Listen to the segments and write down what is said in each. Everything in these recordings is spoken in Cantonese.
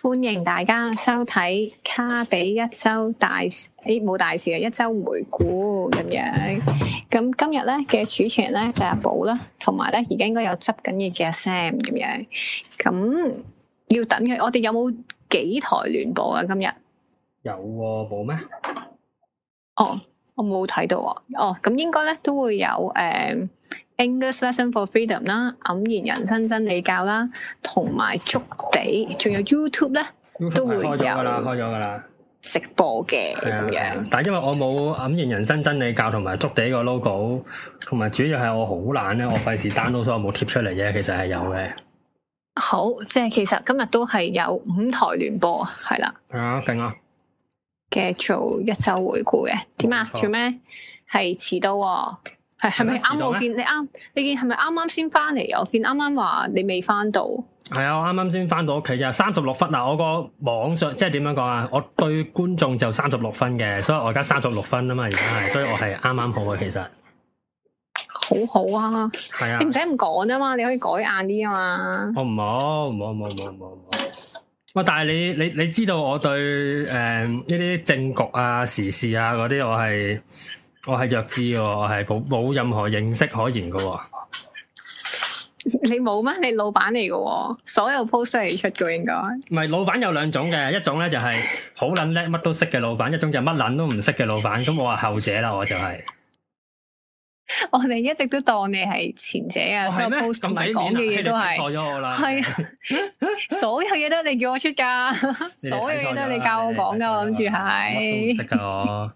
歡迎大家收睇卡比一周大，誒冇，大事嘅一周回顧，咁樣，咁今日咧，嘅主持人咧就係阿寶啦，同埋咧而家應該有執緊嘅阿 Sam 咁樣，咁要等佢，我哋有冇幾台聯播啊？今日有喎，冇咩？哦，我冇睇到啊，哦，咁應該咧都會有誒。English lesson for freedom 啦，黯然人生真理教啦，同埋足地，仲有 you 呢 YouTube 咧，都會有。開咗噶啦，開咗噶啦，直播嘅咁樣。但係因為我冇黯然人生真理教同埋足地個 logo，同埋主要係我好懶咧，我費事 download，所以冇貼出嚟啫。其實係有嘅。好，即係其實今日都係有五台聯播啊，係啦。啊，勁啊錯！嘅做一周回顧嘅點啊？做咩？係遲到。係係咪啱？是是剛剛我見你啱，你見係咪啱啱先翻嚟？我見啱啱話你未翻到。係啊，我啱啱先翻到屋企就三十六分啊！我個網上即係點樣講啊？我對觀眾就三十六分嘅，所以我而家三十六分啊嘛，而家係，所以我係啱啱好啊，其實好好啊。係啊，你唔使咁講啊嘛，你可以改晏啲啊嘛。好唔好唔好唔好唔好唔好。喂，但係你你你知道我對誒呢啲政局啊、時事啊嗰啲，我係。我係弱智喎，我係冇冇任何認識可言噶。你冇咩？你老闆嚟噶，所有 post 嚟出噶，應該。唔係老闆有兩種嘅，一種咧就係好捻叻，乜都識嘅老闆，一種就乜捻都唔識嘅老闆。咁我話後者啦，我就係。我哋一直都當你係前者啊，所有 post 同埋講嘅嘢都係。錯咗我啦，係啊，所有嘢都係你叫我出噶，所有嘢都係你教我講噶，我諗住係。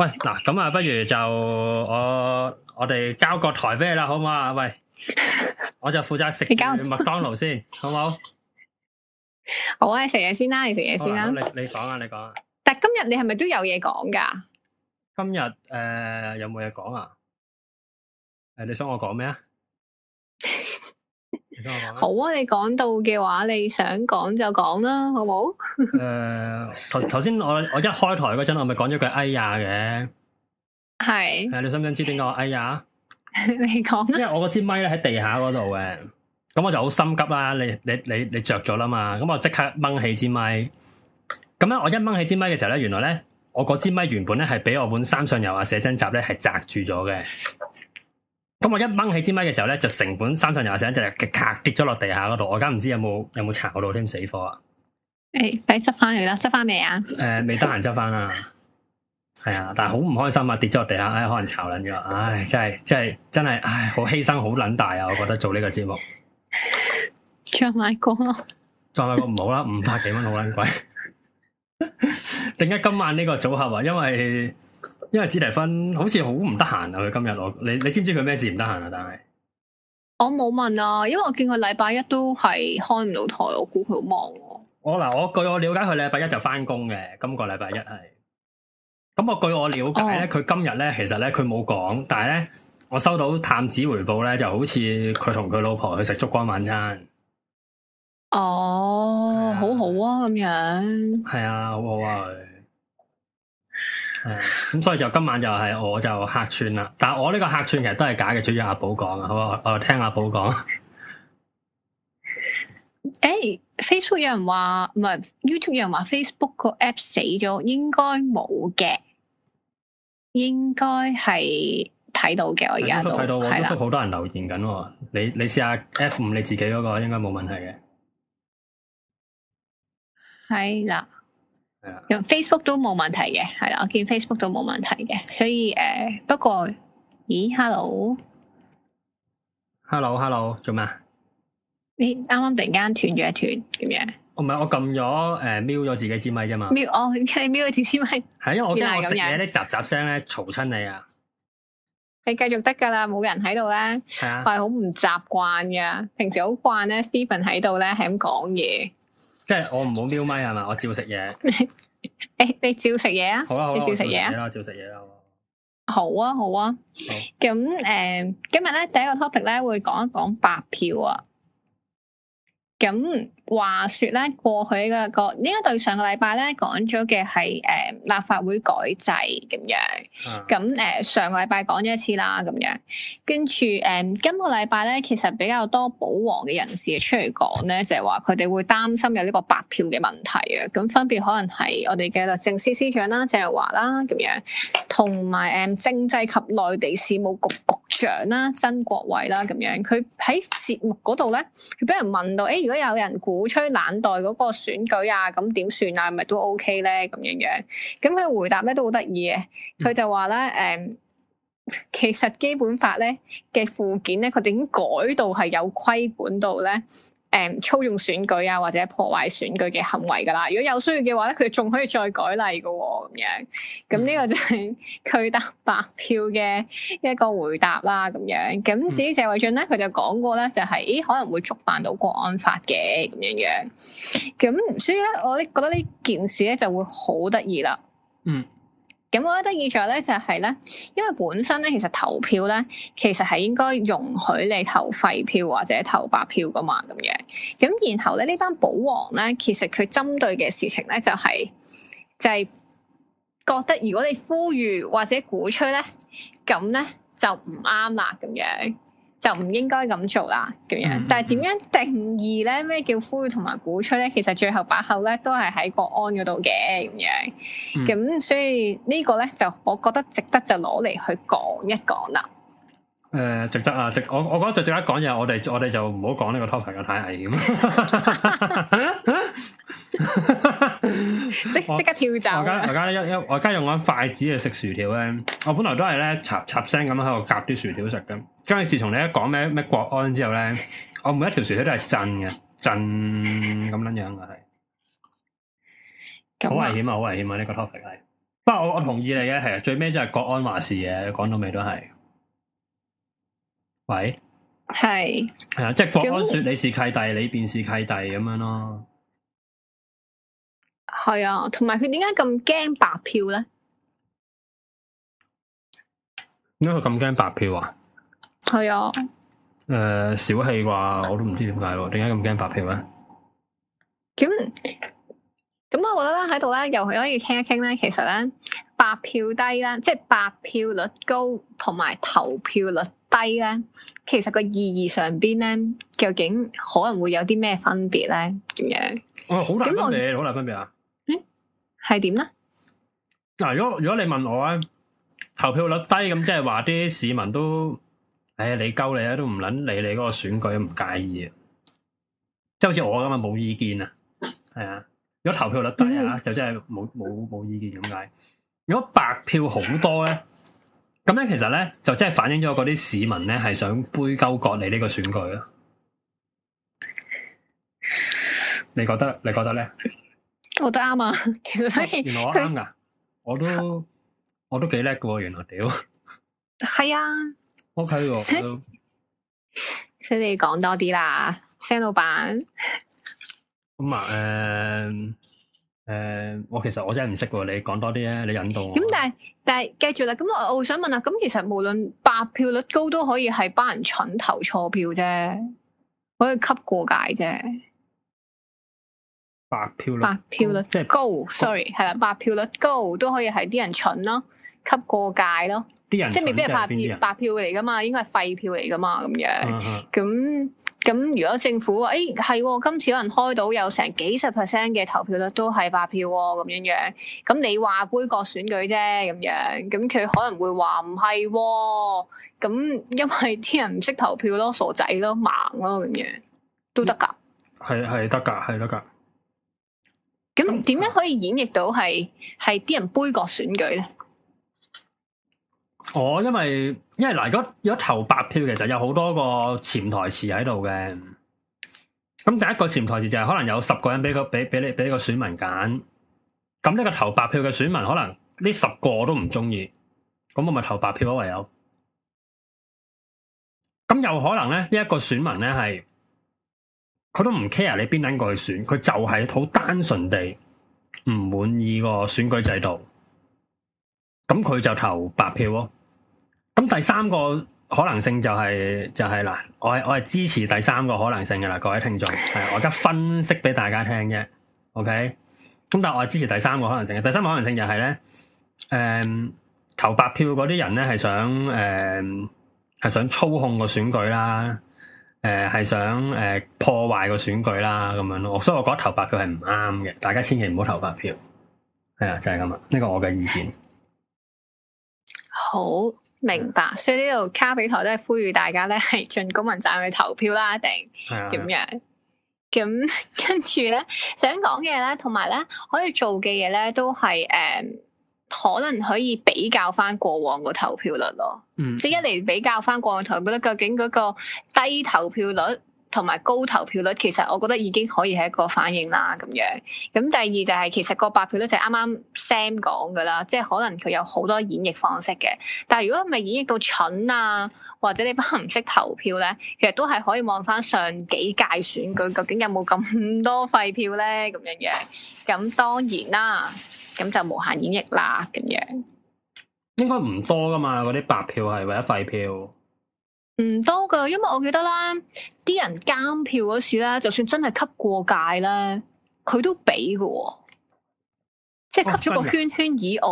喂，嗱，咁啊，不如就我我哋交個台俾你啦，好唔好啊？喂，我就負責食麥當勞先， 好唔好？好啊，你食嘢先啦，你食嘢先啦。你你講啊，你講啊。但係今日你係咪都有嘢講噶？今日誒、呃，有冇嘢講啊？誒，你想我講咩啊？好啊！你講到嘅話，你想講就講啦，好冇？好？誒、 呃，頭頭先我我一開台嗰陣，我咪講咗句哎呀嘅，係誒是、呃，你想唔想知點解？哎呀， 你講啊！因為我嗰支咪咧喺地下嗰度嘅，咁 我就好心急啦。你你你你着咗啦嘛，咁我即刻掹起支咪。咁咧，我一掹起一支咪嘅時候咧，原來咧，我嗰支咪原本咧係俾我本三上悠亞寫真集咧係扎住咗嘅。咁我一掹起支咪嘅時候咧，就成本三萬廿上，就蚊就咔跌咗落地下嗰度，我而家唔知有冇有冇炒到添死火啊？誒、欸，快執翻佢啦！執翻未啊？誒，未得閒執翻啦。係啊，但係好唔開心啊！跌咗落地下，哎，可能炒撚咗。唉、哎，真係真係真係，唉、哎，好犧牲好撚大啊！我覺得做呢個節目再買個，再買個唔好啦，五百幾蚊好撚貴。點解今晚呢個組合啊？因為因為史提芬好似好唔得閒啊！佢今日我你你知唔知佢咩事唔得閒啊？但係我冇問啊，因為我見佢禮拜一都係開唔到台，我估佢好忙、啊 oh,。我嗱，我據我了解，佢禮拜一就翻工嘅。今個禮拜一係咁我據我了解咧，佢今日咧其實咧佢冇講，但係咧我收到探子回報咧，就好似佢同佢老婆去食燭光晚餐。哦、oh, 啊，好好啊，咁樣係啊,啊，好好啊。係，咁、嗯、所以就今晚就係我就客串啦。但係我呢個客串其實都係假嘅，主要阿寶講啊，好啊，我我聽阿寶講。誒 、欸、Facebook 有人話唔係 YouTube 有人話 Facebook 個 app 死咗，應該冇嘅，應該係睇到嘅。我而家睇到 YouTube 好多人留言緊、啊是的。你你試下 F 五你自己嗰、那個應該冇問題嘅。係啦。用 Facebook 都冇問題嘅，係啦，我見 Facebook 都冇問題嘅，所以誒、呃，不過，咦，Hello，Hello，Hello，做咩？你啱啱突然間斷咗一斷，咁樣？我唔係我撳咗誒 mute 咗自己支咪啫嘛 mute，哦，你 mute 咗自己支咪？係因為我驚我食嘢啲雜雜聲咧嘈親你啊，你繼續得噶啦，冇人喺度咧，係啊，我係好唔習慣嘅，平時好慣咧 Stephen 喺度咧係咁講嘢。即係我唔好撩咪係嘛，我照食嘢。誒、 欸，你照食嘢啊？好啊，好啊，照食嘢啦，照食嘢啦。好啊，好啊。咁誒好，uh, 今日咧第一個 topic 咧會講一講白票啊。咁話説咧，過去嘅個應該對上個禮拜咧講咗嘅係誒立法會改制咁樣。咁誒、呃、上個禮拜講咗一次啦咁樣，跟住誒今個禮拜咧其實比較多保皇嘅人士出嚟講咧，就係話佢哋會擔心有呢個白票嘅問題啊。咁分別可能係我哋嘅律政司司長啦，鄭若驊啦咁樣，同埋誒政制及內地事務局局,局長啦，曾國衞啦咁樣。佢喺節目嗰度咧，佢俾人問到，誒、欸？如果有人鼓吹冷待嗰個選舉啊，咁點算啊？咪都 OK 咧，咁樣樣。咁佢回答咧都好得意嘅，佢就話咧誒，其實基本法咧嘅附件咧，佢點改到係有規管到咧？誒、um, 操縱選舉啊，或者破壞選舉嘅行為噶啦。如果有需要嘅話咧，佢仲可以再改例嘅喎、哦，咁樣。咁呢個就係佢得白票嘅一個回答啦，咁樣。咁至於謝偉俊咧，佢就講過咧、就是，就係咦可能會觸犯到國安法嘅咁樣樣。咁所以咧，我覺得呢件事咧就會好得意啦。嗯。咁我覺得意在咧就係咧，因為本身咧其實投票咧，其實係應該容許你投廢票或者投白票噶嘛，咁樣。咁然後咧呢班保皇咧，其實佢針對嘅事情咧就係就係覺得如果你呼籲或者鼓吹咧，咁咧就唔啱啦，咁樣。就唔應該咁做啦，咁樣。但係點樣定義咧？咩叫呼籲同埋鼓吹咧？其實最後把口咧都係喺國安嗰度嘅，咁樣。咁、嗯、所以個呢個咧就我覺得值得就攞嚟去講一講啦。誒、呃，值得啊！值我我覺得就值得講嘢，我哋我哋就唔好講呢個 topic，太危險。 即即刻跳走！我而家而家一一我而家用嗰筷子去食薯條咧，我本來都係咧插插聲咁喺度夾啲薯條食嘅。但係自從你一講咩咩國安之後咧，我每一條薯條都係震嘅，震咁樣樣嘅係。好危險啊！好危險啊！呢個 topic 係。不過我我同意你嘅，係啊，最尾就係國安話事嘅，講到尾都係。喂。係。係啊，即係國安說你是契弟，你便是契弟咁樣咯。係啊，同埋佢點解咁驚白票咧？點解佢咁驚白票啊？係啊，誒、呃，小氣啩？我都唔知點解咯。點解咁驚白票咧？咁咁，嗯，我覺得啦，喺度咧，又可以傾一傾咧。其實咧，白票低啦，即、就、係、是、白票率高同埋投票率低咧，其實個意義上邊咧，究竟可能會有啲咩分別咧？點樣？哦，好難分別，好難我分別啊！係點咧？嗱，如果如果你問我咧，投票率低咁，即係話啲市民都，誒，你鳩你啊，都唔捻理你嗰個選舉唔介意啊，即係好似我咁啊，冇意見啊，係啊，如果投票率低啊，嗯、就真係冇冇冇意見咁解。如果白票好多咧，咁咧其實咧就真係反映咗嗰啲市民咧係想杯鳩葛你呢個選舉咯。你覺得？你覺得咧？我覺得啱啊，其實可、哦、原來啱噶，他 我都 我都幾叻嘅原來屌。係 都啊。O K 喎，先你講多啲啦，Sam 老闆。咁啊、嗯，誒、呃、誒，我、呃、其實我真係唔識喎，你講多啲啊，你引導我。咁但係但係，繼續啦。咁我我想問啊，咁其實無論白票率高都可以係幫人蠢投錯票啫，可以吸過界啫。白票率，白票率高，即係高，sorry，係啦，白票率高都可以係啲人蠢咯，吸過界咯，啲人蠢即係未必係白票，白票嚟噶嘛，應該係廢票嚟噶嘛，咁樣，咁咁、嗯嗯、如果政府誒係、哎、今次有人開到有成幾十 percent 嘅投票率都係白票喎，咁樣樣，咁你話杯葛選舉啫，咁樣，咁佢可能會話唔係，咁因為啲人唔識投票咯，傻仔咯，盲咯，咁樣都得噶，係係得噶，係得噶。咁點樣可以演繹到係係啲人杯葛選舉咧？哦，因為因為嗱，如果如果投白票其實有好多個潛台詞喺度嘅。咁第一個潛台詞就係可能有十個人俾個俾俾你俾呢個選民揀。咁呢個投白票嘅選民可能呢十個我都唔中意。咁我咪投白票咯，唯有。咁又可能咧，呢一個選民咧係。佢都唔 care 你邊輪過去選，佢就係好單純地唔滿意個選舉制度，咁佢就投白票咯。咁第三個可能性就係就係嗱，我係我係支持第三個可能性嘅啦，各位聽眾，係我而家分析俾大家聽嘅，OK？咁但係我係支持第三個可能性嘅。第三個可能性就係咧，誒、嗯，投白票嗰啲人咧係想誒係、嗯、想操控個選舉啦。誒，係、呃、想誒、呃、破壞個選舉啦，咁樣咯。所以我覺得投白票係唔啱嘅，大家千祈唔好投白票。係啊，就係咁啊，呢個我嘅意見。好明白，的所以呢度卡比台都係呼籲大家咧，係盡公民責任去投票啦，一定咁的樣。咁的跟住咧，想講嘅咧，同埋咧，可以做嘅嘢咧，都係誒、呃，可能可以比較翻過往個投票率咯。即係、嗯、一嚟比較翻過往投票率，覺得究竟嗰、那個。低投票率同埋高投票率，其實我覺得已經可以係一個反應啦。咁樣咁第二就係、是、其實個白票率就啱啱 Sam 講噶啦，即係可能佢有好多演繹方式嘅。但係如果唔係演繹到蠢啊，或者你不幸唔識投票咧，其實都係可以望翻上幾屆選舉究竟有冇咁多廢票咧咁樣樣。咁當然啦，咁就無限演繹啦咁樣。應該唔多噶嘛，嗰啲白票係為咗廢票。唔多噶，因為我記得咧，啲人監票嗰時咧，就算真係吸過界咧，佢都俾噶、哦，即係吸咗個圈圈以外，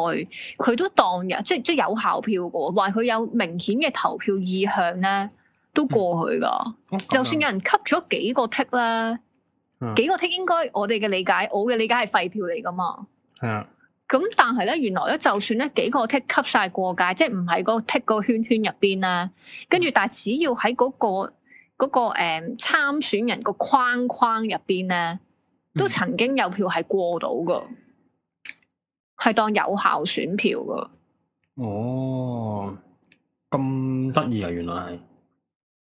佢、哦、都當日，即係即係有效票噶，或佢有明顯嘅投票意向咧，都過去噶。嗯、就算有人吸咗幾個剔 i c k 咧，嗯、幾個 t 應該我哋嘅理解，我嘅理解係廢票嚟噶嘛。係啊、嗯。咁但係咧，原來咧，就算咧幾個剔 i c k 吸曬過界，即係唔喺嗰個 t 個圈圈入邊啦，跟住但係只要喺嗰、那個嗰、那個誒、嗯、參選人個框框入邊咧，都曾經有票係過到嘅，係、嗯、當有效選票嘅。哦，咁得意啊！原來係、啊。嗯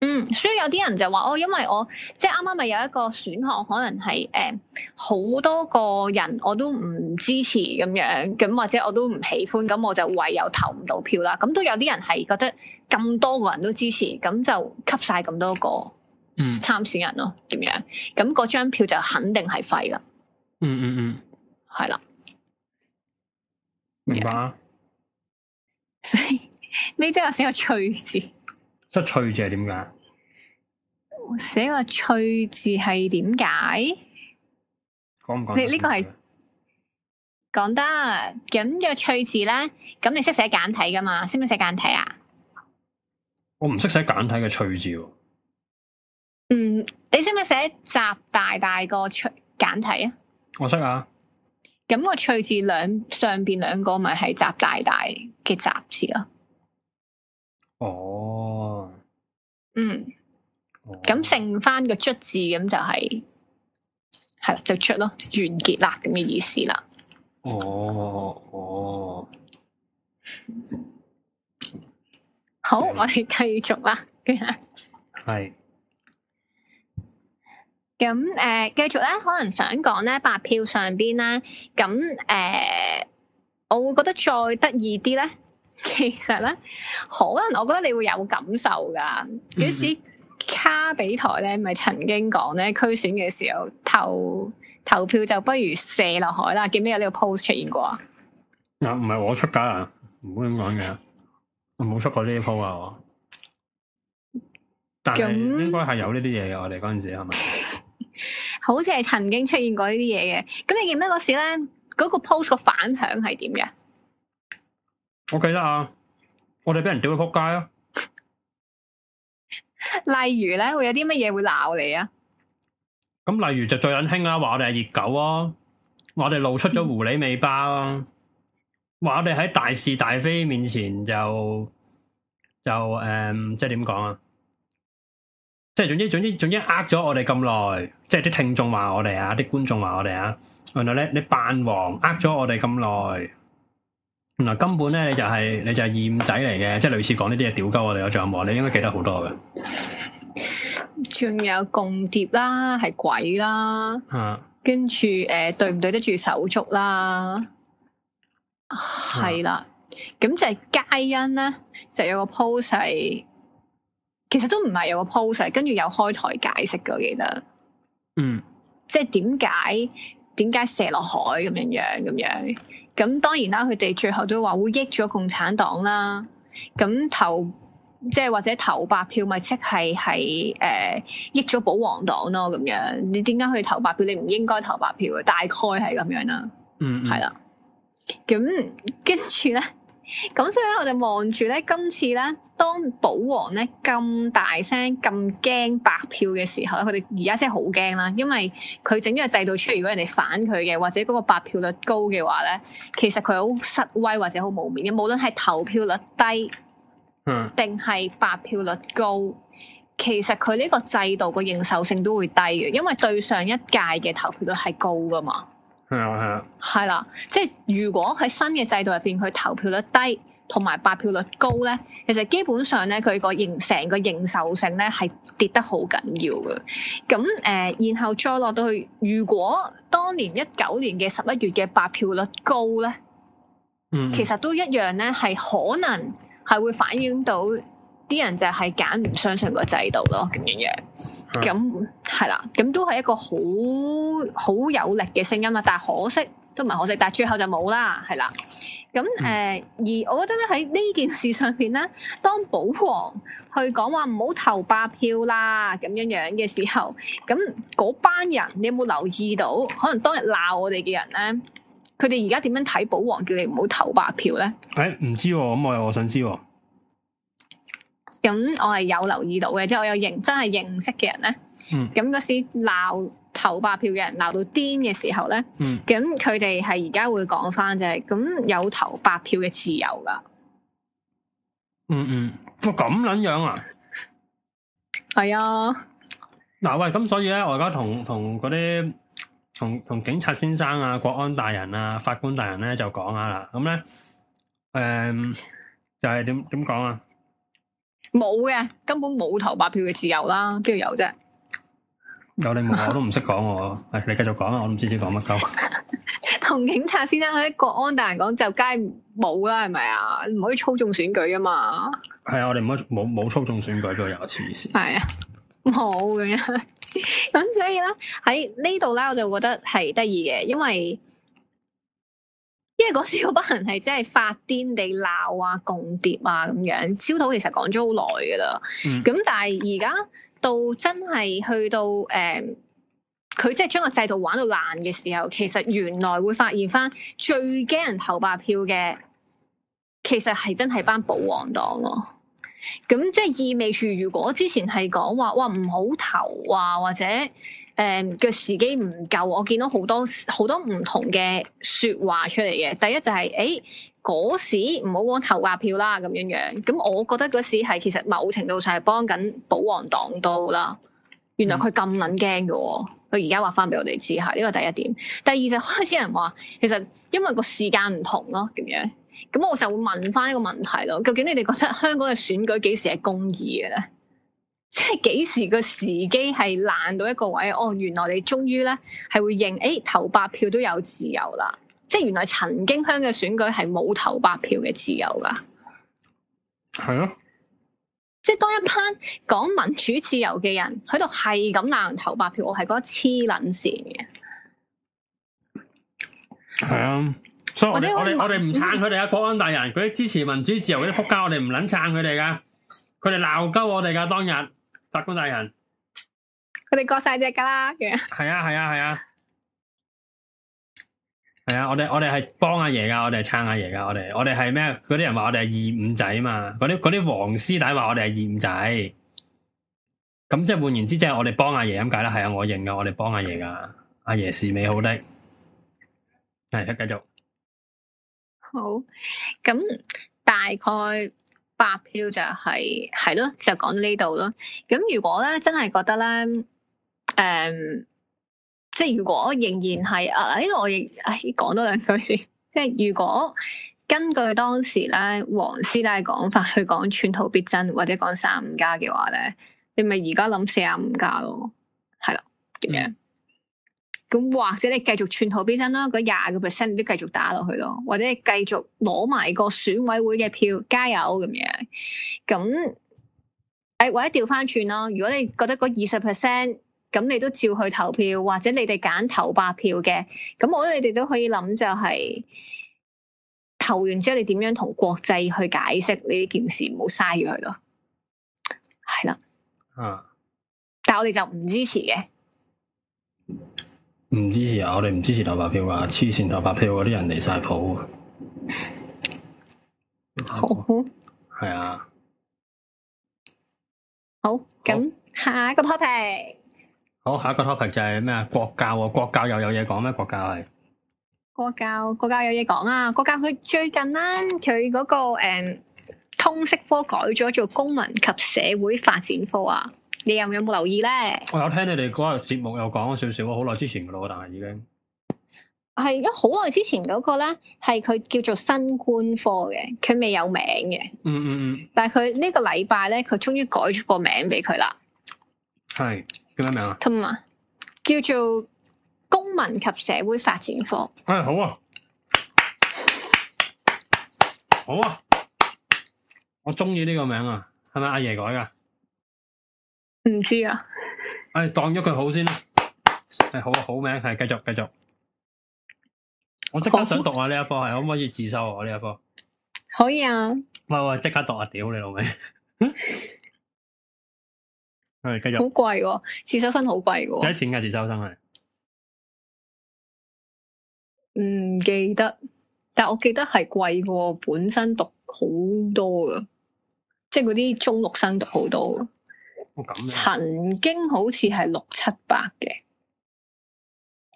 嗯，所以有啲人就話哦，因為我即係啱啱咪有一個選項，可能係誒好多個人我都唔支持咁樣，咁或者我都唔喜歡，咁我就唯有投唔到票啦。咁都有啲人係覺得咁多個人都支持，咁就吸晒咁多個參選人咯，點、嗯、樣？咁嗰張票就肯定係廢啦、嗯。嗯嗯嗯，係啦的，明白。所以你真係有少少趣事。即係翠字係點解？寫個翠字係點解？講唔講？講那個、呢你呢個係講得咁個翠字咧？咁你識寫簡體噶嘛？識唔識寫簡體啊？我唔識寫簡體嘅翠字、啊。嗯，你識唔識寫習大大個翠簡體啊？我識、那個、啊。咁個翠字兩上邊兩個咪係習大大嘅習字咯。哦。嗯，咁、oh. 剩翻個卒字咁就係係啦，就卒咯，完結啦，咁嘅意思啦。哦，哦，好，Yeah. 我哋繼續啦。係。咁誒，繼、呃、續咧，可能想講咧，白票上邊啦。咁誒、呃，我會覺得再得意啲咧。其實咧，可能我覺得你會有感受噶。於、嗯、是卡比台咧，咪、嗯、曾經講咧區選嘅時候投投票就不如射落海啦。記唔記得有呢個 post 出現過啊？嗱，唔係我出噶，唔好咁講嘅，我冇出過呢個 post 啊。但係應該係有呢啲嘢嘅，我哋嗰陣時係咪？係係 好似係曾經出現過呢啲嘢嘅。咁你記唔記得嗰時咧嗰個 post 個反響係點嘅？我記得啊，我哋俾人屌佢仆街啊！例如咧，會有啲乜嘢會鬧我哋啊？咁例如就最緊興啦，話我哋係熱狗啊，我哋露出咗狐狸尾巴啊，話、嗯、我哋喺大是大非面前就就誒、嗯，即係點講啊？即係總之總之總之呃咗我哋咁耐，即係啲聽眾話我哋啊，啲觀眾話我哋啊，原來咧你扮黃呃咗我哋咁耐。嗱，根本咧你就係、是、你就係二五仔嚟嘅，即係類似講呢啲嘢屌鳩我哋嘅賬目，你應該記得好多嘅。仲有共諜啦，係鬼啦，啊、跟住誒、呃、對唔對得住手足啦，係、啊、啦。咁就係皆因咧，就有個 post，其實都唔係有個 post，跟住有開台解釋嘅，我記得。嗯。即係點解？點解射落海咁樣樣咁樣？咁當然啦，佢哋最後都話會益咗共產黨啦。咁投即係或者投白票咪即係係誒益咗保皇黨咯咁樣。你點解去投白票？你唔應該投白票呀，大概係咁樣啦。嗯,嗯，係啦。咁跟住咧。咁所以咧，我就望住咧，今次咧，當保皇咧咁大聲咁驚白票嘅時候咧，佢哋而家真係好驚啦，因為佢整咗個制度出嚟，如果人哋反佢嘅，或者嗰個白票率高嘅話咧，其實佢好失威或者好無面嘅，無論係投票率低，嗯，定係白票率高，其實佢呢個制度個認受性都會低嘅，因為對上一屆嘅投票率係高㗎嘛。係啊，係啊，係啦。即係如果喺新嘅制度入邊，佢投票率低同埋白票率高咧，其實基本上咧，佢、個認成個認受性咧係跌得好緊要嘅。咁誒、呃，然後再落到去，如果當年一九年嘅十一月嘅白票率高咧，嗯,嗯，其實都一樣咧，係可能係會反映到。啲人就係揀唔相信個制度咯，咁樣樣，咁係、啊、啦，咁都係一個好好有力嘅聲音啦！但係可惜，都唔係可惜，但係最後就冇啦，係啦，咁誒，呃嗯、而我覺得咧喺呢件事上邊咧，當保皇去講話唔好投白票啦，咁樣樣嘅時候，咁嗰班人，你有冇留意到？可能當日鬧我哋嘅人咧，佢哋而家點樣睇保皇叫你唔好投白票咧？誒、欸，唔知、啊，咁我又想知、啊。咁我係有留意到嘅，即係我有認真係認識嘅人咧。咁嗰、嗯、時鬧投白票嘅人鬧到癲嘅時候咧，咁佢哋係而家會講翻就係，咁有投白票嘅自由噶、嗯。嗯嗯，哇咁捻樣啊？係呀啊。嗱喂，咁所以咧，我而家同同嗰啲同同警察先生啊、國安大人啊、法官大人咧就講下啦。咁咧，誒，就係點點講啊？冇嘅，根本冇投白票嘅自由啦，邊度有啫？有你我都唔識講喎，你繼續講啊，我唔知知講乜鳩。同警察先生去一個國安大人講就皆冇啦，係咪啊？唔可以操縱選舉啊嘛。係 啊，我哋唔冇冇冇操縱選舉嘅，我黐線。係啊，冇咁樣。咁所以咧喺呢度咧，我就覺得係得意嘅，因為。因為嗰時嗰班人係真係發癲地鬧啊、共諜啊咁樣，超島其實講咗好耐噶啦。咁、嗯、但係而家到真係去到誒，佢即係將個制度玩到爛嘅時候，其實原來會發現翻最驚人投白票嘅，其實係真係班保皇黨咯、啊。咁即係意味住，如果之前係講話哇唔好投啊，或者誒嘅、呃、時機唔夠，我見到好多好多唔同嘅説話出嚟嘅。第一就係、是，誒、欸、嗰時唔好講投白票啦咁樣樣。咁我覺得嗰時係其實某程度上係幫緊保皇黨到啦。原來佢咁撚驚嘅，佢而家話翻俾我哋知吓，呢個第一點。第二就開始有人話，其實因為個時間唔同咯，咁樣。咁我就會問翻一個問題咯，究竟你哋覺得香港嘅選舉幾時係公義嘅咧？即係幾時個時機係爛到一個位？哦，原來你終於咧係會認，誒、哎、投白票都有自由啦！即係原來曾經香港嘅選舉係冇投白票嘅自由噶。係啊！即係當一班講民主自由嘅人喺度係咁爛投白票，我係覺得黐撚線嘅。係啊！所以我哋我哋我哋唔撐佢哋啊！國安大人，嗰啲支持民主自由嗰啲仆街，我哋唔捻撐佢哋噶。佢哋鬧鳩我哋噶當日，法官大人，佢哋過晒只噶啦。係啊係啊係啊係 啊！我哋我哋係幫阿爺噶，我哋係撐阿爺噶，我哋我哋係咩？嗰啲人話我哋係二五仔嘛？嗰啲嗰啲黃絲帶話我哋係二五仔。咁即係換言之，即係我哋幫阿爺咁解啦。係啊，我認噶，我哋幫阿爺噶，阿爺是美好的。係，繼續。好，咁大概八票就係係咯，就講呢度咯。咁如果咧，真係覺得咧，誒、呃，即係如果仍然係啊，因、這、為、個、我亦誒講多兩句先。即係如果根據當時咧黃師奶講法去講寸土必爭或者講三五加嘅話咧，你咪而家諗四啊五加咯，係啦，咁樣、嗯。咁或者你繼續串號變身啦，嗰廿個 percent 都繼續打落去咯，或者你繼續攞埋個選委會嘅票，加油咁樣。咁誒或者調翻轉咯，如果你覺得嗰二十 percent，咁你都照去投票，或者你哋揀投白票嘅，咁我覺得你哋都可以諗就係投完之後，你點樣同國際去解釋呢件事，唔好嘥咗佢咯。係啦，啊、但係我哋就唔支持嘅。唔支持啊！我哋唔支持投白票噶、啊，黐線投白票嗰啲人離晒譜。 啊啊、好，係啊，好，咁下一個 topic。好，下一個 topic 就係咩啊？國教啊，國教又有嘢講咩？國教係國教，國教有嘢講啊！國教佢最近啦、啊，佢嗰、嗰個誒、嗯、通識科改咗做公民及社會發展科啊。你有冇有冇留意咧？我有聽你哋嗰個節目有講咗少少，好耐之前噶咯，但係已經係一好耐之前嗰個咧，係佢叫做新官科嘅，佢未有名嘅。嗯，嗯嗯。但係佢呢個禮拜咧，佢終於改咗個名俾佢啦。係，叫咩名啊？同啊，叫做公民及社會發展科。誒、哎，好啊，好啊，我中意呢個名啊，係咪阿爺改噶？唔知啊哎！哎，當咗佢好先啦。係好好名係，繼、哎、續繼續。我即刻想讀下呢一科係我可唔可以自修我、啊、呢一科可以啊。唔係我即刻讀啊！屌你老味。係 繼、哎、續。好貴喎、啊，自修生好貴噶、啊。幾錢噶自修生係？唔、嗯、記得，但我記得係貴過本身讀好多噶，即係嗰啲中六生讀好多。曾經好似係六七百嘅，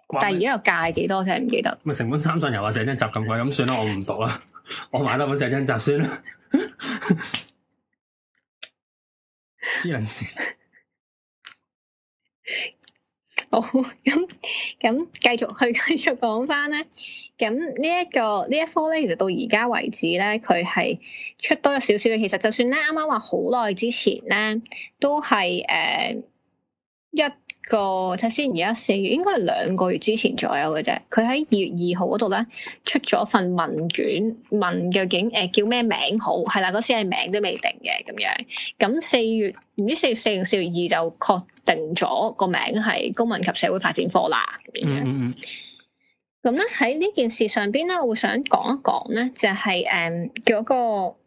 哇但係而家個價係幾多哇真係唔記得。咪成本三上油啊，石增集咁貴，咁算啦，我唔讀啦， 我買多本石增集先啦。私人事。哦，咁咁繼續去繼續講返咧，咁、呢個、呢一個呢一科咧，其實到而家為止咧，佢係出多咗少少。其實就算咧，啱啱話好耐之前咧，都係誒、呃、一。個睇先，而家四月應該係兩個月之前左右嘅啫。佢喺二月二號嗰度咧出咗份問卷問究竟誒、呃、叫咩名好？係啦，嗰時係名都未定嘅咁樣。咁四月唔知四月四定四月二就確定咗個名係公民及社會發展科啦。嗯嗯嗯。咁咧喺呢件事上邊咧，我會想講一講咧、就係，就係誒嗰個，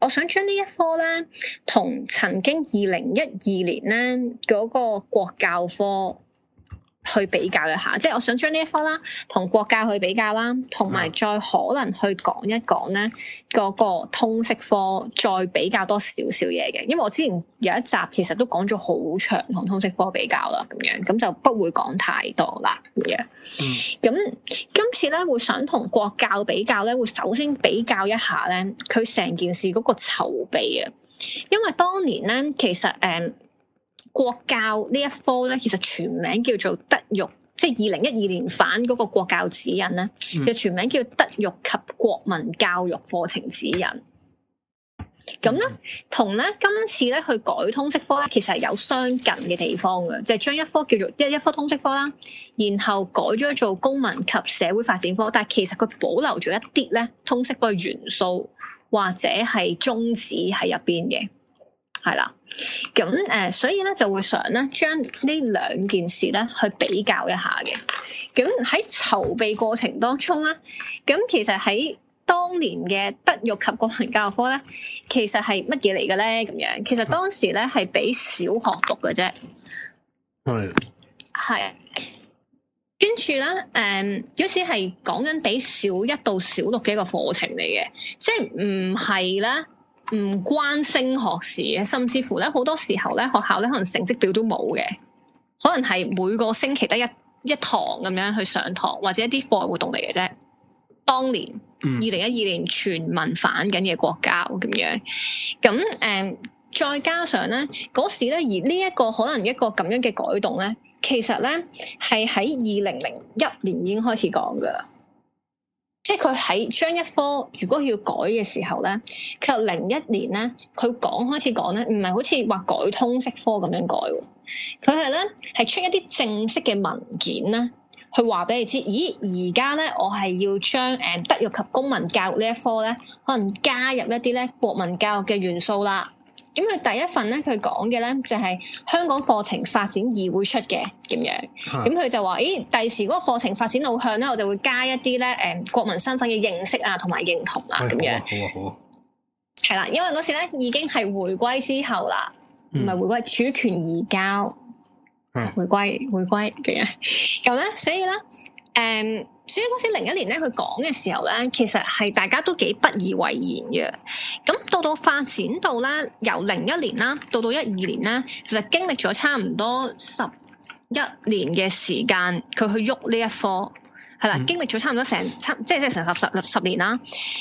我想將呢一科咧同曾經二零一二年咧嗰個國教科，去比較一下，即係我想將呢一科啦，同國教去比較啦，同埋再可能去講一講咧嗰個通識科再比較多少少嘢嘅，因為我之前有一集其實都講咗好長同通識科比較啦，咁樣咁就不會講太多啦咁樣。咁、嗯、今次咧會想同國教比較咧，會首先比較一下咧，佢成件事嗰個籌備啊，因為當年咧其實誒。嗯國教呢一科咧，其實全名叫做德育，即係二零一二年反嗰個國教指引咧就全名叫德育及國民教育課程指引。咁咧，同咧今次咧去改通識科咧，其實係有相近嘅地方嘅，就係將一科叫做一一科通識科啦，然後改咗做公民及社會發展科，但係其實佢保留咗一啲咧通識科嘅元素或者係宗旨喺入邊嘅。係啦，咁誒、嗯，所以咧就會想咧將呢兩件事咧去比較一下嘅。咁喺籌備過程當中咧，咁、嗯、其實喺當年嘅德育及國民教育科咧，其實係乜嘢嚟嘅咧？咁樣其實當時咧係俾小學讀嘅啫，係係跟住咧，誒、嗯，有時係講緊俾小一到小六嘅一個課程嚟嘅，即係唔係咧。唔關升學事嘅，甚至乎咧，好多時候咧，學校咧可能成績表都冇嘅，可能係每個星期得一一堂咁樣去上堂，或者一啲課外活動嚟嘅啫。當年二零一二年全民反緊嘅國教，咁樣，咁誒、嗯，再加上咧嗰時咧，而呢一個可能一個咁樣嘅改動咧，其實咧係喺二零零一年已經開始講噶。即係佢喺將一科如果要改嘅時候咧，其實零一年咧，佢講開始講咧，唔係好似話改通識科咁樣改，佢係咧係出一啲正式嘅文件咧，去話俾你知，咦，而家咧我係要將誒、嗯、德育及公民教育呢一科咧，可能加入一啲咧國民教育嘅元素啦。咁佢第一份咧，佢講嘅咧就係香港課程發展議會出嘅，咁樣，咁佢 就話：，咦、哎，第時嗰個課程發展路向咧，我就會加一啲咧，誒、呃，國民身份嘅認識啊，同埋認同啦、啊，咁、哎、樣、哎。好啊，好啊，好係、啊、啦，因為嗰時咧已經係回歸之後啦，唔係回歸主權移交，嗯、回歸回歸嘅。咁咧， 所以咧，誒、嗯。所以公司零一年咧，佢講嘅時候咧，其實係大家都幾不以為然嘅。咁到到發展到啦，由零一年啦，到到一二年咧，其實經歷咗差唔多十一年嘅時間，佢去喐呢一科。係啦，經歷咗差唔多成七，即係即係成十十十年啦。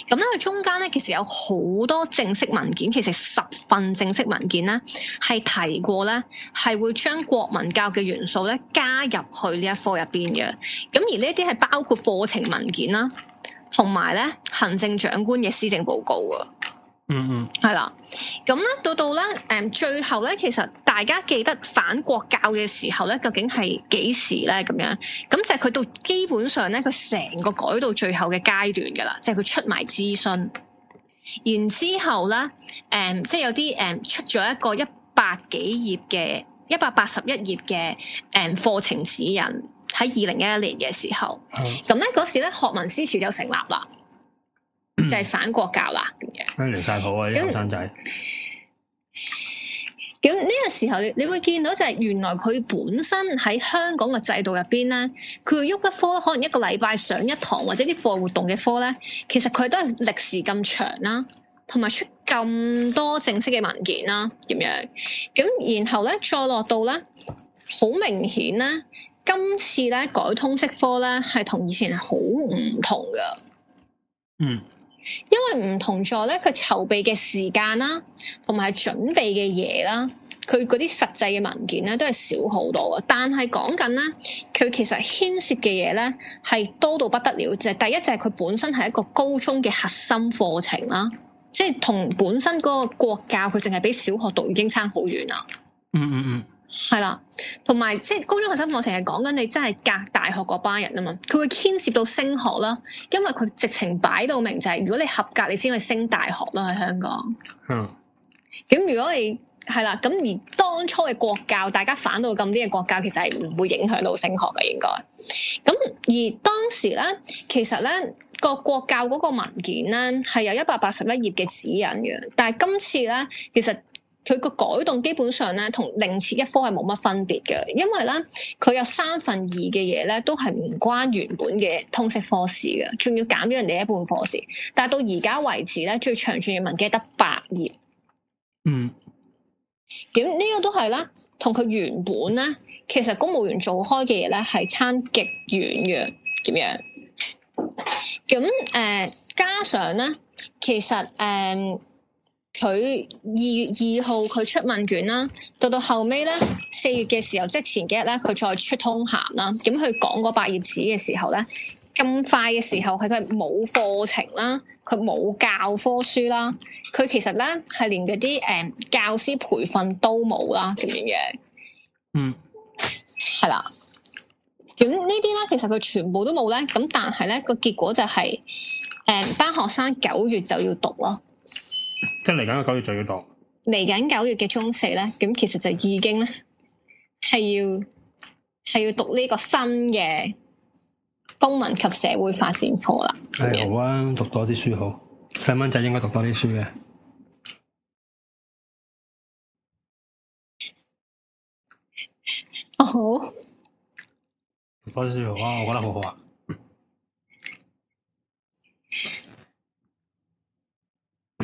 咁咧，佢中間咧，其實有好多正式文件，其實十份正式文件咧係提過咧，係會將國民教育嘅元素咧加入去呢一科入邊嘅。咁而呢啲係包括課程文件啦，同埋咧行政長官嘅施政報告啊。嗯嗯，係啦、mm，咁、hmm。咧到到咧，誒，最後咧，其實大家記得反國教嘅時候咧，究竟係幾時咧？咁樣，咁就係佢到基本上咧，佢成個改到最後嘅階段噶啦，即係佢出埋諮詢，然之後咧，誒、嗯、即、就、係、是、有啲誒、嗯、出咗一個一百幾頁嘅一百八十一頁嘅誒課程指引，喺二零一一年嘅時候，咁咧嗰時咧學民思潮就成立啦。就係反國教啦，咁、嗯、樣，咁離晒譜啊啲後生仔。咁呢個時候，你你會見到就係原來佢本身喺香港嘅制度入邊咧，佢喐一科可能一個禮拜上一堂或者啲課外活動嘅科咧，其實佢都係歷時咁長啦、啊，同埋出咁多正式嘅文件啦、啊，點樣？咁然後咧再落到咧，好明顯咧，今次咧改通識科咧係同以前係好唔同噶，嗯。因為唔同座，咧，佢籌備嘅時間啦，同埋準備嘅嘢啦，佢嗰啲實際嘅文件咧，都係少好多嘅。但係講緊咧，佢其實牽涉嘅嘢咧，係多到不得了。就第一就係佢本身係一個高中嘅核心課程啦，即係同本身嗰個國教佢淨係比小學讀已經差好遠啦。嗯嗯嗯。係啦，同埋即係高中學生課程係講緊你真係隔大學嗰班人啊嘛，佢會牽涉到升學啦，因為佢直情擺到明就係如果你合格，你先去升大學咯喺香港。嗯，咁如果你係啦，咁而當初嘅國教，大家反到咁啲嘅國教，其實係唔會影響到升學嘅應該。咁而當時咧，其實咧個國教嗰個文件咧係有一百八十一頁嘅指引嘅，但係今次咧其實。佢個改動基本上咧，同另設一科係冇乜分別嘅。因為咧，佢有三分二嘅嘢咧，都係唔關原本嘅通識課時嘅，仲要減咗人哋一半課時。但係到而家為止咧，最長專業文記得百頁。嗯。咁呢個都係啦，同佢原本咧，其實公務員做開嘅嘢咧，係差極遠嘅點樣？咁誒、呃，加上咧，其實誒。呃佢二月二號佢出問卷啦，到到後尾咧四月嘅時候，即係前幾日咧，佢再出通函啦。咁佢講嗰八頁紙嘅時候咧，咁快嘅時候係佢冇課程啦，佢冇教科書啦，佢其實咧係連嗰啲誒教師培訓都冇啦，咁樣嘅。嗯，係啦。咁呢啲咧，其實佢全部都冇咧。咁但係咧個結果就係，誒班學生九月就要讀咯。即係嚟緊嘅九月就要讀。嚟緊九月嘅中四咧，咁其實就已經咧係要係要讀呢個新嘅公民及社會發展課啦。係、哎、好啊，讀多啲書好，細蚊仔應該讀多啲書嘅。哦好，讀多啲書好啊，我覺得好好啊。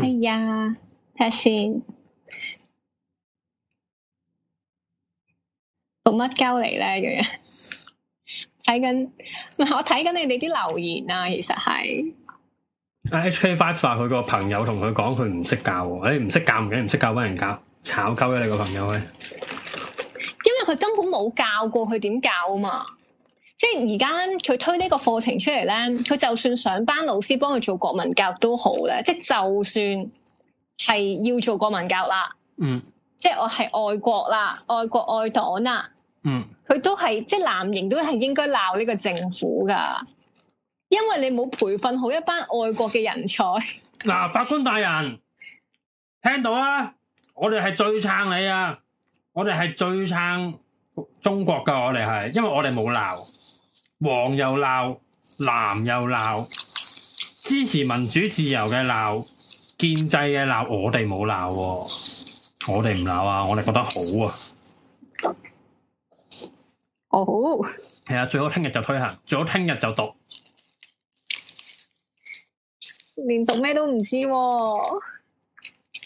哎呀，睇下先，做乜鳩嚟咧？咁樣睇緊，唔係我睇緊你哋啲留言啊。其實係 HK Five 話佢個朋友同佢講佢唔識教，你唔識教唔緊，唔識教俾人教炒鳩嘅你個朋友咧，因為佢根本冇教過佢點教啊嘛。即係而家佢推呢個課程出嚟咧，佢就算上班老師幫佢做國民教育都好咧，即係就算係要做國民教育啦，嗯，即係我係愛國啦，愛國愛黨啦，嗯，佢都係即係藍營都係應該鬧呢個政府噶，因為你冇培訓好一班愛國嘅人才，嗯。嗱， 啊，法官大人聽到啊，我哋係最撐你啊，我哋係最撐中國噶，我哋係，因為我哋冇鬧。黃又鬧，藍又鬧，支持民主自由嘅鬧，建制嘅鬧，我哋冇鬧，我哋唔鬧啊，我哋覺得好啊。哦，係啊，最好聽日就推行，最好聽日就讀，連讀咩都唔知，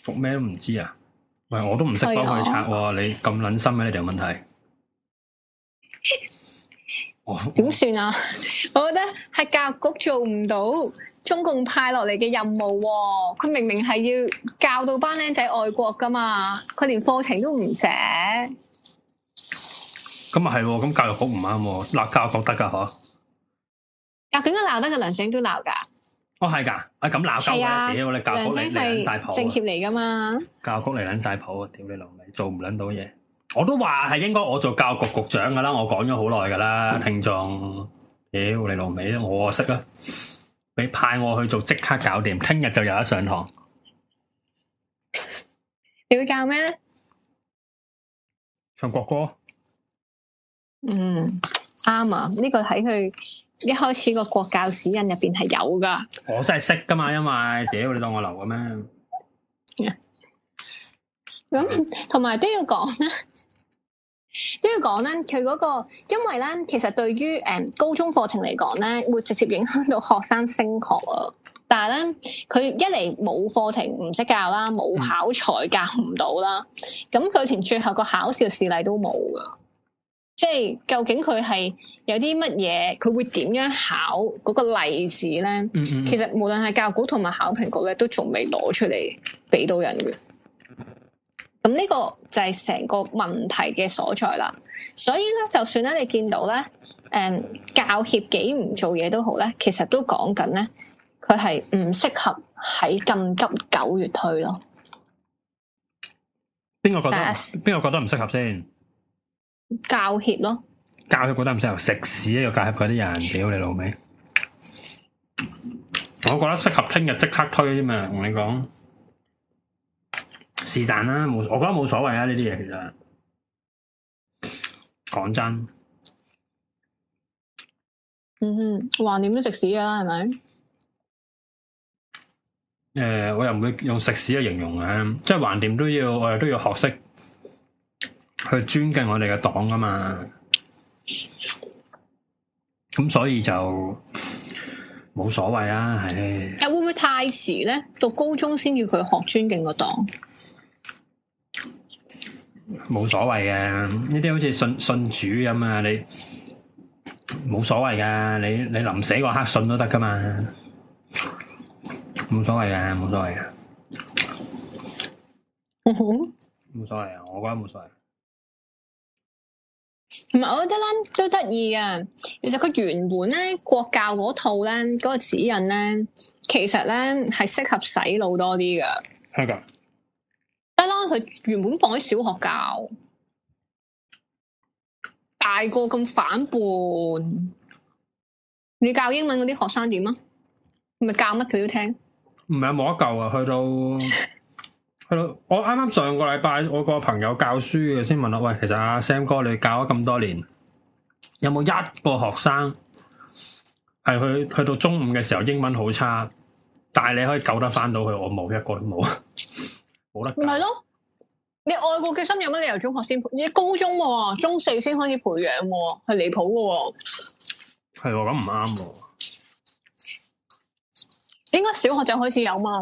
讀咩都唔知啊？喂，我都唔識幫佢拆，你咁卵心咩你哋問題。點算啊？我覺得係教育局做唔到中共派落嚟嘅任務喎，佢明明係要教到班靚仔愛國噶嘛，佢連課程都唔寫。咁啊係，咁教育局唔啱，鬧教育局得噶嗬？教局都鬧得，個梁靜都鬧噶。哦係噶，啊咁鬧教嘅，點解我哋教局嚟捻晒譜？政協嚟噶嘛？教局嚟捻晒譜，屌你老味，做唔捻到嘢。我都話係應該我做教育局局長噶啦，我講咗好耐噶啦，嗯、聽眾，屌、哎、你老味，我識啊！你派我去做，即刻搞掂，聽日就有得上堂。你會教咩咧？唱國歌。嗯，啱啊，呢、這個喺佢一開始個國教指引入邊係有噶。我真係識噶嘛，因為屌、哎、你當我流嘅咩？咁同埋都要講啦。都要講咧，佢嗰、那個因為咧，其實對於誒、呃、高中課程嚟講咧，會直接影響到學生升學啊。但係咧，佢一嚟冇課程唔識教啦，冇考材教唔到啦，咁佢連最後個考試嘅事例都冇噶。即係究竟佢係有啲乜嘢？佢會點樣考嗰個例子咧？嗯嗯嗯，其實無論係教局同埋考評局咧，都仲未攞出嚟俾到人嘅。咁呢個就係成個問題嘅所在啦，所以咧就算咧你見到咧，誒、嗯、教協幾唔做嘢，都好咧，其實都講緊咧，佢係唔適合喺咁急九月推咯。邊個覺得？邊個是覺得唔適合先？教協咯。教協覺得唔適合，食屎啊！個教協嗰啲人，屌你老味。我覺得適合聽日即刻推啫嘛，同你講。是但啦，冇，我覺得冇所謂啊！呢啲嘢其實講真，嗯哼，橫掂都食屎嘅啦，係咪？誒、呃，我又唔會用食屎去形容嘅，即係橫掂都要，我哋都要學識去尊敬我哋嘅黨㗎嘛。咁所以就冇所謂啦，係。誒會唔會太遲咧？到高中先要佢學尊敬個黨？冇所謂嘅，呢啲好似信信主咁啊！你冇所謂噶，你你臨死個黑信都得噶嘛，冇所謂噶，冇所謂啊。嗯哼，冇所謂啊，我覺得冇所謂。同埋我覺得咧都得意啊，其實佢原本咧國教嗰套咧嗰個指引咧，其實咧係適合洗腦多啲噶，係噶。因佢原本放喺小學教，大個咁反叛，你教英文嗰啲學生點啊？咪教乜佢都聽，唔係冇得救啊，去到 去到，我啱啱上個禮拜，我個朋友教書嘅，先問我，喂，其實阿 Sam 哥，你教咗咁多年，有冇一個學生係佢去，去到中午嘅時候英文好差，但係你可以救得翻到佢？我冇一個都冇，冇得。咪係咯。你愛國嘅心有乜理由中學先？你高中，啊、中四先開始培養，啊，係離譜嘅。係、啊，咁唔啱。應該小學就開始有嘛？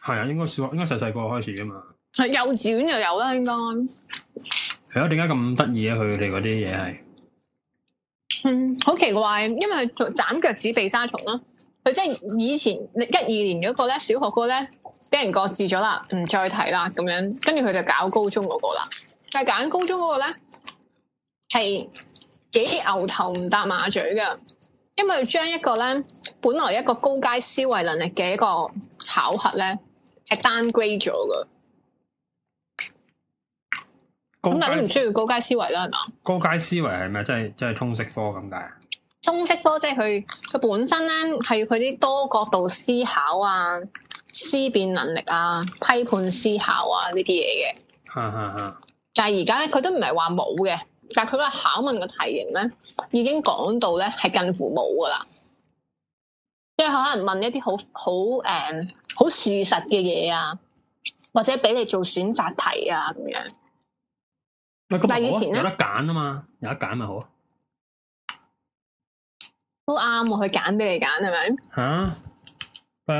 係啊，應該小學，應該細細個開始嘅嘛。幼稚園就有啦，應該。係啊？點解咁得意啊？佢哋嗰啲嘢係。嗯，好奇怪，因為斬腳趾避沙蟲啦，啊。即係以前一二年嗰個咧，小學個咧俾人擱置咗啦，唔再睇啦，咁樣，跟住佢就搞高中嗰個啦。但係揀緊高中嗰個咧係幾牛頭唔搭馬嘴噶，因為佢將一個咧本來一個高階思維能力嘅一個考核咧係 downgrade 咗噶。咁階但係都唔需要高階思維啦，係嘛？高階思維係咪？真係真係通識科咁解？通識科即係佢，佢本身咧係佢啲多角度思考啊、思辨能力啊、批判思考啊 呢啲嘢嘅。吓吓吓！但係而家咧，佢都唔係話冇嘅，但係佢個考問個題型咧，已經講到咧係近乎冇噶啦。即係可能問一啲好好誒好、嗯、好事實嘅嘢啊，或者俾你做選擇題啊咁樣。哎、但係以前咧有得揀啊嘛，有得揀咪好。都啱喎，佢揀俾你揀係咪？吓、啊？啊？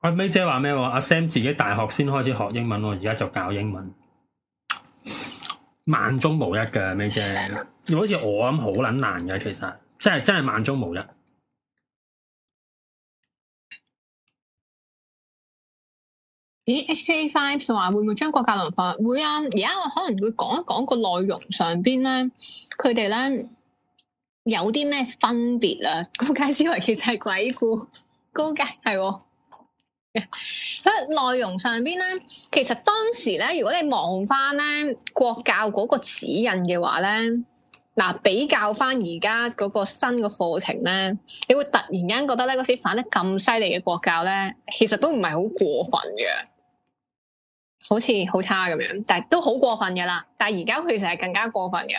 阿美姐話咩？阿、啊、Sam 自己大學先開始學英文，而家就教英文，萬中無一嘅美姐，就好似我咁好撚難嘅，其實真係真係萬中無一。HK Five 話會唔會將國教輪翻？會啊！而家我可能會講一講個內容上邊咧，佢哋咧有啲咩分別啊？高階思維其實係鬼故高階係哦、 所以內容上邊咧，其實當時咧，如果你望翻咧國教嗰個指引嘅話咧，嗱比較翻而家嗰個新嘅課程咧，你會突然間覺得咧嗰時反得咁犀利嘅國教咧，其實都唔係好過分嘅。好似好差咁樣，但係都好過分嘅啦。但係而家佢就係更加過分嘅，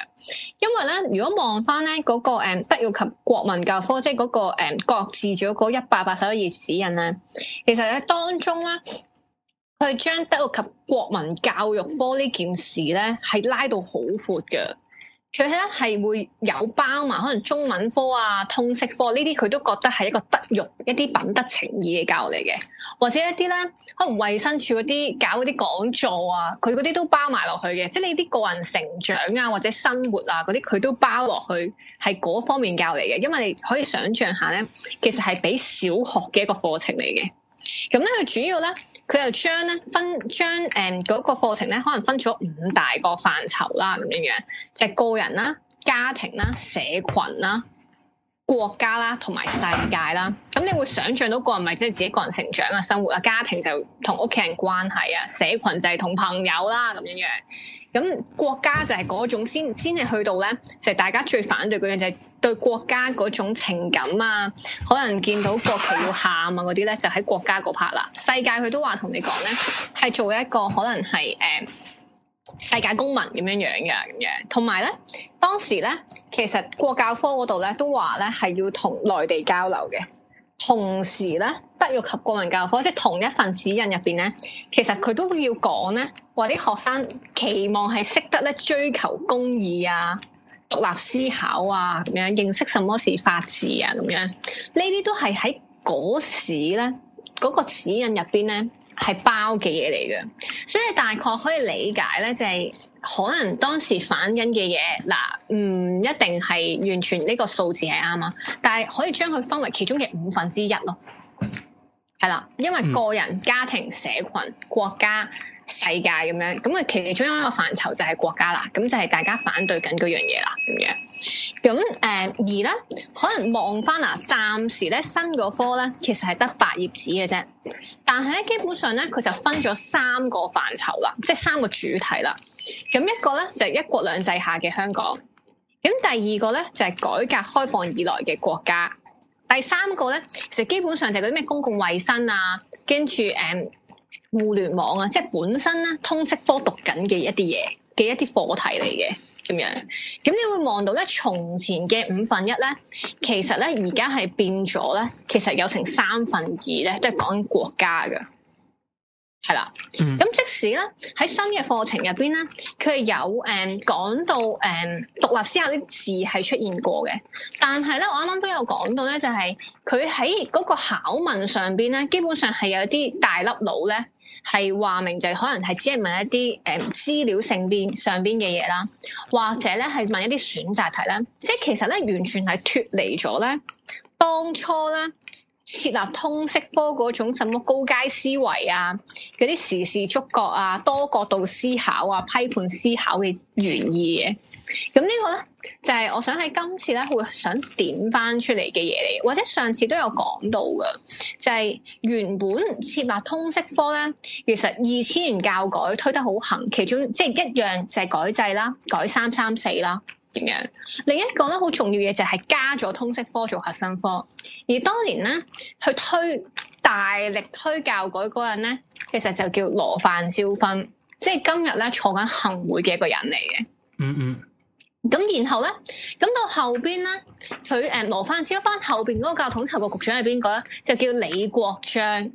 因為咧，如果望翻咧嗰個誒、嗯、德育及國民教育科，即係嗰、那個誒、嗯，擱置咗嗰一百八十頁指引咧，其實咧當中咧，佢將德育及國民教育科呢件事咧係拉到好闊嘅。佢咧係會有包埋，可能中文科啊、通識科呢啲，佢都覺得係一個德育一啲品德情義嘅教育嚟嘅，或者一啲咧可能衛生署嗰啲搞嗰啲講座啊，佢嗰啲都包埋落去嘅，即係你啲個人成長啊或者生活啊嗰啲，佢都包落去，係嗰方面教嚟嘅。因為你可以想象下咧，其實係畀小學嘅一個課程嚟嘅。咁咧，佢主要咧，佢又呢將咧分將誒嗰個課程咧，可能分咗五大個範疇啦，咁樣樣，即係個人啦、家庭啦、社群啦。國家啦，同埋世界啦，咁你會想象到個人咪即係自己個人成長啊、生活啊、家庭就同屋企人關係啊、社群就係同朋友啦咁樣樣，咁國家就係嗰種先先至去到咧，就係、是、大家最反對嗰樣就係、是、對國家嗰種情感啊，可能見到國旗要喊啊嗰啲咧，就喺、是、國家嗰 part 啦。世界佢都話同你講咧，係做一個可能係誒。呃世界公民咁樣樣嘅，同埋咧，當時咧，其實國教科嗰度咧都話咧係要同內地交流嘅，同時咧，德育及國民教育科即係同一份指引入邊咧，其實佢都要講咧，話啲學生期望係識得咧追求公義啊，獨立思考啊，咁樣認識什麼是法治啊，咁樣呢啲都係喺嗰時咧，嗰、嗰個指引入邊咧。係包嘅嘢嚟嘅，所以大概可以理解咧，就是，就係可能當時反映嘅嘢，嗱，唔一定係完全呢個數字係啱啊，但係可以將佢分為其中嘅五分之一咯，係啦。 因為個人、家庭、社群、國家。世界咁樣，咁啊其中一個範疇就係國家啦，咁就係大家反對緊嗰樣嘢啦，咁樣。咁、嗯、誒，而咧可能望翻啊，暫時咧新嗰科咧其實係得八頁紙嘅啫，但係咧基本上咧佢就分咗三個範疇啦，即係三個主題啦。咁一個咧就係、一國兩制下嘅香港，咁第二個咧就係、是、改革開放以來嘅國家，第三個咧其實基本上就係嗰啲咩公共衛生啊，跟住誒。嗯互聯網啊，即係本身咧，通識科讀緊嘅一啲嘢嘅一啲課題嚟嘅，咁樣，咁你會望到咧，從前嘅五分一咧，其實咧而家係變咗咧，其實有成三分二咧，都係講國家噶，係啦，咁即使咧喺新嘅課程入邊咧，佢係有誒、嗯、講到誒、嗯、獨立思考啲字係出現過嘅，但係咧我啱啱都有講到咧，就係佢喺嗰個考問上邊咧，基本上係有啲大粒佬咧。係話明就係可能係只係問一啲誒資料性邊上邊嘅嘢啦，或者咧係問一啲選擇題啦，即係其實咧完全係脫離咗咧當初咧。設立通識科嗰種什麼高階思維啊，嗰啲時事觸覺啊，多角度思考啊，批判思考嘅原意嘅、啊，咁呢個咧就係、是、我想喺今次咧會想點翻出嚟嘅嘢嚟，或者上次都有講到噶，就係、是、原本設立通識科咧，其實二千年教改推得好行，其中即係、就是、一樣就係改制啦，改三三四啦。點樣？另一個咧，好重要嘅就係加咗通識科做核心科。而當年咧，去推大力推教改嗰人咧，其實就叫羅范椒芬，即係今日咧坐緊行會嘅一個人嚟嘅。嗯嗯。咁然後咧，咁到後邊咧，佢誒、呃、羅范椒芬後邊嗰個教統籌局局長係邊個咧？就叫李國章。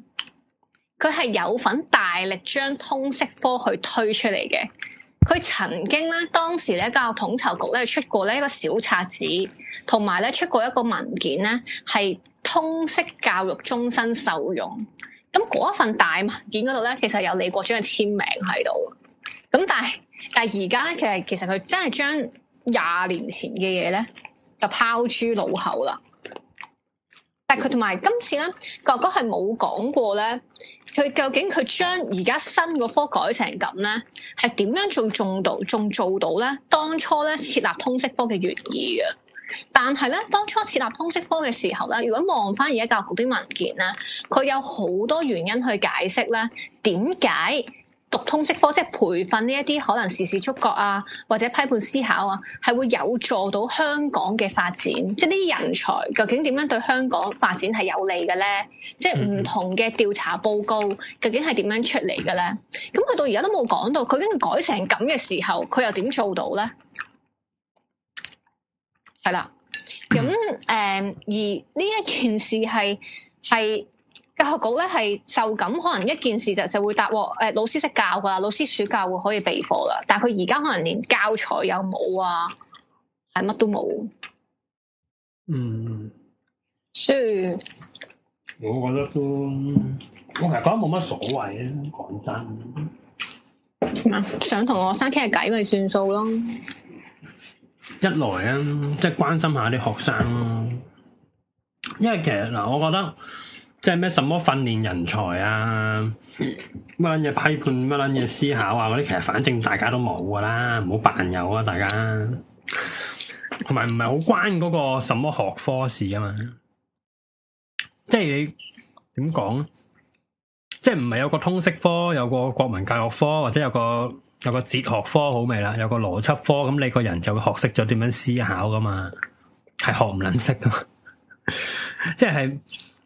佢係有份大力將通識科去推出嚟嘅。佢曾經咧，當時咧，教育統籌局咧出過咧一個小冊子，同埋咧出過一個文件咧，係通識教育終身受用。咁嗰一份大文件嗰度咧，其實有李國章嘅簽名喺度。咁但係但係而家咧，其實其實佢真係將廿年前嘅嘢咧，就拋諸腦後啦。但佢同埋今次咧，哥哥係冇講過咧，佢究竟佢將而家新嗰科改成咁咧，係點樣做做到，仲做到咧？當初咧設立通識科嘅原意嘅，但係咧當初設立通識科嘅時候咧，如果望翻而家教育局啲文件咧，佢有好多原因去解釋咧，點解？讀通識科，即係培訓呢一啲可能時事觸覺啊，或者批判思考啊，係會有助到香港嘅發展。即係啲人才究竟點樣對香港發展係有利嘅咧？即係唔同嘅調查報告究竟係點樣出嚟嘅咧？咁佢到而家都冇講到，佢跟住改成咁嘅時候，佢又點做到咧？係啦，咁、嗯、誒、呃，而呢一件事係係。教育局咧，係就咁可能一件事就就會答，誒、哦欸、老師識教噶啦，老師暑假會可以備課啦，但係佢而家可能連教材有冇啊，係乜都冇、啊。嗯，所以我覺得都，我其實覺得冇乜所謂咧，講真。想同、就是、學生傾下偈咪算數咯。一來咧，即係關心下啲學生，因為其實嗱，我覺得。即係咩？什麼訓練人才啊？乜撚嘢批判？乜撚嘢思考啊？嗰啲其實反正大家都冇噶啦，唔好扮有啊！大家同埋唔係好關嗰個什麼學科事啊嘛。即係你點講？即係唔係有個通識科，有個國民教育科，或者有個有個哲學科好未啦？有個邏輯科，咁你個人就會學識咗點樣思考噶嘛？係學唔撚識噶嘛， 即係。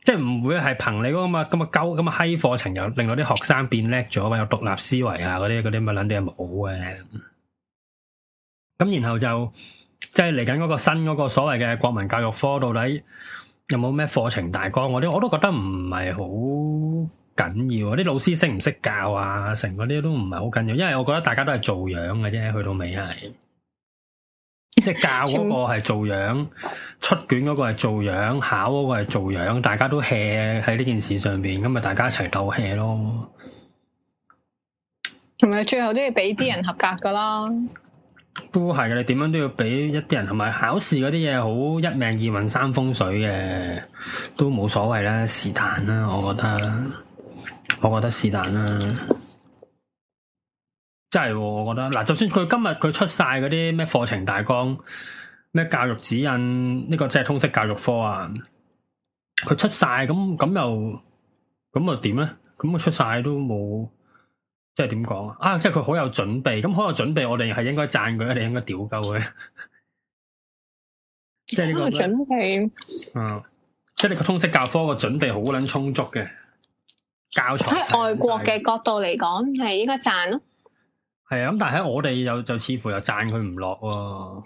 即係唔會係憑你嗰個咁啊咁啊鳩咁啊嗨課程又令到啲學生變叻咗，有獨立思維啊嗰啲、嗰啲咪諗住係冇嘅。咁然後就即係嚟緊嗰個新嗰個所謂嘅國民教育科到底有冇咩課程大綱嗰啲，我都覺得唔係好緊要啊。啲老師識唔識教啊，成嗰啲都唔係好緊要，因為我覺得大家都係做樣嘅啫，去到尾係。即係教嗰個係做樣，全出卷嗰個係做樣，考嗰個係做樣，大家都 hea 喺呢件事上邊，咁咪大家一齊鬥 hea 咯。同埋你最後都要俾啲人合格噶啦，嗯、都係嘅。你點樣都要俾一啲人，同埋考試嗰啲嘢好一命二運三風水嘅，都冇所謂啦，是但啦，我覺得，我覺得是但啦。真係，我覺得嗱，就算佢今日佢出晒嗰啲咩課程大綱，咩教育指引，呢、這個即係通識教育科啊，佢出晒咁咁又咁又點咧？咁佢出晒都冇，即係點講啊？即係佢好有準備，咁、嗯、好有準備，我哋係應該讚佢，一定應該屌鳩佢。 即係、這、呢個準備，嗯，即係你個通識教科個準備好撚充足嘅教材。喺外國嘅角度嚟講，係應該讚咯。係啊，咁但係喺我哋又就，就似乎又讚佢唔落喎，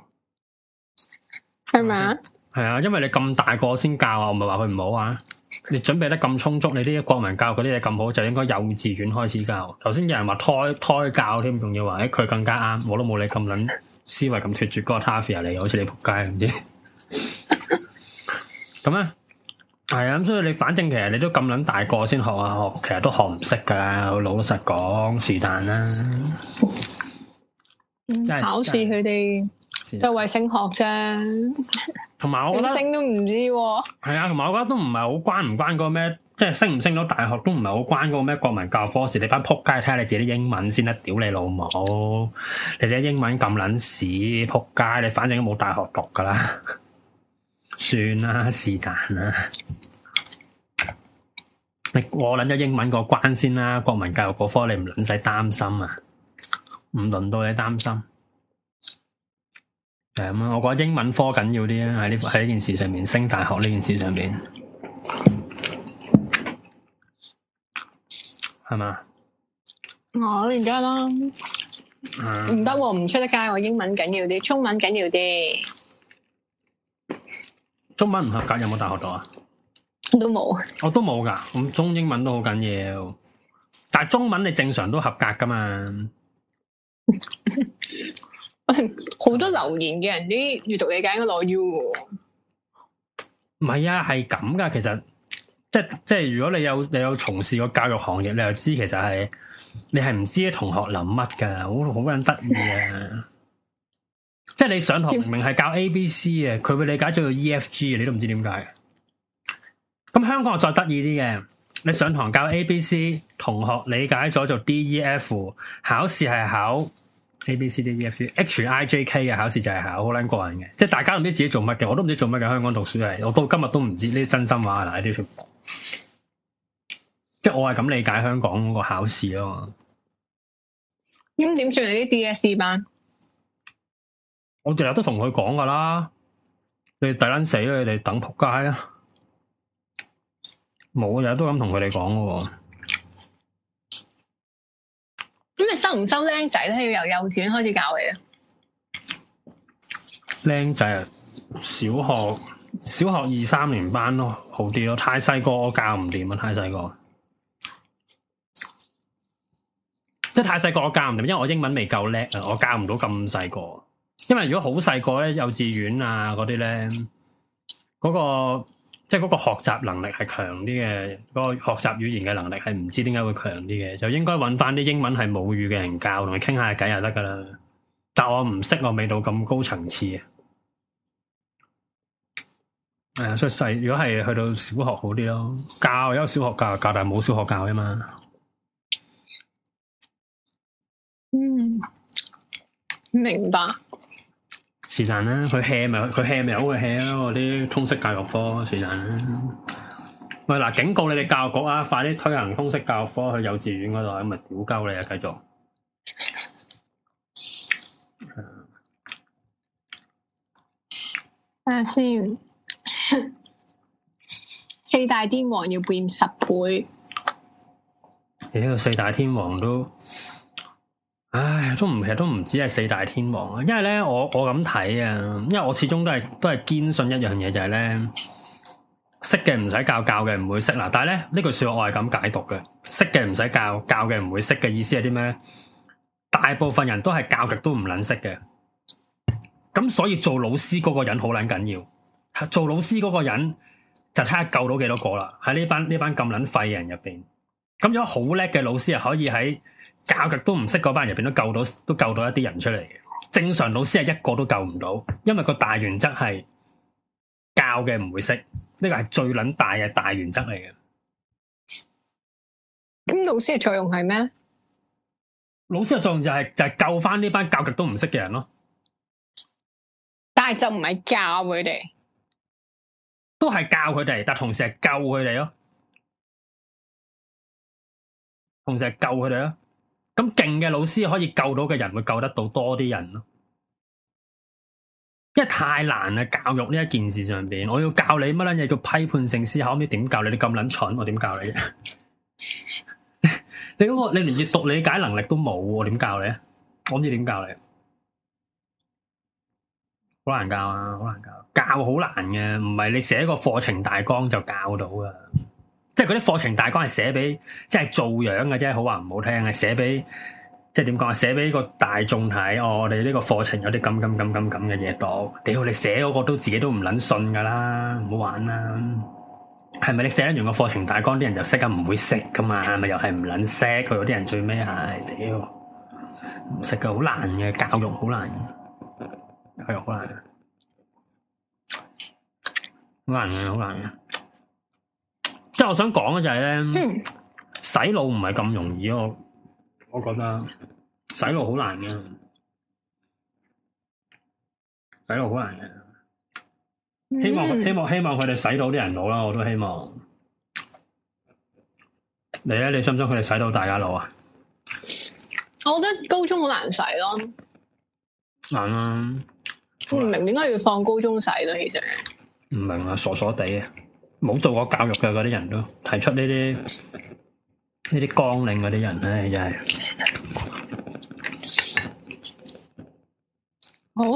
係咪啊？係啊，因為你咁大個先教啊，唔係話佢唔好啊。你準備得咁充足，你啲國民教育嗰啲嘢咁好，就應該幼稚園開始教。頭先有人話胎胎教添，仲要話誒佢更加啱，我都冇你咁撚思維咁脫節，嗰個 Taffy 嚟，好似你仆街咁啲，咁啊。係啊，咁所以你反正其實你都咁撚大個先學啊學，其實都學唔識噶，老老實講、嗯、是但啦。考試佢哋就為升學啫。同埋我覺得升都唔知。係啊，同埋我覺得都唔係好關唔關嗰個咩，即係升唔升到大學都唔係好關嗰個咩國民教育科事。你班撲街，睇下你自己啲英文先得，屌你老母！你哋英文咁撚屎，撲街！你反正都冇大學讀噶啦。算啦，是但啦。你我諗咗英文過個關先啦，國民教育嗰科你唔撚使擔心啊，唔輪到你擔心。係咁啊，我覺得英文科緊要啲啊，喺呢喺呢件事上面，升大學呢件事上邊，係嘛？我而家啦，唔得，唔出得街，我英文緊要啲，中文緊要啲。中文唔合格有冇大學讀啊、哦？都冇，我都冇噶。咁中英文都好緊要，但係中文你正常都合格噶嘛？好 多留言嘅人啲閱讀理解個內要，唔係啊？係咁噶，其實即係即係，如果你有你有從事過教育行業，你又知其實係你係唔知啲同學諗乜噶，好好鬼得意啊！ 即係你上堂明明係教 A B C 嘅，佢會理解咗叫 E F G，你都唔知點解。咁香港我再得意啲嘅，你上堂教 A B C，同學理解咗做 D E F，考試係考 A B C D E F G, H I J K 嘅考試就係考好捻過人嘅，即係大家唔知自己做乜嘅，我都唔知做乜嘅。香港讀書係，我到今日都唔知，呢真心話嗱啲，即係我係咁理解香港嗰個考試啊嘛。咁點算你啲 D S E 班？我日日都同佢講噶啦，你哋抵撚死啦！你哋等仆街啊！冇日日都咁同佢哋講噶。咁你收唔收靚仔咧？要由幼稚園開始教你啊？靚仔啊，小學小學二三年班咯，好啲咯。太細個我教唔掂啊！太細個，即係太細個我教唔掂，因為我英文未夠叻啊，我教唔到咁細個。因為如果好細個咧，幼稚園啊嗰啲咧，嗰個即係嗰個學習能力係強啲嘅，嗰個學習語言嘅能力係唔知點解會強啲嘅，就應該揾翻啲英文係母語嘅人教，同佢傾下偈就得噶啦。但我唔識，我未到咁高層次啊。係、哎、啊，所以細如果係去到小學好啲咯，教，因為小學教，教有小學教教，但係冇小學教啊嘛。嗯，明白。是但啦，佢 hea 咪佢 hea 咪好佢 hea 咯，嗰啲通識教育科是但啦。喂，嗱，警告你哋教育局啊，快啲推行通識教育科去幼稚園嗰度，咁咪屌鳩你啊，繼續。睇下先，四大天王要變十倍。你呢個四大天王都。唉，都唔其實都唔止係四大天王啊，因為咧我我咁睇啊，因為我始終都係都係堅信一樣嘢就係、是、咧，識嘅唔使教，教嘅唔會識啦、啊。但係咧呢句說話我係咁解讀嘅，識嘅唔使教，教嘅唔會識嘅意思係啲咩？大部分人都係教極都唔撚識嘅，咁、啊、所以做老師嗰個人好撚緊要。做老師嗰個人就睇下救到幾多個啦。喺呢班呢班咁撚廢人入邊，咁、啊、樣好叻嘅老師啊，係可以喺。教極都唔識嗰班人入邊都救到都救到一啲人出嚟嘅，正常老師係一個都救唔到，因為個大原則係教嘅唔會識，呢個係最撚大嘅大原則嚟嘅。咁老師嘅作用係咩？老師嘅作用就係、是、就係、是、救翻呢班教極都唔識嘅人咯、啊。但係就唔係教佢哋，都係教佢哋，但同時係救佢哋咯，同時係救佢哋咯。咁勁嘅老師可以救到嘅人，會救得到多啲人咯。因為太難啦，教育呢一件事上邊，我要教你乜撚嘢叫批判性思考，我唔知點教你。你咁撚蠢，我點教你？你嗰個你連閱讀理解能力都冇，我點教你啊？我唔知點教你。好難教啊，好難教。教好難嘅，唔係你寫個課程大綱就教到噶。即係嗰啲課程大綱係寫俾，即係做樣嘅啫，好話唔好聽啊！寫俾，即係點講啊？寫俾個大眾睇，我哋呢個課程有啲咁咁咁咁咁嘅嘢讀，屌，你寫嗰個都自己都唔捻信噶啦，唔好玩啦！係咪你寫完個課程大綱，啲人就識啊？唔會識噶嘛？係咪又係唔捻識佢嗰啲人最尾係，屌唔識噶，好難嘅教育，好難，教育好難，好難啊，好難啊！即係我想講嘅就係、是、咧，嗯、洗腦唔係咁容易咯，我覺得洗腦好難嘅，洗腦好難嘅。希望、嗯、希望希望佢哋洗到啲人腦啦，我都希望。你咧，你想唔想佢哋洗到大家腦啊？我覺得高中好難洗咯難、啊，難啦。唔明點解要放高中洗咯，其實唔明啊，傻傻地啊。冇做過教育嘅嗰啲人都提出呢啲呢啲綱領嗰啲人，唉，真係好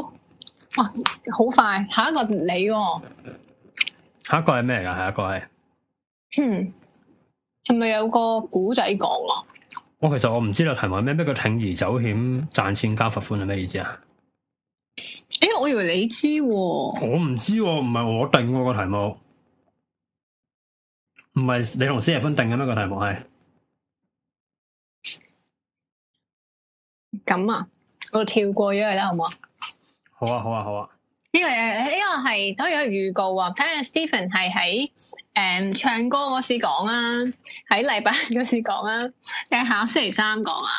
哇！好快，下一個你、哦下一個，下一個係咩嚟噶？下一個係，嗯，係咪有個古仔講啊？我、哦、其實我唔知道題目係咩，咩叫鋌而走險、賺錢交罰款係咩意思啊？誒、欸，我以為你知，我唔知，唔係我定個題目。唔係你同 Stephen 定嘅咩？個題目係？咁啊，我跳過咗佢啦，好唔好，好啊？好啊，好啊，好啊，這個！呢，這個呢個係都有預告啊！睇下 Stephen 係喺誒、呃、唱歌嗰時講啦，啊，喺禮拜嗰時講啦，啊，定係下星期三講啊？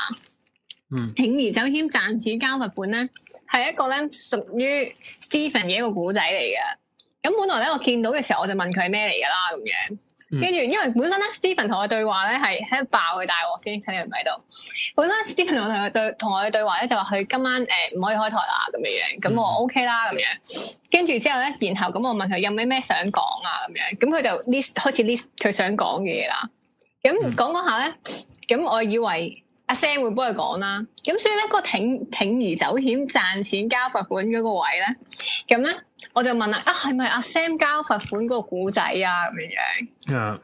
嗯，鋌而走險賺取交罰款咧，係一個咧屬於 Stephen 嘅一個古仔嚟嘅。咁本來咧，我見到嘅時候，我就問佢係咩嚟噶啦，咁樣。跟住、嗯，因為本身咧，Stephen 同我對話咧，係喺度爆佢大鑊先，睇下唔喺度。本身 Stephen 同我對同我嘅對話咧，就話佢今晚誒唔可以開台啦咁嘅樣。咁我 OK 啦咁樣。 嗯嗯、跟住之後咧，然後咁我問佢有咩咩想講啊咁樣。咁、嗯、佢就 list 開始 list 佢想講嘅嘢啦。咁講講下咧，咁我以為。阿 Sam 會幫佢講啦，咁所以咧，個鋌鋌而走險賺錢交罰款嗰個位咧，咁咧我就問啦，啊係咪阿 Sam 交罰款個古仔啊？咁樣樣，嗯，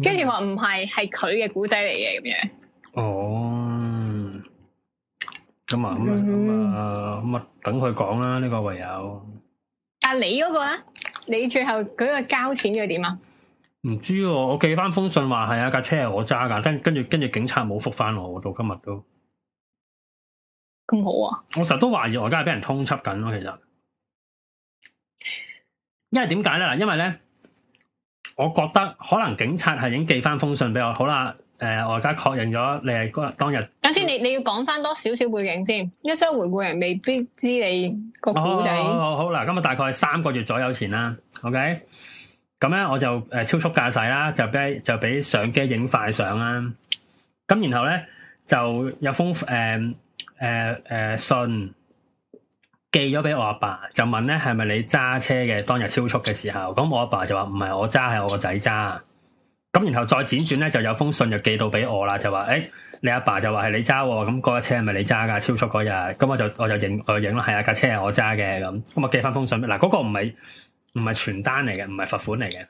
跟住話唔係，係佢嘅古仔嚟嘅咁樣。哦，咁啊，咁啊，咁啊，等佢講啦，呢個唯有。但、啊、你嗰個咧，你最後嗰個交錢嘅點啊？唔知喎、啊，我寄翻封信話係啊架車係我揸噶，跟跟住跟住警察冇覆翻我，到今日都咁好啊！我成日都懷疑我而家係俾人通緝緊咯，其實，因為點解咧？嗱，因為咧，我覺得可能警察係已經寄翻封信俾我，好啦，誒、呃，我而家確認咗你係嗰當日。等先，你你要講翻多少少背景先，一周回顧人未必知你個古仔。好好好，今日大概三個月左右前啦，OK。咁咧我就誒超速駕駛啦，就俾就俾相機影快相啦。咁然後咧就有封誒誒誒信寄咗俾我阿爸，爸，就問咧係咪你揸車嘅當日超速嘅時候？咁我阿爸，爸就話唔係我揸，係我個仔揸。咁然後再輾轉咧就有封信就寄到俾我啦，就話誒、欸、你阿爸，爸就話係你揸喎，咁嗰架車係咪你揸噶超速嗰日？咁我就我就認我就認啦，係啊架車係我揸嘅咁，咁啊寄翻封信嗱，嗰、那個唔係。唔係傳單嚟嘅，唔係罰款嚟嘅，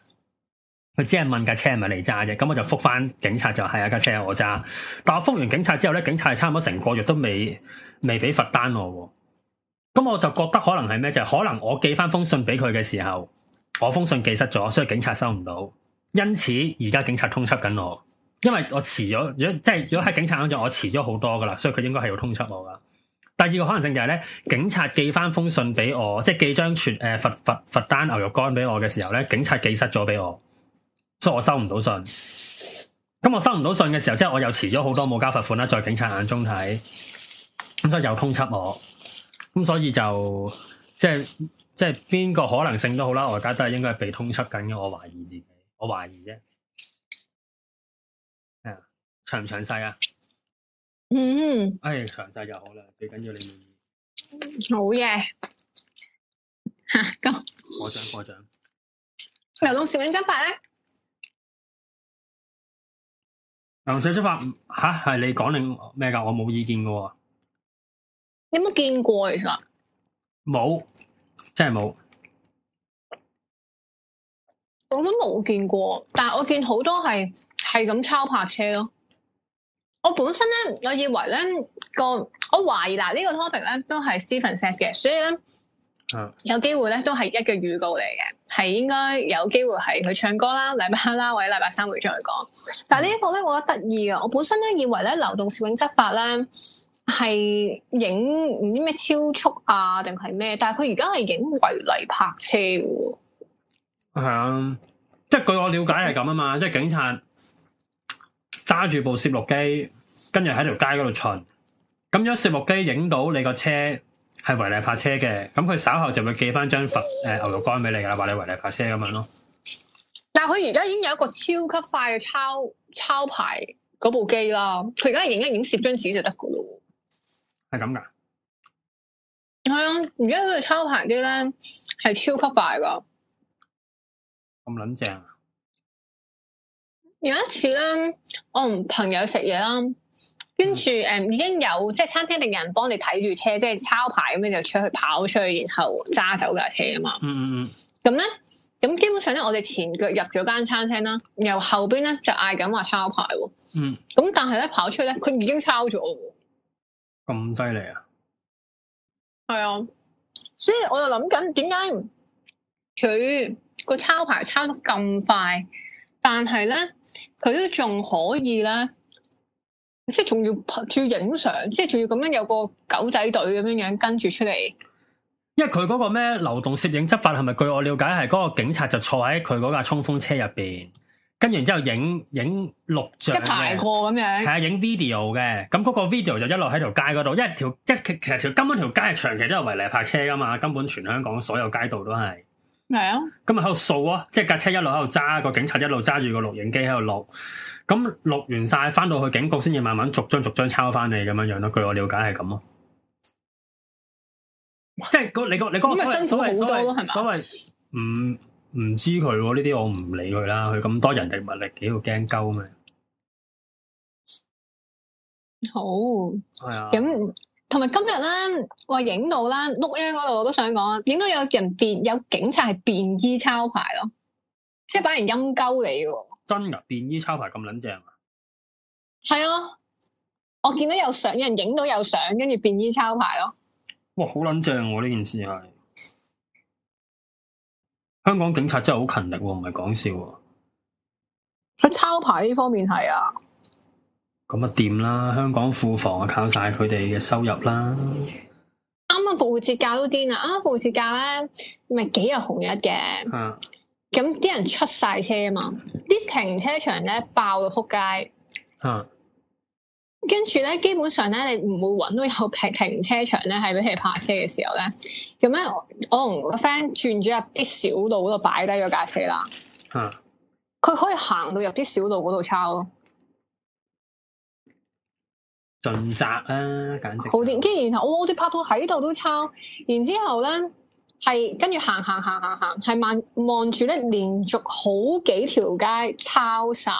佢只係問架車係咪你揸啫。咁我就復翻警察就係啊架車我揸，但我復完警察之後咧，警察係差唔多成個月都未未俾罰單我。咁我就覺得可能係咩就係可能我寄翻封信俾佢嘅時候，我封信寄失咗，所以警察收唔到。因此而家警察通緝緊我，因為我遲咗，如果即係如果喺警察嗰度，我遲咗好多噶啦，所以佢應該係要通緝我噶。第二個可能性就係咧，警察寄返封信俾我，即係寄張傳誒罰罰罰單牛肉乾俾我嘅時候咧，警察寄失咗俾我，所以我收唔到信。咁我收唔到信嘅時候，即係我又遲咗好多冇交罰款啦。在警察眼中睇，咁所以又通緝我。咁所以就即係即係邊個可能性都好啦，我而家都係應該係被通緝緊嘅。我懷疑自己，我懷疑啫。係啊，詳唔詳細啊？嗯，mm hmm. 哎，詳細就好啦，最緊要你滿意。冇嘢。 吓，咁，過獎，過獎。流動攝影執法咧，流動攝影執法吓，係你講定咩噶？我冇意見噶。你有冇見過？其實冇，真係冇。我都冇見過，但係我見好多係係咁抄拍車咯。我本身咧，我以為咧個，我懷疑嗱呢、這個 topic 咧都係 Stephen say 嘅，所以咧、啊、有機會咧都係一個預告嚟嘅，係應該有機會係佢唱歌啦、禮拜一啦或者禮拜三會再講。但係呢一個咧，我覺得得意啊！我本身咧以為咧流動攝影執法咧係影唔知咩超速啊定係咩，但係佢而家係影違例泊車嘅喎、嗯。啊，即係據我了解係咁啊嘛，即係警察揸住部攝錄機。跟住喺條街嗰度巡，咁樣攝像機影到你個車係違例泊車嘅，咁佢稍後就會寄翻張佛誒牛肉乾俾你噶啦，話你違例泊車咁樣咯。但係佢而家已經有一個超級快嘅抄抄牌嗰部機啦，佢而家係影一影攝一張紙就得噶咯。係咁噶？係啊、嗯，而家佢個抄牌機咧係超級快噶。咁撚正啊！有一次咧，我同朋友食嘢啦。跟住誒，嗯、已經有即係餐廳定人幫你睇住車，即係抄牌咁樣就出去跑，出去，然後揸走架車啊嘛。嗯，咁咧，咁基本上咧，我哋前腳入咗間餐廳啦，由後邊咧就嗌緊話抄牌。嗯。咁但係咧跑出去咧，佢已經抄咗。咁犀利啊！係啊，所以我又諗緊，點解佢個抄牌抄得咁快，但係咧佢都仲可以咧。即係仲要拍，要拍照影相，即係仲要咁樣有個狗仔隊咁樣樣跟住出嚟。因為佢嗰個咩流動攝影執法係咪，據我了解係嗰個警察就坐喺佢嗰架衝鋒車入邊，跟完之後影影錄像，一排過咁樣，係啊，影 video 嘅。咁嗰個 video 就一路喺條街嗰度，因為條即其實條根本條街長期都有違例泊車噶嘛，根本全香港所有街道都係。係啊，咁咪喺度掃啊，即係架車一路喺度揸，個警察一路揸住個錄影機喺度錄，咁錄完晒，翻到去警局先至慢慢逐張逐張抄翻你。咁樣樣咯。據我了解係咁咯，哇即係嗰你個你嗰個所謂所謂唔唔知佢呢啲，我唔理佢啦。佢咁多人力物力，幾度驚鳩啊？好係啊，咁、哎呀。同埋今日咧，我影到啦碌樣嗰度我都想講，影到有人變有警察係便衣抄牌咯，即係把人陰溝你嘅喎。真噶、啊，便衣抄牌咁撚正啊！係啊，我見到有相，有人影到有相，跟住便衣抄牌咯。哇，好撚正喎、啊！呢件事係香港警察真係好勤力、啊，唔係講笑啊。佢抄牌呢方面係啊。咁啊，掂啦！香港庫房啊，靠晒佢哋嘅收入啦。啱啱復活節假都癲啊，啱啱復活節假咧，咪幾日紅日嘅，咁啲、啊、人出晒車啊嘛，啲停車場咧爆到撲街。啊！跟住咧，基本上咧，你唔會搵到有停停車場咧，係俾佢泊車嘅時候咧。咁咧，我同個 friend 轉咗入啲小路度擺低咗架車啦。啊！佢可以行到入啲小路嗰度抄。盡責啦，簡直好掂。跟住然後，哦、我啲拍拖喺度都抄。然之後咧，係跟住行行行行行，係望望住咧，連續好幾條街抄晒。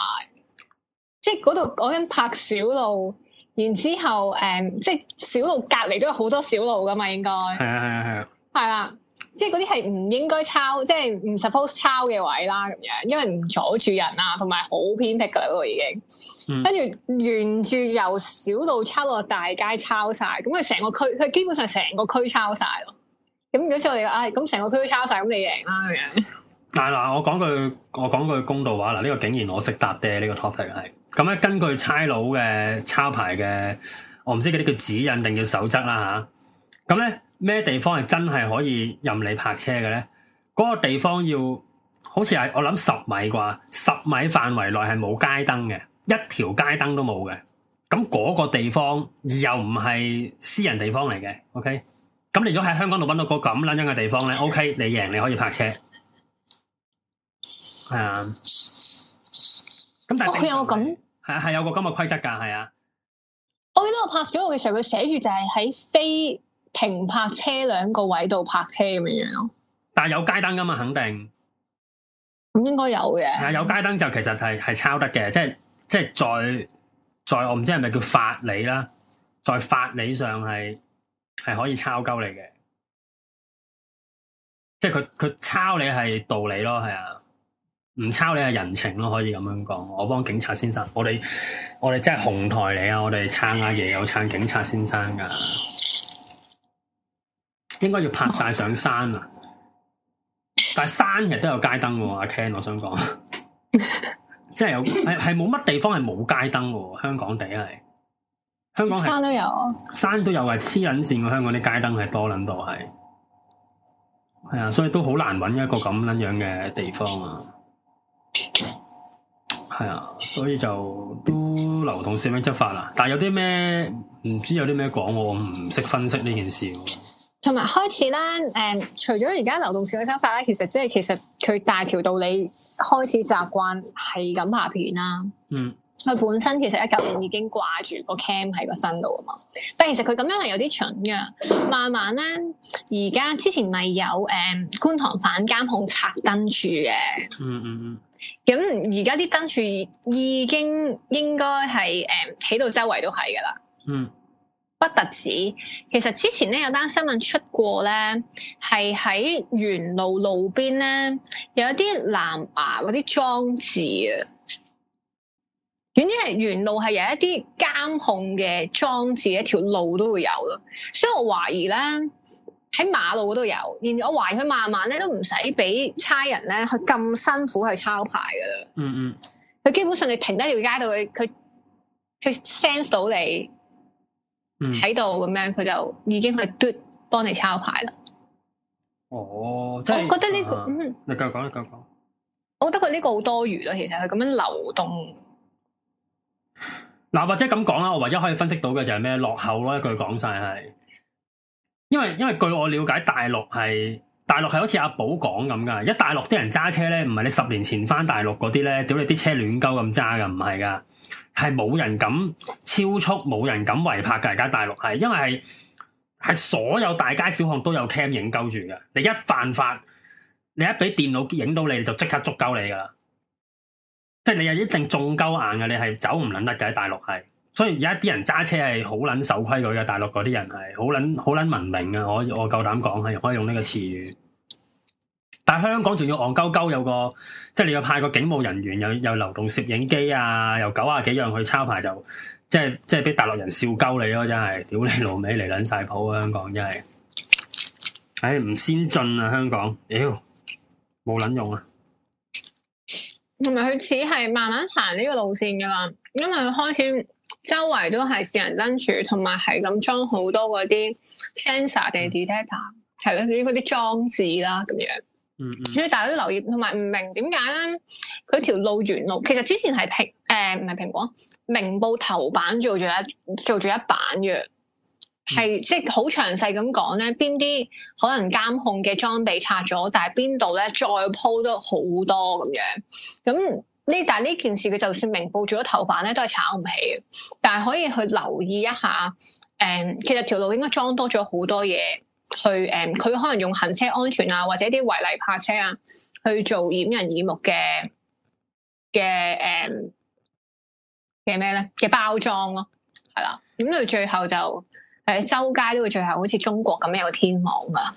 即係嗰度講緊拍小路，然之後誒、嗯，即係小路隔籬都有好多小路噶嘛，應該係啊係啊係啊，係啦、啊。即係嗰啲係唔應該抄，即係唔 suppose 抄嘅位啦，咁樣，因為唔阻住人啊，同埋好偏僻噶啦，都已經，跟住沿住由小道抄到大街抄晒，咁佢成個區，佢基本上成個區抄晒咯。咁有時我哋，唉、哎，咁成個區都抄晒，咁你贏啦咁樣。但係嗱， 我講句，我講句公道話，嗱，呢個竟然我識答嘅呢個 topic 係，咁咧根據差佬嘅抄牌嘅，我唔知嗰啲叫指引定叫守則啦吓，咁咧。咩地方係真係可以任你泊車嘅咧？嗰、那個地方要好似係我諗十米啩，十米範圍內係冇街燈嘅，一條街燈都冇嘅。咁、那、嗰個地方又唔係私人地方嚟嘅，OK？咁你如果喺香港度搵到個咁卵樣嘅地方咧，OK？你贏你可以泊車，係、uh, 啊。咁但係，OK 有金係係有個今日規則噶，係啊。我記得我拍小六嘅時候，佢寫住就係喺飛。停泊車輛個位度泊車咁樣樣，但係有街燈噶嘛？肯定咁應該有嘅。係有街燈就其實係係抄得嘅，即係即係在在我唔知係咪叫法理啦，在法理上係係可以抄鳩你嘅，即係佢佢抄你係道理咯，係啊，唔抄你係人情咯，可以咁樣講。我幫警察先生，我哋我哋真係紅台嚟啊，我哋撐阿爺有撐警察先生噶、啊。應該要拍晒上山啊！但係山其實都有街燈嘅，阿 Ken，我想講， 即係有係係冇乜地方係冇街燈嘅，香港地係，香港山都有，山都有係黐引線嘅。香港啲街燈係多捻到係，係啊，所以都好難揾一個咁樣樣嘅地方啊。係啊，所以就都流動攝影執法啊。但係有啲咩唔知有啲咩講，我唔識分析呢件事。同埋開始咧，誒、嗯，除咗而家流動攝影嘅手法咧，其實即係其實佢大條道理開始習慣係咁拍片啦、啊。嗯，佢本身其實一九年已經掛住個 cam 喺個身度啊嘛，但係其實佢咁樣係有啲蠢嘅。慢慢咧，而家之前咪有誒、嗯、觀塘反監控拆燈柱嘅、嗯，嗯嗯嗯，咁而家啲燈柱已經應該係誒起到周圍都係噶啦，嗯。不特止，其實之前咧有單新聞出過咧，係喺沿路路邊咧，有一啲藍牙嗰啲裝置啊。總之係沿路係有一啲監控嘅裝置啊，一條路都會有咯啊。所以我懷疑咧，喺馬路嗰度有，然我懷疑佢慢慢咧都唔使俾差人咧去咁辛苦去抄牌噶啦。嗯嗯，佢基本上你停喺條街度，佢佢佢 sense 到你。喺度咁樣，佢、嗯、就已經去嘟 o 幫你抄牌啦。哦，即係我覺得呢個，你繼續講，繼續講。我覺得佢呢個好多餘咯，其實佢咁樣流動。嗱，或者咁講啦，我唯一可以分析到嘅就係咩落後咯，一句講晒係。因為因為據我了解，大陸係大陸係好似阿寶講咁噶，一大陸啲人揸車咧，唔係你十年前翻大陸嗰啲咧，屌你啲車亂鳩咁揸噶，唔係噶。係冇人敢超速，冇人敢違拍嘅。而家大陸係，因為係係所有大街小巷都有 cam 影勾住嘅。你一犯法，你一俾電腦影到你，你就即刻捉鳩你噶啦。即係你又一定中鳩眼嘅，你係走唔甩得嘅。大陸係，所以有一啲人揸車係好撚守規矩嘅。大陸嗰啲人係好撚好撚文明嘅。我我夠膽講係，可以用呢個詞語。但香港仲要戇鳩鳩，有個即係你要派個警務人員，又又流動攝影機啊，又九啊幾樣去抄牌，就即係即係俾大陸人笑鳩你咯，真係屌你老味，離撚晒普啊！香港真係，唉唔先進啊！香港，屌冇撚用啊！同埋佢似係慢慢行呢個路線噶嘛，因為佢開始周圍都係智能燈柱，同埋係咁裝好多嗰啲 sensor 定 detector，係咯，嗰啲裝置啦咁樣。嗯，嗯，所以大家都留意，同埋唔明點解咧？佢條路沿路，其實之前係平，誒、呃，唔係蘋果，明報頭版做咗一做咗一版嘅，係即係好詳細咁講咧，邊啲可能監控嘅裝備拆咗，但係邊度咧再鋪得好多咁樣。咁呢？但係呢件事，佢就算明報做咗頭版咧，都係炒唔起嘅。但係可以去留意一下，誒、呃，其實條路應該裝多咗好多嘢。去誒，佢、嗯、可能用行車安全啊，或者啲違例泊車啊，去做掩人耳目嘅嘅誒嘅咩咧嘅包裝咯、啊，係啦，咁、嗯、到最後就誒、嗯、周街都會最後好似中國咁樣個天網噶啦，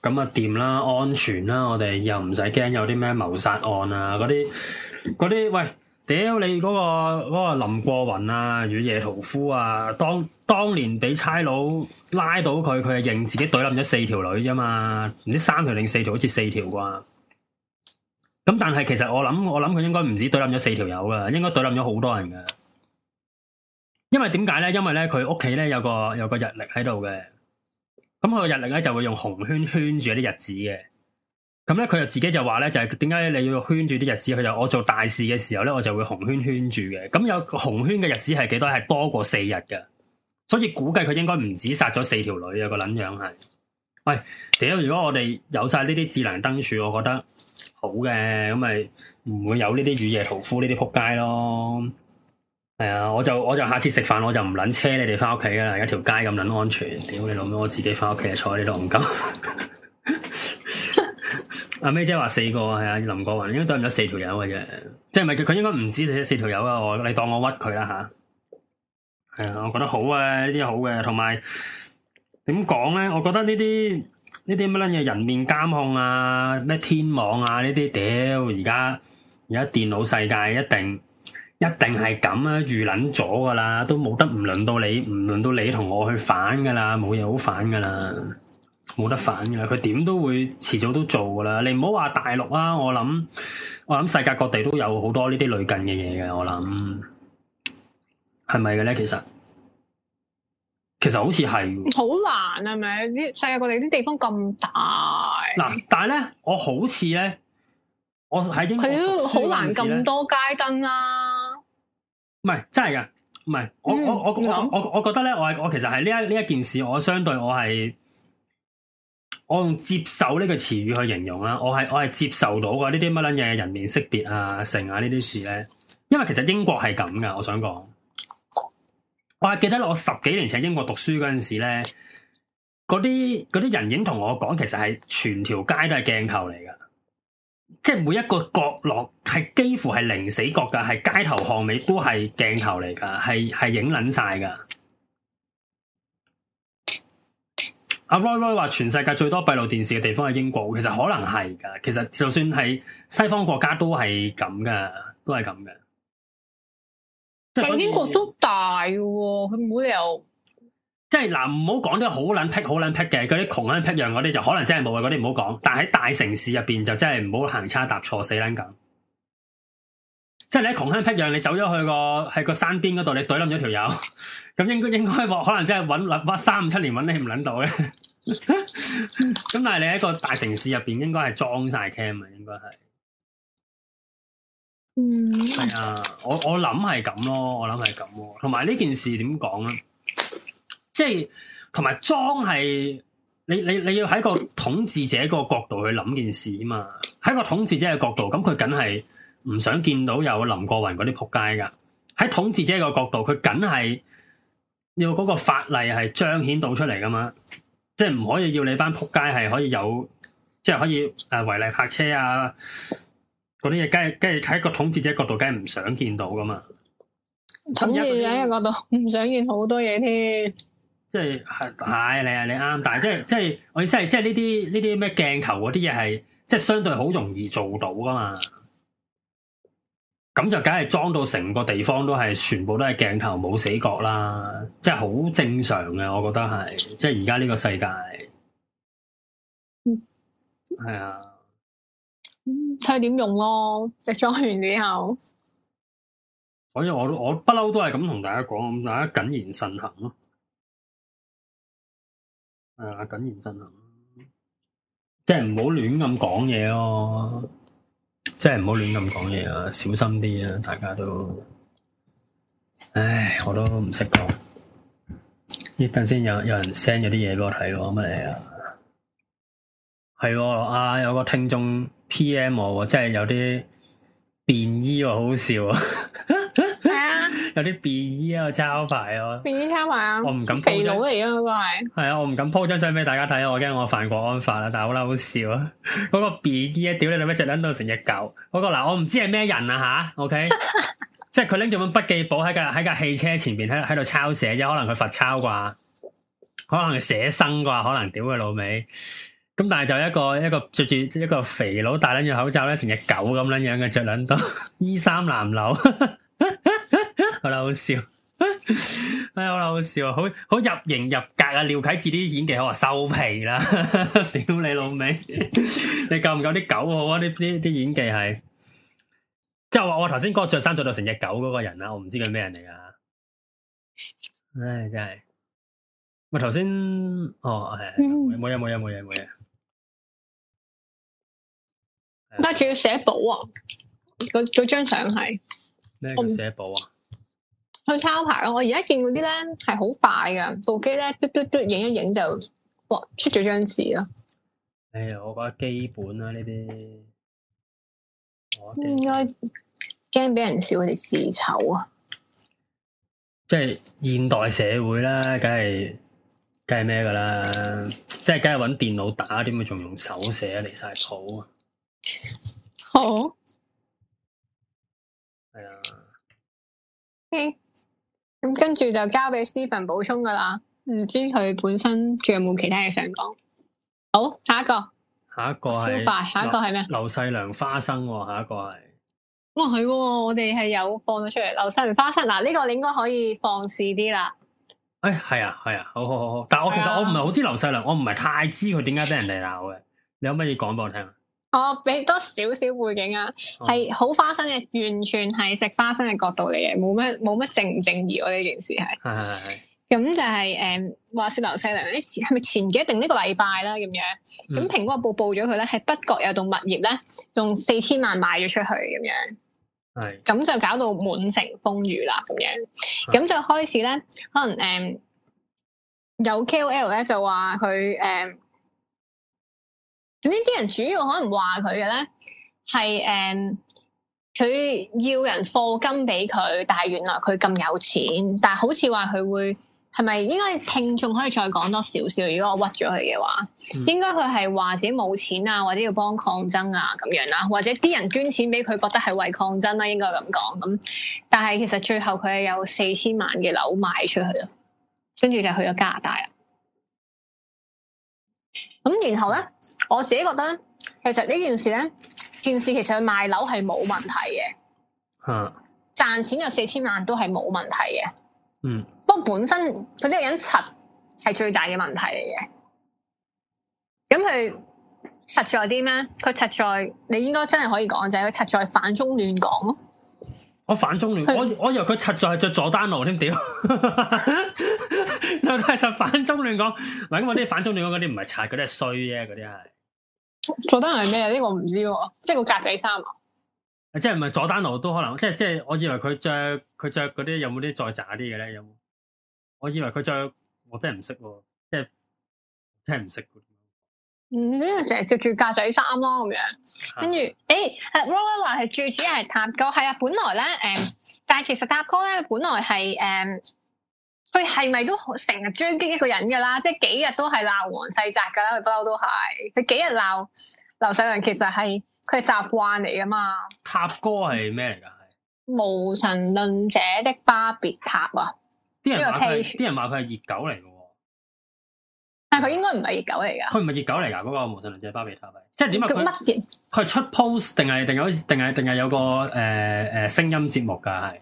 咁啊掂啦，安全啦，我哋又唔使驚有啲咩謀殺案啊，嗰啲啲喂。屌你嗰個個林過雲啊，雨夜屠夫啊，當當年俾差佬拉到佢，佢係認自己懟冧咗四條女啫嘛，唔知三條定四條，好似四條啩。咁但係其實我諗我諗佢應該唔止懟冧咗四條友噶，應該懟冧咗好多人噶。因為點解咧？因為咧佢屋企咧有個有個日曆喺度嘅，咁佢個日曆咧就會用紅圈圈住一啲日子嘅。咁咧，佢就自己就話咧，就係點解你要圈住啲日子？佢就我做大事嘅時候咧，我就會紅圈圈住嘅。咁有紅圈嘅日子係幾多？係多過四日嘅。所以估計佢應該唔止殺咗四條女啊！個捻樣係？喂，屌！如果我哋有晒呢啲智能燈柱，我覺得好嘅，咁咪唔會有呢啲雨夜屠夫呢啲仆街咯。係、哎、啊，我就我就下次食飯我就唔捻車你哋翻屋企啦，有條街咁捻安全。屌你老母，我自己翻屋企坐菜你都唔夠。 阿咩姐話四個係啊，林國雲應該對唔到四條友嘅啫，即係咪佢應該唔止四條友啊！我你當我屈佢啦吓，係啊，我覺得好啊，好呢啲好嘅，同埋點講咧？我覺得呢啲呢啲乜撚嘢人面監控啊，咩天網啊呢啲屌！而家而家電腦世界一定一定係咁啊，預諗咗噶啦，都冇得唔輪到你，唔輪到你同我去反噶啦，冇嘢好反噶啦。冇得反噶啦，佢點都會遲早都做噶啦。你唔好話大陸啊，我諗我諗世界各地都有好多呢啲類近嘅嘢嘅，我諗係咪嘅咧？其實其實好似係好難啊！係咪啲世界各地啲地方咁大嗱、啊，但係咧我好似咧，我喺英國好難咁多街燈啊，唔係真係嘅，唔係、嗯、我我我樣我我我，我，我覺得咧，我我其實係呢一呢一件事，我相對我係。我用接受呢個詞語去形容啦，我係我係接受到嘅呢啲乜撚嘢人面識別啊、成啊呢啲事咧，因為其實英國係咁噶，我想講，我係記得我十幾年前喺英國讀書嗰陣時咧，嗰啲嗰啲人影同我講，其實係全條街都係鏡頭嚟噶，即係每一個角落係幾乎係零死角噶，係街頭巷尾都係鏡頭嚟噶，係係影撚晒噶。阿 Roy Roy 話：全世界最多閉路電視嘅地方係英國，其實可能係㗎。其實就算係西方國家都係咁㗎，都係咁嘅。但英國都大喎、哦，佢冇理由。即係嗱，唔好講得好撚僻、好撚僻嘅嗰啲窮撚僻樣，嗰啲就可能真係冇嘅，嗰啲唔好講。但喺大城市入邊就真係唔好行差踏錯，死撚咁。即係你喺窮鄉僻壤，你走咗去、個喺個山邊嗰度，你懟冧咗條友，咁應該應該可能真係揾揾三五七年揾你唔揾到嘅。咁 但係你喺個大城市入邊，應該係裝晒 cam 啊，應該係。嗯。係啊，我我諗係咁咯，我諗係咁。同埋呢件事點講咧？即係同埋裝係你你你要喺個統治者個角度去諗件事啊嘛，喺個統治者嘅角度，咁佢梗係。唔想見到有林國雲嗰啲撲街㗎。喺統治者個角度，佢梗係要嗰個法例係彰顯到出嚟㗎嘛？即係唔可以要你班撲街係可以有，即係可以誒、呃、違例泊車啊嗰啲嘢，梗係梗係喺個統治者角度，梗係唔想見到㗎嘛？統治者嘅角度唔想見好多嘢添，即係係你啊，你啱。但係即係即係我意思係，即係呢啲呢啲咩鏡頭嗰啲嘢係即係相對好容易做到㗎嘛？咁就梗係裝到成個地方都係全部都係鏡頭冇死角啦，即係好正常嘅，我覺得係即係而家呢個世界。嗯，係啊、哎呀，睇下點用咯。你裝完之後，所以我我不嬲都係咁同大家講，咁大家謹言慎行咯。係、哎、啊，謹言慎行，即係唔好亂咁講嘢咯。真係唔好亂咁講嘢啊，小心啲啊！大家都，唉，我都唔識講。依陣先有有人 send 咗啲嘢俾我睇咯，乜嚟啊？係，啊，有個聽眾 PM 我，真係有啲便衣，好笑啊！ 有啲便衣啊，抄牌咯，便衣抄牌啊！我唔敢 po 肥佬嚟啊！個係係啊！我唔敢 po 張相俾大家睇啊！我驚我犯國安法啦！但係好啦，好笑啊！嗰 個便衣啊，屌你！你一隻撚到成隻狗！嗰、那個嗱，我唔知係咩人啊吓？O K，即係佢拎住本筆記簿喺架喺架汽車前邊喺喺度抄寫，即可能佢罰抄啩，可能寫生啩，可能屌佢老味。咁但係就一個一個着住一個肥佬戴緊隻口罩咧，成隻狗咁樣樣嘅着撚到衣衫襤褸。好啦，好笑，唉，好啦，好笑，好好入型入格啊！廖啟智啲演技好啊，我話收皮啦，屌你老味， 你夠唔夠啲狗好啊？呢啲啲演技係，即係話我頭先嗰着衫着到成隻狗嗰個人啦，我唔知佢咩人嚟啊！唉，真係，咪頭先哦，係冇嘢，冇嘢，冇嘢、嗯，冇嘢。而家仲要寫簿啊？嗰嗰張相係咩叫寫簿啊？嗯去抄牌咯！我而家見嗰啲咧係好快噶，部機咧嘟嘟嘟影一影就，哇出咗張紙啊，哎呀，我覺得基本啦呢啲，應該驚俾人笑佢哋字醜啊！即係現代社會咧，梗係梗係咩噶啦？即係梗係搵電腦打，點解仲用手寫離晒譜啊？好係啊，好的咁跟住就交俾 Stephen 補充噶啦，唔知佢本身仲有冇其他嘢想講？好，下一個，下一個係，下一個係咩？劉細,、哦哦哦、細良花生，下一個係，哇，係，我哋係有放咗出嚟。劉細良花生，嗱，呢個你應該可以放肆啲啦。誒，係啊，係啊，好好好好，但係我其實我唔係好知劉細良，我唔係太知佢點解俾人哋鬧嘅。 你有乜嘢講俾我聽？我俾、哦、多少少背景啊，係好、哦、花生嘅，完全係食花生嘅角度嚟嘅，冇乜冇乜正唔正義呢件事係。係係。咁就係、是、誒、嗯，話說劉細良呢前係咪前幾定呢個禮拜啦咁樣，咁蘋、嗯、果報報咗佢咧，喺北角有棟物業咧，用四千萬賣咗出去咁樣。係是。咁就搞到滿城風雨啦咁樣，咁是就開始咧，可能誒、嗯、有 KOL 咧就話佢誒。嗯總之啲人主要可能話佢嘅咧係誒，佢、嗯、要人課金俾佢，但係原來佢咁有錢，但係好似話佢會係咪應該聽眾可以再講多少少？如果我屈咗佢嘅話，嗯、應該佢係話自己冇錢啊，或者要幫抗爭啊咁樣啦，或者啲人捐錢俾佢，覺得係為抗爭啦、啊，應該咁講。咁但係其實最後佢係有四千萬嘅樓賣出去咯，跟住就去咗加拿大啊。咁然後咧，我自己覺得，其實呢件事咧，件事其實佢賣樓係冇問題嘅，嗯，賺錢有四千萬都係冇問題嘅，嗯，不過本身佢呢個人柒係最大嘅問題嚟嘅。咁佢柒在啲咩？佢柒在你應該真係可以講就係佢柒在反中亂港咯。我反中亂，是我我以為佢實在係着佐丹奴添屌，又係 實反中亂講，唔係咁我啲反中亂講嗰啲唔係拆嗰啲係衰啫，嗰啲係佐丹奴係咩啊？呢個唔知喎，即係個格仔衫啊，即係唔係佐丹奴都可能，即係即係我以為佢着佢着嗰啲有冇啲再渣啲嘅咧？有冇？我以為佢着，我真係唔識，即係真係唔識。嗯，成日着住格仔衫咯咁樣，跟住，誒、哎，阿 Roger 話係最主要係塔哥，係啊，本來咧，誒，但係其實塔哥咧，本來係，誒、嗯，佢係咪都成日追擊一個人噶啦？即係幾日都係鬧黃世澤噶啦，佢不嬲都係，佢幾日鬧劉細良，其實係佢習慣嚟噶嘛。塔哥係咩嚟噶？無神論者的巴別塔啊！啲人話佢，啲人話佢係熱狗嚟。但佢應該唔係熱狗嚟噶，佢唔係熱狗嚟噶，嗰、那個無神論者巴比塔，即係點解佢乜嘢？佢係出 post 定係定有定係定係有個誒誒、呃、聲音節目噶係。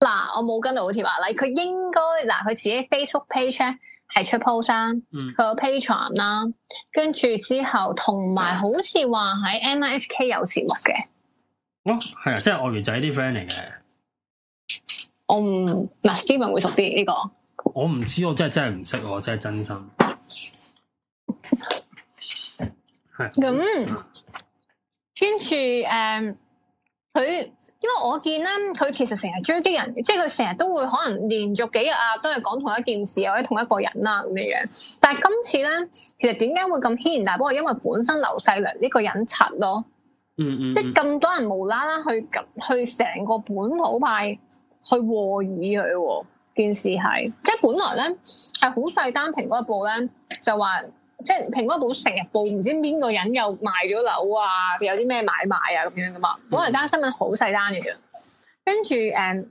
嗱，我冇跟到好似啊！啦，佢應該嗱，佢自己 Facebook page 咧係出 post 啦、嗯，佢有 Patreon 啦，跟住之後同埋好似話喺 MIHK 有節目嘅。哦，係啊，即係外魚仔啲 friend 嚟嘅。我唔嗱、嗯、，Stephen 會熟啲呢、這個。我唔知，我真係真係唔識，我真係真心。係咁，跟住誒，佢因為我見咧，佢其實成日追擊人，即係佢成日都會可能連續幾日啊，都係講同一件事或者同一個人啦咁嘅樣。但係今次咧，其實點解會咁軒然大波？因為本身劉細良呢個人柒咯，嗯嗯，即係咁多人無啦啦去去成個本土派去和議佢喎。件事係，即係本來咧係好細單，蘋果日報咧，就話即係蘋果日報成日報唔知邊個人又賣咗樓啊，有啲咩買賣啊咁樣噶嘛。本來單新聞好細單嘅啫，跟住誒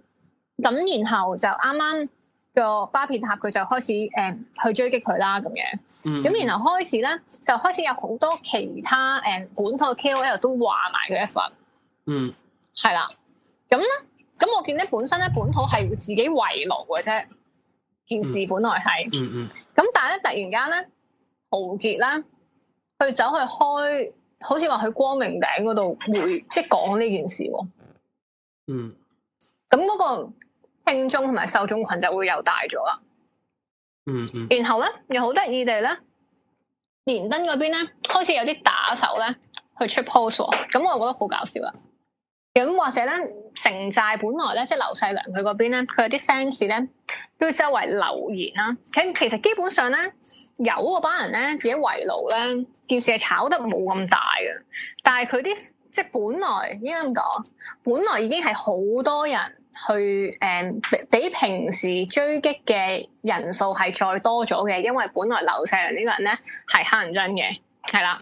咁，嗯、然後就啱啱個巴片塔佢就開始誒、嗯、去追擊佢啦咁樣。咁、嗯、然後開始咧就開始有好多其他誒、嗯、本土 K O L 都話埋佢一份。嗯，係啦，咁、嗯、咧。咁我見咧，本身咧本土係會自己圍爐嘅啫，件事本來係、嗯。嗯嗯。咁但係咧，突然間咧，豪傑咧去走去開，好似話去光明頂嗰度會，即係講呢件事、哦。嗯。咁嗰個聽眾同埋受眾群就會又大咗啦、嗯。嗯然後咧，又有呢呢好得意哋咧，連登嗰邊咧開始有啲打手咧去出 pose，咁、哦、我覺得好搞笑啊！咁、嗯、或者咧，城寨本來咧，即係劉細良佢嗰邊咧，佢有啲 fans 咧，都周圍留言啦、啊。咁其實基本上咧，有嗰班人咧自己圍爐咧，件事係炒得冇咁大嘅、啊。但係佢啲即係本來應該咁講？本來已經係好多人去誒、嗯，比平時追擊嘅人數係再多咗嘅。因為本來劉細良呢個人咧係黑人憎嘅。係啦，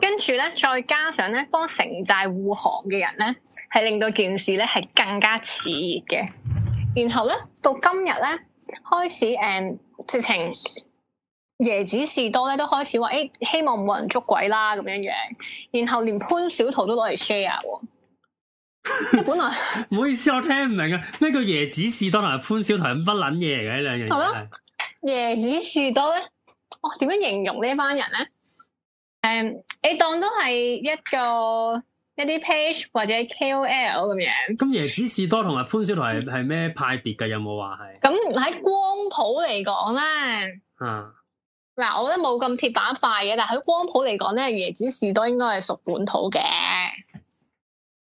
跟住咧，再加上咧，幫城寨護航嘅人咧，係令到件事咧係更加熾熱嘅。然後咧，到今日咧開始，誒、嗯，直情椰子士多咧都開始話，誒，希望冇人捉鬼啦咁樣嘅。然後連潘小桃都攞嚟 share，即係本來唔好意思，我聽唔明啊。呢個椰子士多同埋潘小桃咁不撚嘢嚟嘅呢兩樣嘢？椰子士多咧，哇、哦，點樣形容呢班人咧？誒，um, 你當都係一個一啲 page 或者 KOL 咁樣。咁椰子士多同埋潘小濤係咩派別？嘅有冇話係？咁喺光譜嚟講咧，啊，嗱，我覺得冇咁貼板塊嘅，但係喺光譜嚟講咧，椰子士多應該係屬本土嘅。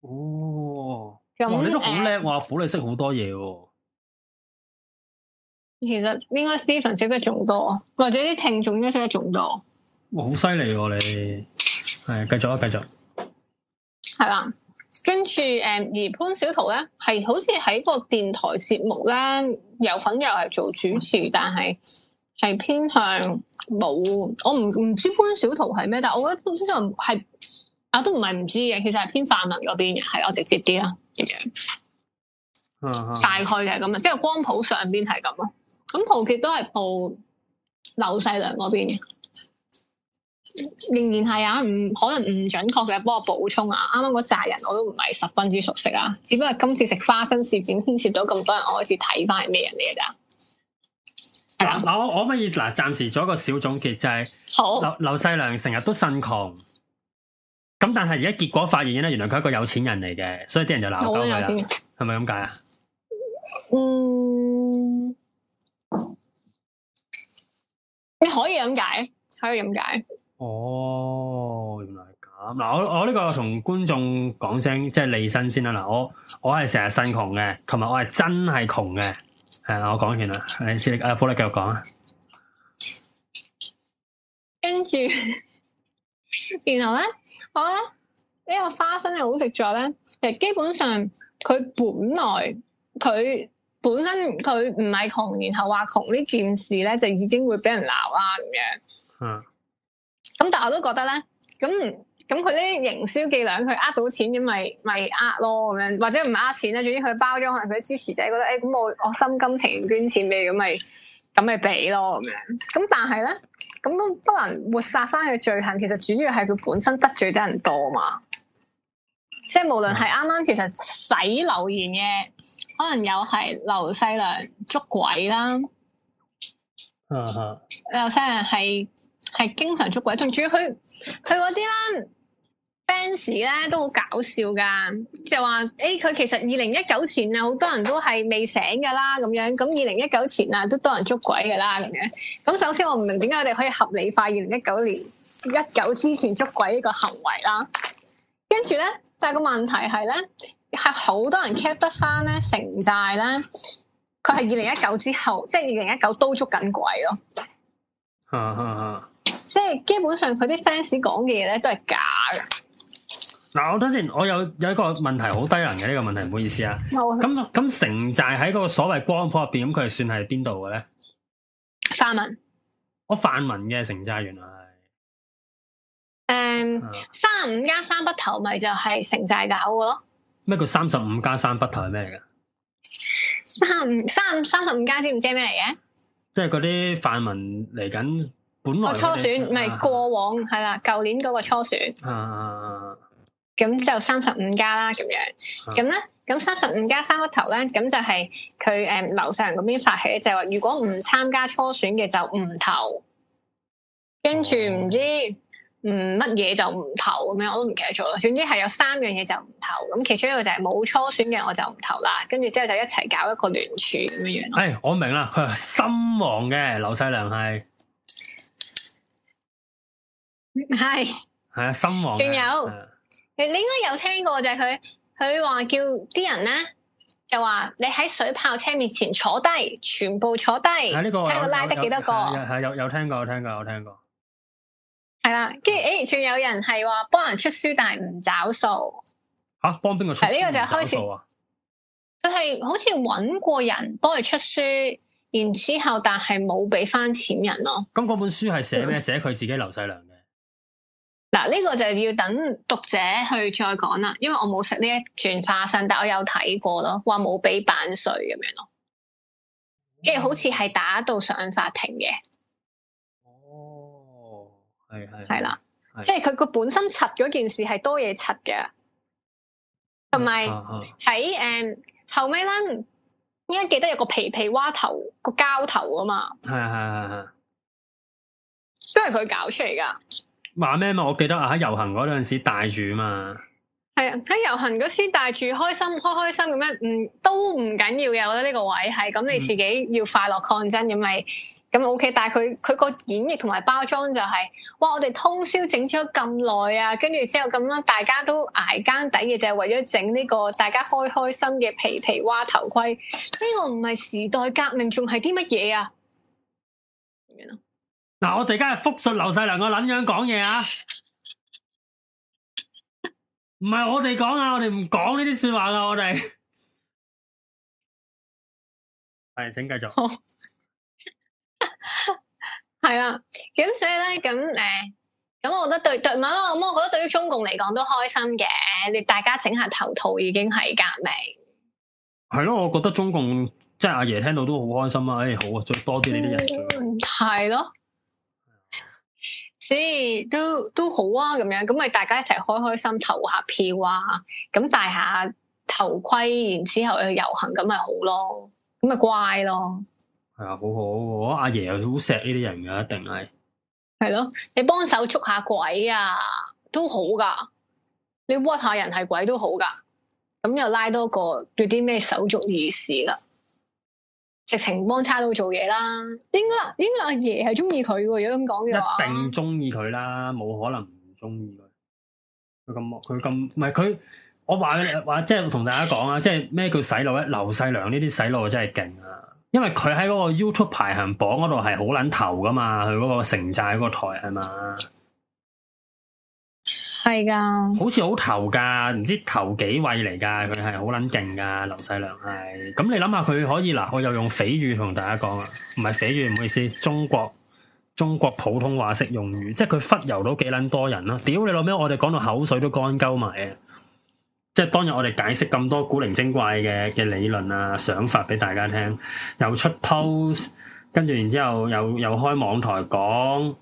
哦，咁、嗯、你都好叻，我阿虎你識好多嘢、啊。其實應該 Steven 識得仲多，或者啲聽眾應該識得仲多。好犀利喎！你係繼、哦、續啊，繼續係啦。跟住誒，而潘小桃咧，係好似喺個電台節目咧，有份又係做主持，但係係偏向冇。我唔唔知潘小桃係咩，但係我覺得潘小桃係啊，都唔係唔知嘅。其實係偏泛民嗰邊嘅，係我直接啲啦，點樣、啊啊、大概就係咁啊？即係光譜上邊係咁咯。咁陶傑都係報劉細良嗰邊嘅。仍然係啊，唔可能唔準確嘅，幫我補充啊！啱啱嗰扎人我都唔係十分之熟悉啊，只不過今次食花生事件牽涉到咁多人，我開始睇翻，係咩人嚟噶。係嗱、呃、我我可以嗱呃、暫時做一個小總結就係、好，劉劉好細良成日都呻窮，咁但係而家結果發現咧，原來佢係一個有錢人嚟嘅，所以啲人就鬧交啦。係咪咁解啊？嗯，你可以咁解，可以咁解。哦，原來係咁嗱。我我呢個同觀眾講聲，即係利身先啦。嗱，我我係成日身窮嘅，同埋我係真係窮嘅，係、嗯、我講完啦。你先，阿福力繼續講啊。跟住，然後咧，我咧呢、呢個花生又好食咗咧，誒，基本上佢本來佢本身佢唔係窮，然後話窮呢件事咧，就已經會俾人鬧啦，咁樣嗯。但我都覺得咧，咁咁佢啲營銷伎倆，佢呃到錢咁咪咪呃咯咁樣，或者唔呃錢咧，總之佢包裝，可能佢支持者覺得，哎、欸，咁我我心甘情願捐錢俾，咁咪咁咪俾咯咁樣。咁但係咧，咁都不能抹殺翻佢罪行。其實主要係佢本身得罪得人多嘛。即係無論係啱啱其實洗留言嘅，可能又係劉細良捉鬼啦。嗯 劉細良係。係經常捉鬼，仲主要佢佢嗰啲啦。fans 咧都好搞笑噶，就話誒佢其實二零一九前啊，好多人都係未醒噶啦，咁樣咁二零一九前啊，都多人捉鬼噶啦，咁樣咁首先我唔明點解我哋可以合理化二零一九年一九之前捉鬼呢個行為啦，跟住咧，但係個問題係咧，係好多人 cap 得翻咧城寨咧，佢係二零一九之後，即係二零一九都捉緊鬼咯。啊啊啊！即係基本上佢啲 fans 講嘅嘢咧都係假嘅。嗱，我等先，我有有一個問題好低能嘅呢、這個問題，唔好意思啊。咁咁 城寨喺嗰個所謂光譜入邊，咁佢算係邊度嘅咧？泛民。我泛民嘅城寨原來係。誒、um,，三十五加三筆頭，咪就係城寨打嘅咯。咩叫三十五加三筆頭係咩嚟嘅？三三三十五加知唔知係咩嚟嘅？即係嗰啲泛民嚟緊。我初選唔係、啊、過往係啦，舊年嗰個初選，咁、啊、就三十五加啦咁樣，咁咧，咁三十五加三一投咧，咁就係佢誒劉細良嗰邊發起，就話、是、如果唔參加初選嘅就唔投，跟住唔知唔乜嘢就唔投咁樣，我都唔記得咗啦。總之係有三樣嘢就唔投，咁其中一個就係冇初選嘅我就唔投啦，跟住之後就一齊搞一個聯署咁樣樣。誒、哎，我明啦，佢係心亡嘅劉細良係。係係啊，心亡。仲有、啊、你應該有聽過就係佢，佢話叫啲人咧，就話你喺水炮車面前坐低，全部坐低。係呢、啊這個、個，睇佢拉得幾多個。係有有，有，有聽過，有聽過，有聽過。係啦、啊，跟住誒，仲有人係話幫人出書，但係唔找數。吓、啊，幫邊個？係呢、啊這個就開始。佢係、啊、好似揾過人幫佢出書，然之後但係冇俾翻錢人咯。咁嗰、嗯、本書係寫咩？寫佢自己劉細良。嗱，呢個就要等讀者去再講啦，因為我冇食呢一串花生，但我有睇過咯，話冇俾版稅咁樣咯，跟住好似係打到上法庭嘅。哦，係係係啦，是即係佢個本身柒嗰件事係多嘢柒嘅，同埋喺誒後尾咧，應該記得有個皮皮蛙頭個膠頭啊嘛，係係係係，啊、都係佢搞出嚟噶。話咩嘛？我記得啊，喺遊行嗰陣時戴住嘛，係啊，喺遊行嗰時戴住，開心開開心咁樣，嗯，都唔緊要嘅。我覺得呢個位係咁，你自己要快樂抗爭咁咪咁 OK 但。但係佢佢個演繹同埋包裝就係、是，哇！我哋通宵整咗咁耐啊，跟住之後咁樣大家都捱更抵嘅，就係、是、為咗整呢個大家開開心嘅皮皮蛙頭盔。呢、這個唔係時代革命仲係啲乜嘢啊？嗱，我哋而家係複述劉細良個撚樣講嘢啊！唔係我哋講啊，我哋唔講呢啲說話噶，我哋係請繼續。係、嗯、啦，咁所以咧，咁誒，咁我覺得對對，唔係咁我覺得對於中共嚟講都開心嘅。你大家整下頭套已經係革命，係咯、啊？我覺得中共即係阿爺聽到都好開心啊！誒、哎，好 啊，再多啲你啲人，係咯。所以都都好啊，咁樣咁咪大家一齊開開心，投下票啊，咁戴下頭盔，然之後去遊行，咁咪好咯，咁咪乖咯。係啊，好好，我阿爺又好錫呢啲人噶，一定係。係咯，你幫手捉下鬼啊，都好噶。你屈下人係鬼都好噶，咁又拉多個對啲咩手足意事啦。直情幫差佬做嘢啦，應該應該阿爺係中意佢嘅，如果咁講嘅話一定中意佢啦，冇可能唔中意佢。佢咁佢咁唔係佢，我話話即係同大家講啊，即係咩叫洗腦咧？劉細良呢啲洗腦真係勁啊！因為佢喺嗰個 YouTube 排行榜嗰度係好撚頭噶嘛，佢嗰個城寨個台係嘛？係噶，好似好頭噶，唔知頭幾位嚟噶，佢係好撚勁噶，劉細良係。咁你諗下佢可以嗱，我又用匪語同大家講啊，唔係匪語，唔好意思，中國中國普通話式用語，即係佢忽悠到幾撚多人啦、啊。屌你老味，我哋講到口水都乾鳩埋啊！即係當日我哋解釋咁多古靈精怪嘅嘅理論啊想法俾大家聽，又出 post，跟住然之後又又開網台講。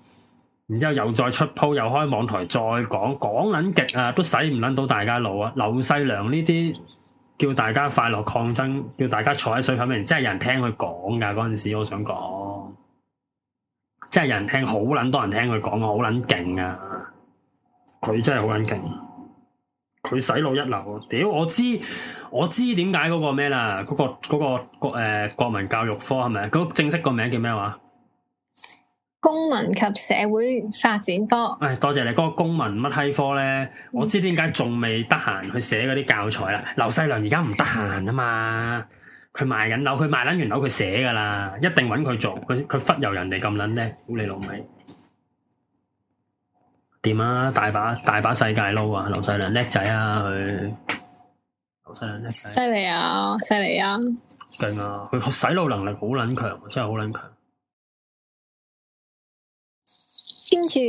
然之後又再出鋪，又開網台再，再講，講撚極啊，都洗唔撚到大家腦啊！劉細良呢啲叫大家快樂抗爭，叫大家坐喺水品面，真係有人聽佢講噶嗰陣時，我想講，真係有人聽，好撚多人聽佢講啊，好撚勁啊！佢真係好撚勁，佢洗腦一流，屌，我知我知點解嗰個咩啦？嗰、嗰個嗰、嗰個誒、嗰個嗰個呃、國民教育科係咪？嗰、嗰個正式個名叫咩話？公民及社會發展科，唉、哎，多謝你嗰、那個公民乜閪科咧？嗯、我知點解仲未得閒去寫嗰啲教材啦？劉細、嗯、良而家唔得閒啊嘛，佢賣緊樓，佢賣撚完樓佢寫噶啦，一定搵佢做，佢佢忽悠人哋咁撚叻，估你老味！掂啊，大把大把世界撈啊，劉細良叻仔啊，佢劉細良叻仔，犀利啊，犀利啊，勁啊！佢洗腦能力好撚強，真係好撚強。跟住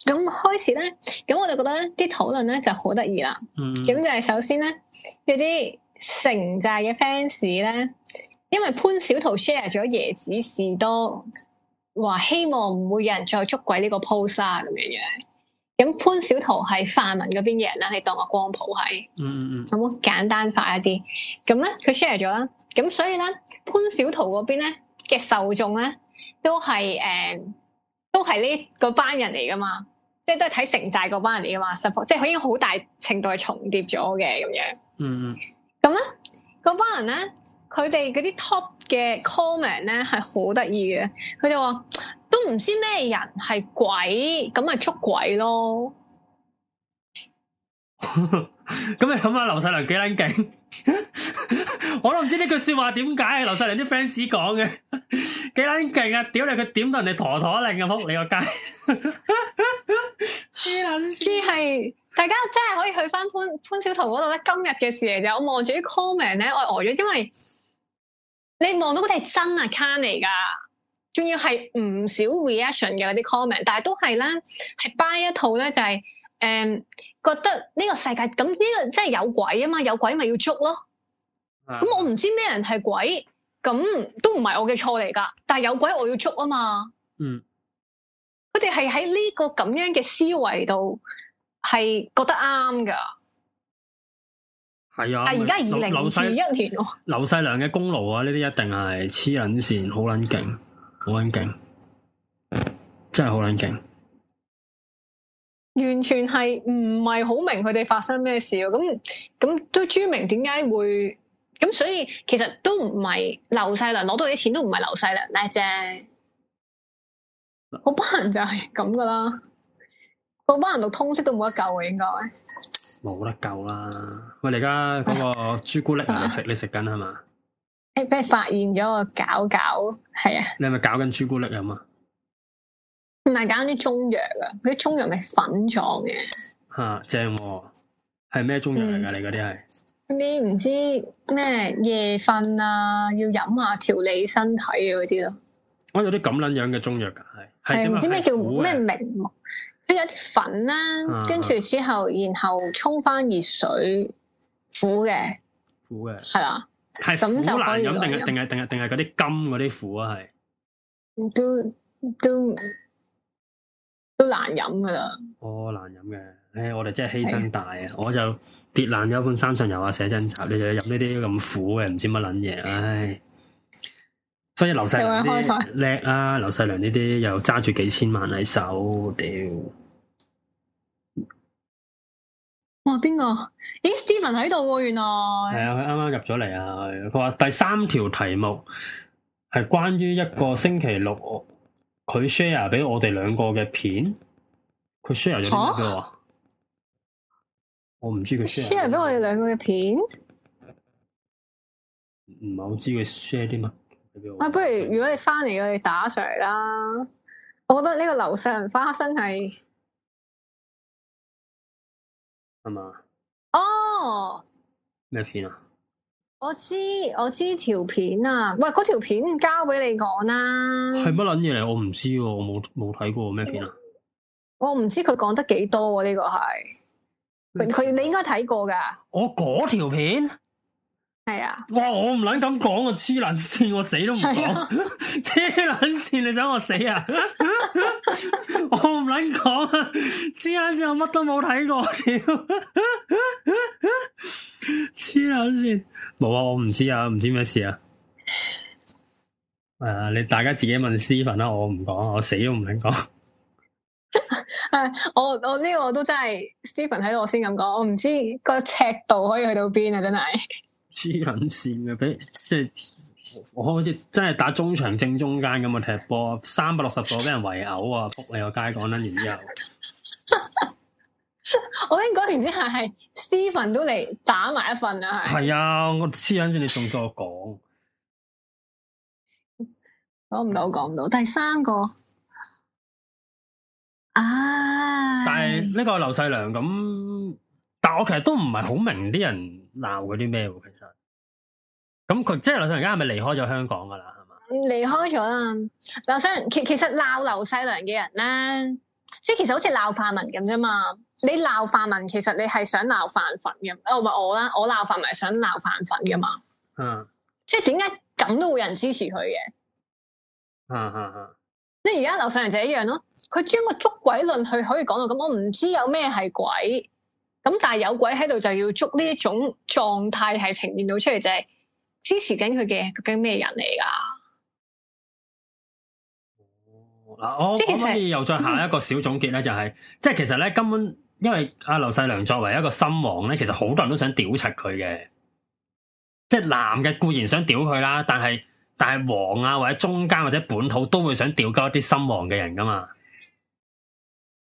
咁開始咧，咁我就覺得咧，啲討論咧就好得意啦。咁、mm hmm. 就係首先咧有啲城寨嘅 fans 咧，因為潘小濤 share 咗椰子士多，話希望唔會有人再捉鬼呢個 post 啦咁樣樣。咁潘小濤係泛民嗰邊嘅人啦，你當我光譜係。嗯嗯嗯。咁、hmm. 簡單化一啲，咁咧佢 share 咗啦，咁所以咧潘小濤嗰邊咧嘅受眾咧都係誒。嗯都係呢個班人嚟噶嘛，即係都係睇城寨嗰班人嚟噶嘛，即係佢已經好大程度係重疊咗嘅咁樣。嗯，咁咧班人咧，佢哋嗰啲 top 嘅 comment 咧係好得意嘅，佢哋話都唔知咩人係鬼，咁咪捉鬼咯。咁你諗下劉細良幾撚勁？ 我都唔知呢句說話點解，劉細良啲 fans 講嘅幾撚勁啊！屌你， 佢點到人哋陀陀令嘅扑你個街。G 係大家真係可以去翻潘潘小桃嗰度咧，今日嘅事嚟就，我望住啲 comment 咧，我呆、呃、咗，因為你望到嗰啲係真啊卡 a n 嚟噶，仲要係唔少 reaction 嘅嗰啲 comment，但係都係啦，係 buy 一套咧就係、是、誒。嗯覺得呢個世界咁呢個真係有鬼啊嘛，有鬼咪要捉咯。咁我唔知咩人係鬼，咁都唔係我嘅錯嚟㗎。但係有鬼我要捉啊嘛。嗯，佢哋係喺呢個咁樣嘅思維度係覺得啱㗎。係的啊，但係而家二零二一年，劉細良嘅功勞啊，呢啲一定係黐撚線，好撚勁，好撚勁，真係好撚勁。完全係唔係好明佢哋發生咩事咯，咁咁都知明點解會咁，所以其實都唔係劉細良攞到啲錢都唔係劉細良咧啫。好多人就係咁噶啦，好多人到通識都冇得救應該。冇得救啦！喂， 你而家嗰個朱古力嚟食，你食緊係嘛？誒，俾你發現咗個搞搞，係啊你是是！你係咪搞緊朱古力啊？嘛？唔係揀啲中藥噶，嗰啲中藥咪粉狀嘅吓正，係咩中藥嚟噶？你嗰啲係？你唔知咩夜瞓啊，要飲下調理身體嘅嗰啲咯。我有啲咁捻樣嘅中藥噶，係係唔知咩叫咩名？佢有啲粉啦，跟住之後，然後沖翻熱水，苦嘅苦嘅係啦，係咁就難飲，定係定係定係定係嗰啲金嗰啲苦啊，係都都。都難飲噶啦，哦，難飲嘅，唉、欸、我哋真係犧牲大啊！的我就跌爛咗一罐山上游》啊，寫真賊，你就要飲呢啲咁苦嘅唔知乜撚嘢，唉！所以劉細良呢啲叻啊，劉的細良呢啲又揸住幾千萬喺手，屌的！哇邊個？咦 Steven 喺度喎，原來係啊，佢啱啱入咗嚟啊！佢話、欸、第三條題目係關於一個星期六。佢 share 畀我哋兩個嘅片，佢 share 咗片俾我？啊、我唔知佢 share share 俾我哋兩個嘅片，唔係好知佢 share 啲乜。啊，不如如果你翻嚟我哋打上嚟啦。我覺得呢個劉細良花生係係嘛？哦吧，咩、oh. 片啊？我知我知條片啊，喂，嗰條片交俾你講啦啊。係乜捻嘢嚟？我唔知喎，我冇冇睇過咩片啊？我唔知佢講得幾多喎？呢個係佢，你應該睇過噶。我嗰條片係啊。哇！我唔捻咁講個黐捻線，我死都唔講黐捻線。你想我死啊？我唔捻講啊，黐捻線我乜都冇睇過，黐捻線。冇啊！我唔知啊，唔知咩事啊。誒、呃，你大家自己問 Steven 啦，我唔講，我死都唔肯講。誒， 我、這個、我呢個都真係 Steven 喺度，我先咁講。我唔知個尺度可以去到邊啊！真係黐捻線嘅，俾即係我好似真係打中場正中間咁啊！踢波三百六十度俾人圍毆啊！撲你個街講得然之後。 我先講完之後，係黐份都嚟打埋一份啊！係啊，我黐緊住你，仲再講，講唔到，講唔到。第三個啊、哎，但係呢個劉細良咁，但係我其實都唔係好明啲人鬧嗰啲咩喎。其實咁佢即係劉細良，而家係咪離開咗香港噶啦？係嘛，離開咗啦。劉細良其其實鬧劉細良嘅人咧，即係其實好似鬧泛民咁啫嘛。你鬧泛民，其實你係想鬧泛粉嘅，我話我啦，我鬧泛民係想鬧泛粉嘅嘛，嗯，即係點解咁都會有人支持佢嘅、嗯，嗯嗯嗯，即係而家劉細良就一樣咯，佢將個捉鬼論去可以講到咁，我唔知有咩係鬼，咁但係有鬼喺度就要捉呢一種狀態係呈現到出嚟，就係、是、支持緊佢嘅究竟咩人嚟噶，嗱，我咁實可以又再下一個小總結咧，嗯、就係、是、即係其實咧根本。根本因為阿劉細良作為一個心王咧，其實好多人都想屌柒佢嘅，即係男嘅固然想屌佢啦，但係但係王啊或者中間或者本土都會想屌交一啲心王嘅人噶嘛，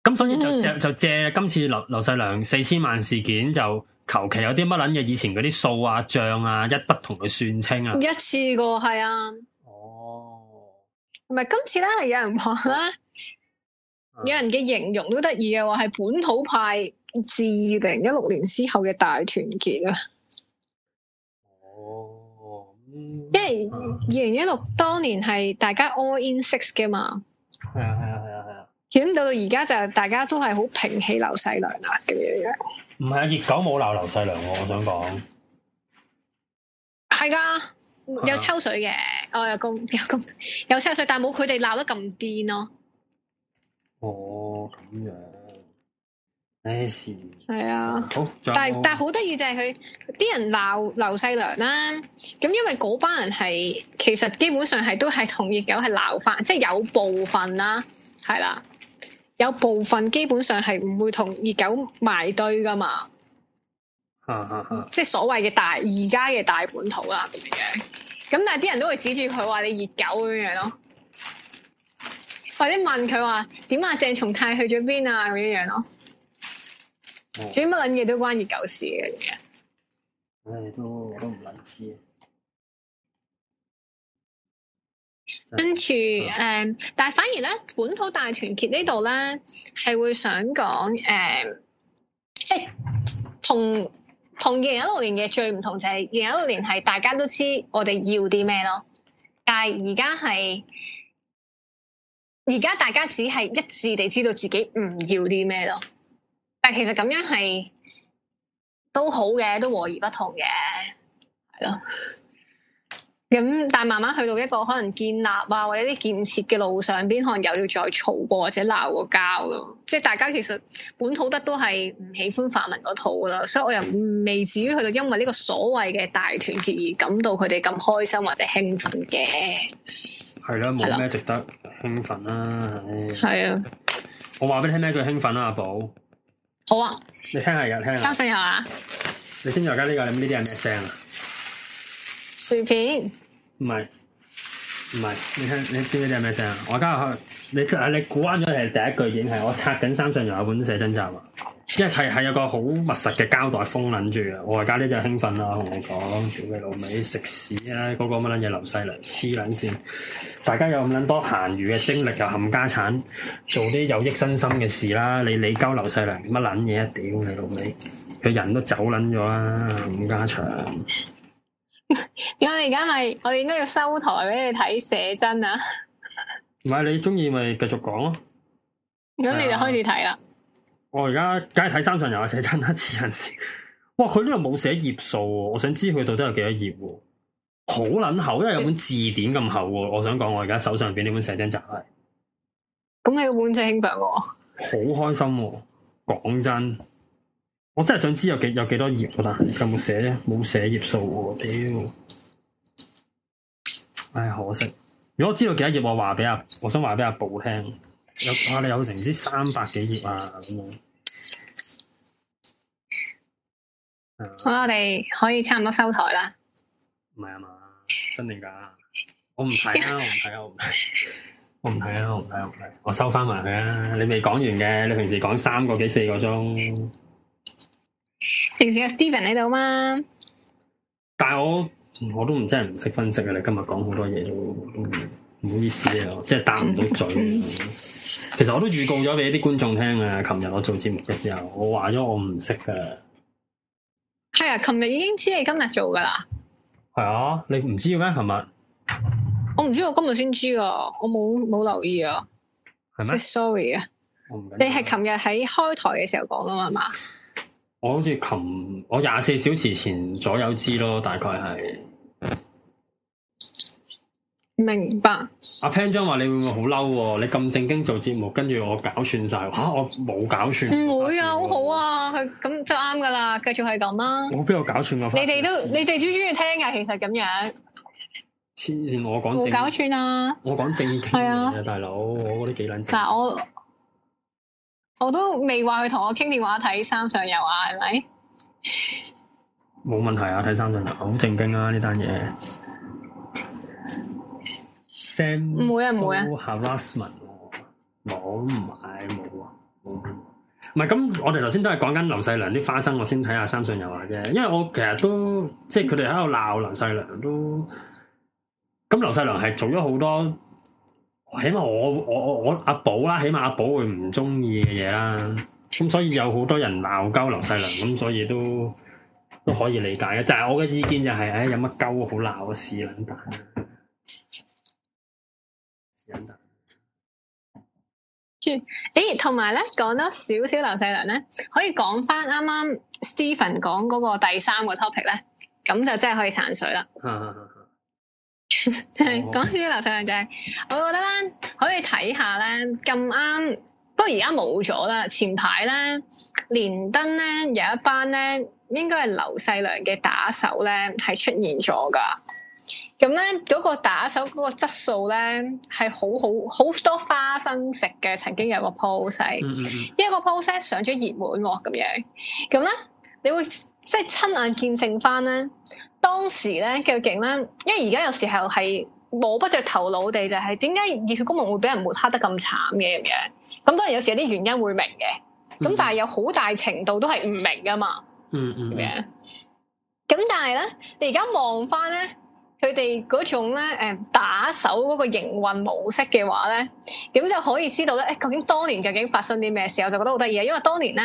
咁所以就，就借就借今次劉劉細良四千萬事件就求其有啲乜捻嘅以前嗰啲數啊賬啊一筆同佢算清啊，一次過係啊，哦，唔係今次咧係有人話啦。 有人嘅形容都得意嘅話係本土派自二零一六年之後嘅大團結啊。哦，嗯、因為二零一六當年係大家 all in six 嘅嘛。係啊，係啊，係啊，係啊。點、嗯嗯、到到而家就大家都係好平氣鬧劉細良啊咁樣樣。唔係啊，熱狗冇鬧劉細良喎，我想講。係噶，有抽水嘅，我有工，有公有抽水，但係冇佢哋鬧得咁癲咯。哦，咁樣咩事？係啊，好、哦，但係但係好得意就係佢啲人鬧劉細良啦，咁因為嗰班人係其實基本上係都係同熱狗係鬧翻，即係有部分啦，係啦，有部分基本上係唔會同熱狗埋堆噶嘛， 即係所謂嘅大而家嘅大本土啦咁樣，咁但係啲人都會指住佢話你熱狗咁樣咯。快啲問佢話點啊？鄭松泰去咗邊啊？咁樣樣咯，做乜撚嘢都關佢狗事嘅嘢。唉、哎，都我都唔撚知。跟住誒，但係反而咧，本土大團結呢度咧係會想講誒、呃，即係同同二零一六年嘅最唔同就係二零一六年係大家都知我哋要啲咩咯，但係而家係。而家大家只係一致地知道自己唔要啲咩咯，但其實咁樣係都好嘅，都和而不同嘅，係咯。咁 但係慢慢去到一個可能建立啊或者啲建設嘅路上邊，可能又要再嘈過或者鬧過交咯。即係大家其實本土得都係唔喜歡泛民嗰套啦，所以我又未至於去到因為呢個所謂嘅大團結而感到佢哋咁開心或者興奮嘅。係啦，冇咩值得興奮啦，係。係啊，我話俾你聽咩叫興奮啊？阿寶。好啊，你聽下呀，聽下。相信有啊。你聽而家呢個，咁呢啲係咩聲啊？薯片。唔係，唔係，你聽，你知唔知啲係咩聲？我而家去。你你估啱咗係第一句，影響我拆緊《三上悠亞本》寫真集，因一係係有個好密實嘅膠袋封撚住啊！我而家呢就興奮啦，同你講屌你老味，食屎啊！嗰個乜撚嘢劉細良黐撚線。大家有咁撚多閒餘嘅精力就冚家產做啲有益身心嘅事啦！你理鳩劉細良乜撚嘢屌你老味！佢人都走撚咗啦！冚家祥，點解你而家係？我哋應該要收台俾你睇寫真啊！唔係你中意咪繼續講咯，咁你就開始睇啦，哎。我而家梗係睇三上悠亞寫真啦，字人士。哇，佢呢度冇寫頁數，我想知佢到底有幾多頁。好撚厚，因為有本字典咁厚。我想講，我而家手上邊呢本寫真集，咁你個本正白喎。好開心，講真，我真係想知有幾有幾多頁啦？有冇寫？冇寫頁數。屌，啊，唉，可惜。如果知道幾多頁，我話俾阿，我想話俾阿寶聽，有我哋、啊、有成之三百幾頁啊，咁樣。好，啊、我哋可以差唔多收台啦。唔係啊嘛，真定假？我唔睇啊，我唔睇啊，我唔睇啊，我唔睇啊，啊，啊，我收翻埋佢啊。你未講完嘅，你平時講三個幾四個鐘。平時阿 Steven 喺度啊嘛？但係我。我都唔真係唔識分析嘅。你今日講好多嘢都唔好意思啊，即係答唔到嘴。 其實我都預告咗俾一啲觀眾聽嘅，琴日我做節目嘅時候，我話咗我唔識嘅。係啊，琴日已經知你今日做噶啦。係啊，你唔知咩？琴日我唔知我今日先知，我冇冇留意啊。係咩嗎？Sorry 啊。你係琴日喺開台嘅時候講噶嘛？係嘛？我好似琴我廿四小時前左右知咯，大概係。明白。阿 Pan 章話你會唔會好嬲？你咁正經做節目，跟住我搞串晒，吓、啊、我冇搞串。唔會啊，好好啊，佢咁就啱噶啦，繼續係咁啊。冇邊有搞串啊？你哋都，你哋最中意聽啊，其實咁樣。黐線我講。冇搞串啊！我講正經啊，啊大佬，我覺得幾撚正。嗱，我我都未話佢同我傾電話睇《三上油》啊，係咪？冇問題啊，睇《三上油》好正經啊，呢單嘢。唔會啊，唔會啊，我唔買冇啊，唔係咁，我哋頭先都係講緊劉細良啲花生，我先睇下三信又話嘅，因為我其實都即係佢哋喺度鬧劉細良都，咁劉細良係做咗好多，起碼我我我阿寶啦，起碼阿寶會唔中意嘅嘢啦，咁所以有好多人鬧交劉細良，咁所以都都可以理解嘅，但係我嘅意見就係，誒，有乜鳩好鬧啊屎卵蛋！誒，同埋咧，講多少少，劉細良咧，可以講翻啱啱 Stephen 講嗰個第三個 topic 咧，咁就真係可以散水啦。講少少劉細良就係、是，我覺得咧可以睇下咧，咁啱不過而家冇咗啦。前排咧，連登咧有一班咧，應該係劉細良嘅打手咧，係出現咗噶。咁咧嗰個打手嗰個質素咧係好好好多花生食嘅，曾經有個 post，一、嗯嗯、個 post 上咗熱門喎，咁樣咁咧你會即係親眼見證翻咧，當時咧究竟咧，因為而家有時候係摸不着頭腦地就係點解熱血公民會俾人抹黑得咁慘嘅咁樣，咁當然有時有啲原因會明嘅，咁、嗯嗯、但係有好大程度都係唔明噶嘛，嗯嗯咁、嗯、樣呢，咁但係咧你而家望翻咧。佢哋嗰種咧，誒、呃、打手嗰個營運模式嘅話咧，咁就可以知道咧，誒、欸，究竟當年究竟發生啲咩事。我就覺得好得意啊，因為當年咧，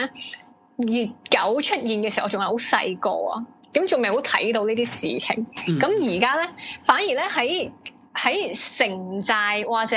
熱狗出現嘅時候個，仲係好細個啊，咁仲未好睇到呢啲事情。咁而家咧，反而咧喺喺城寨或者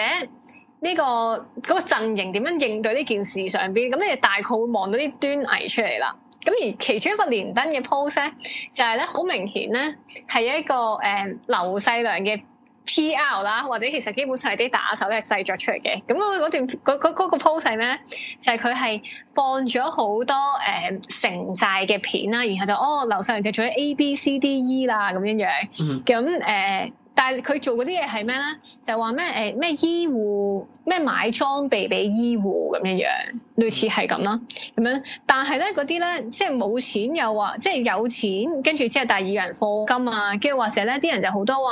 呢、這個嗰、那個陣營點樣應對呢件事上邊，咁你大概會望到啲端倪出嚟啦。咁而其中一個連登嘅 post 咧，就係咧好明顯咧，係一個誒、呃、劉細良嘅 PR 啦，或者其實基本上係啲打手咧製作出嚟嘅。咁嗰段嗰個 post 係咩咧？就係佢係放咗好多誒城、呃、寨嘅片啦，然後就哦劉細良就做咗 A B C D E 啦咁樣樣，咁誒、嗯。但係佢做嗰啲嘢係咩咧？就話咩誒咩醫護咩買裝備俾醫護咁樣樣，類似係咁啦。咁樣，但係咧嗰啲咧，即係冇錢又話，即係有錢跟住即係第二人課金啊，跟住或者咧啲人就好多話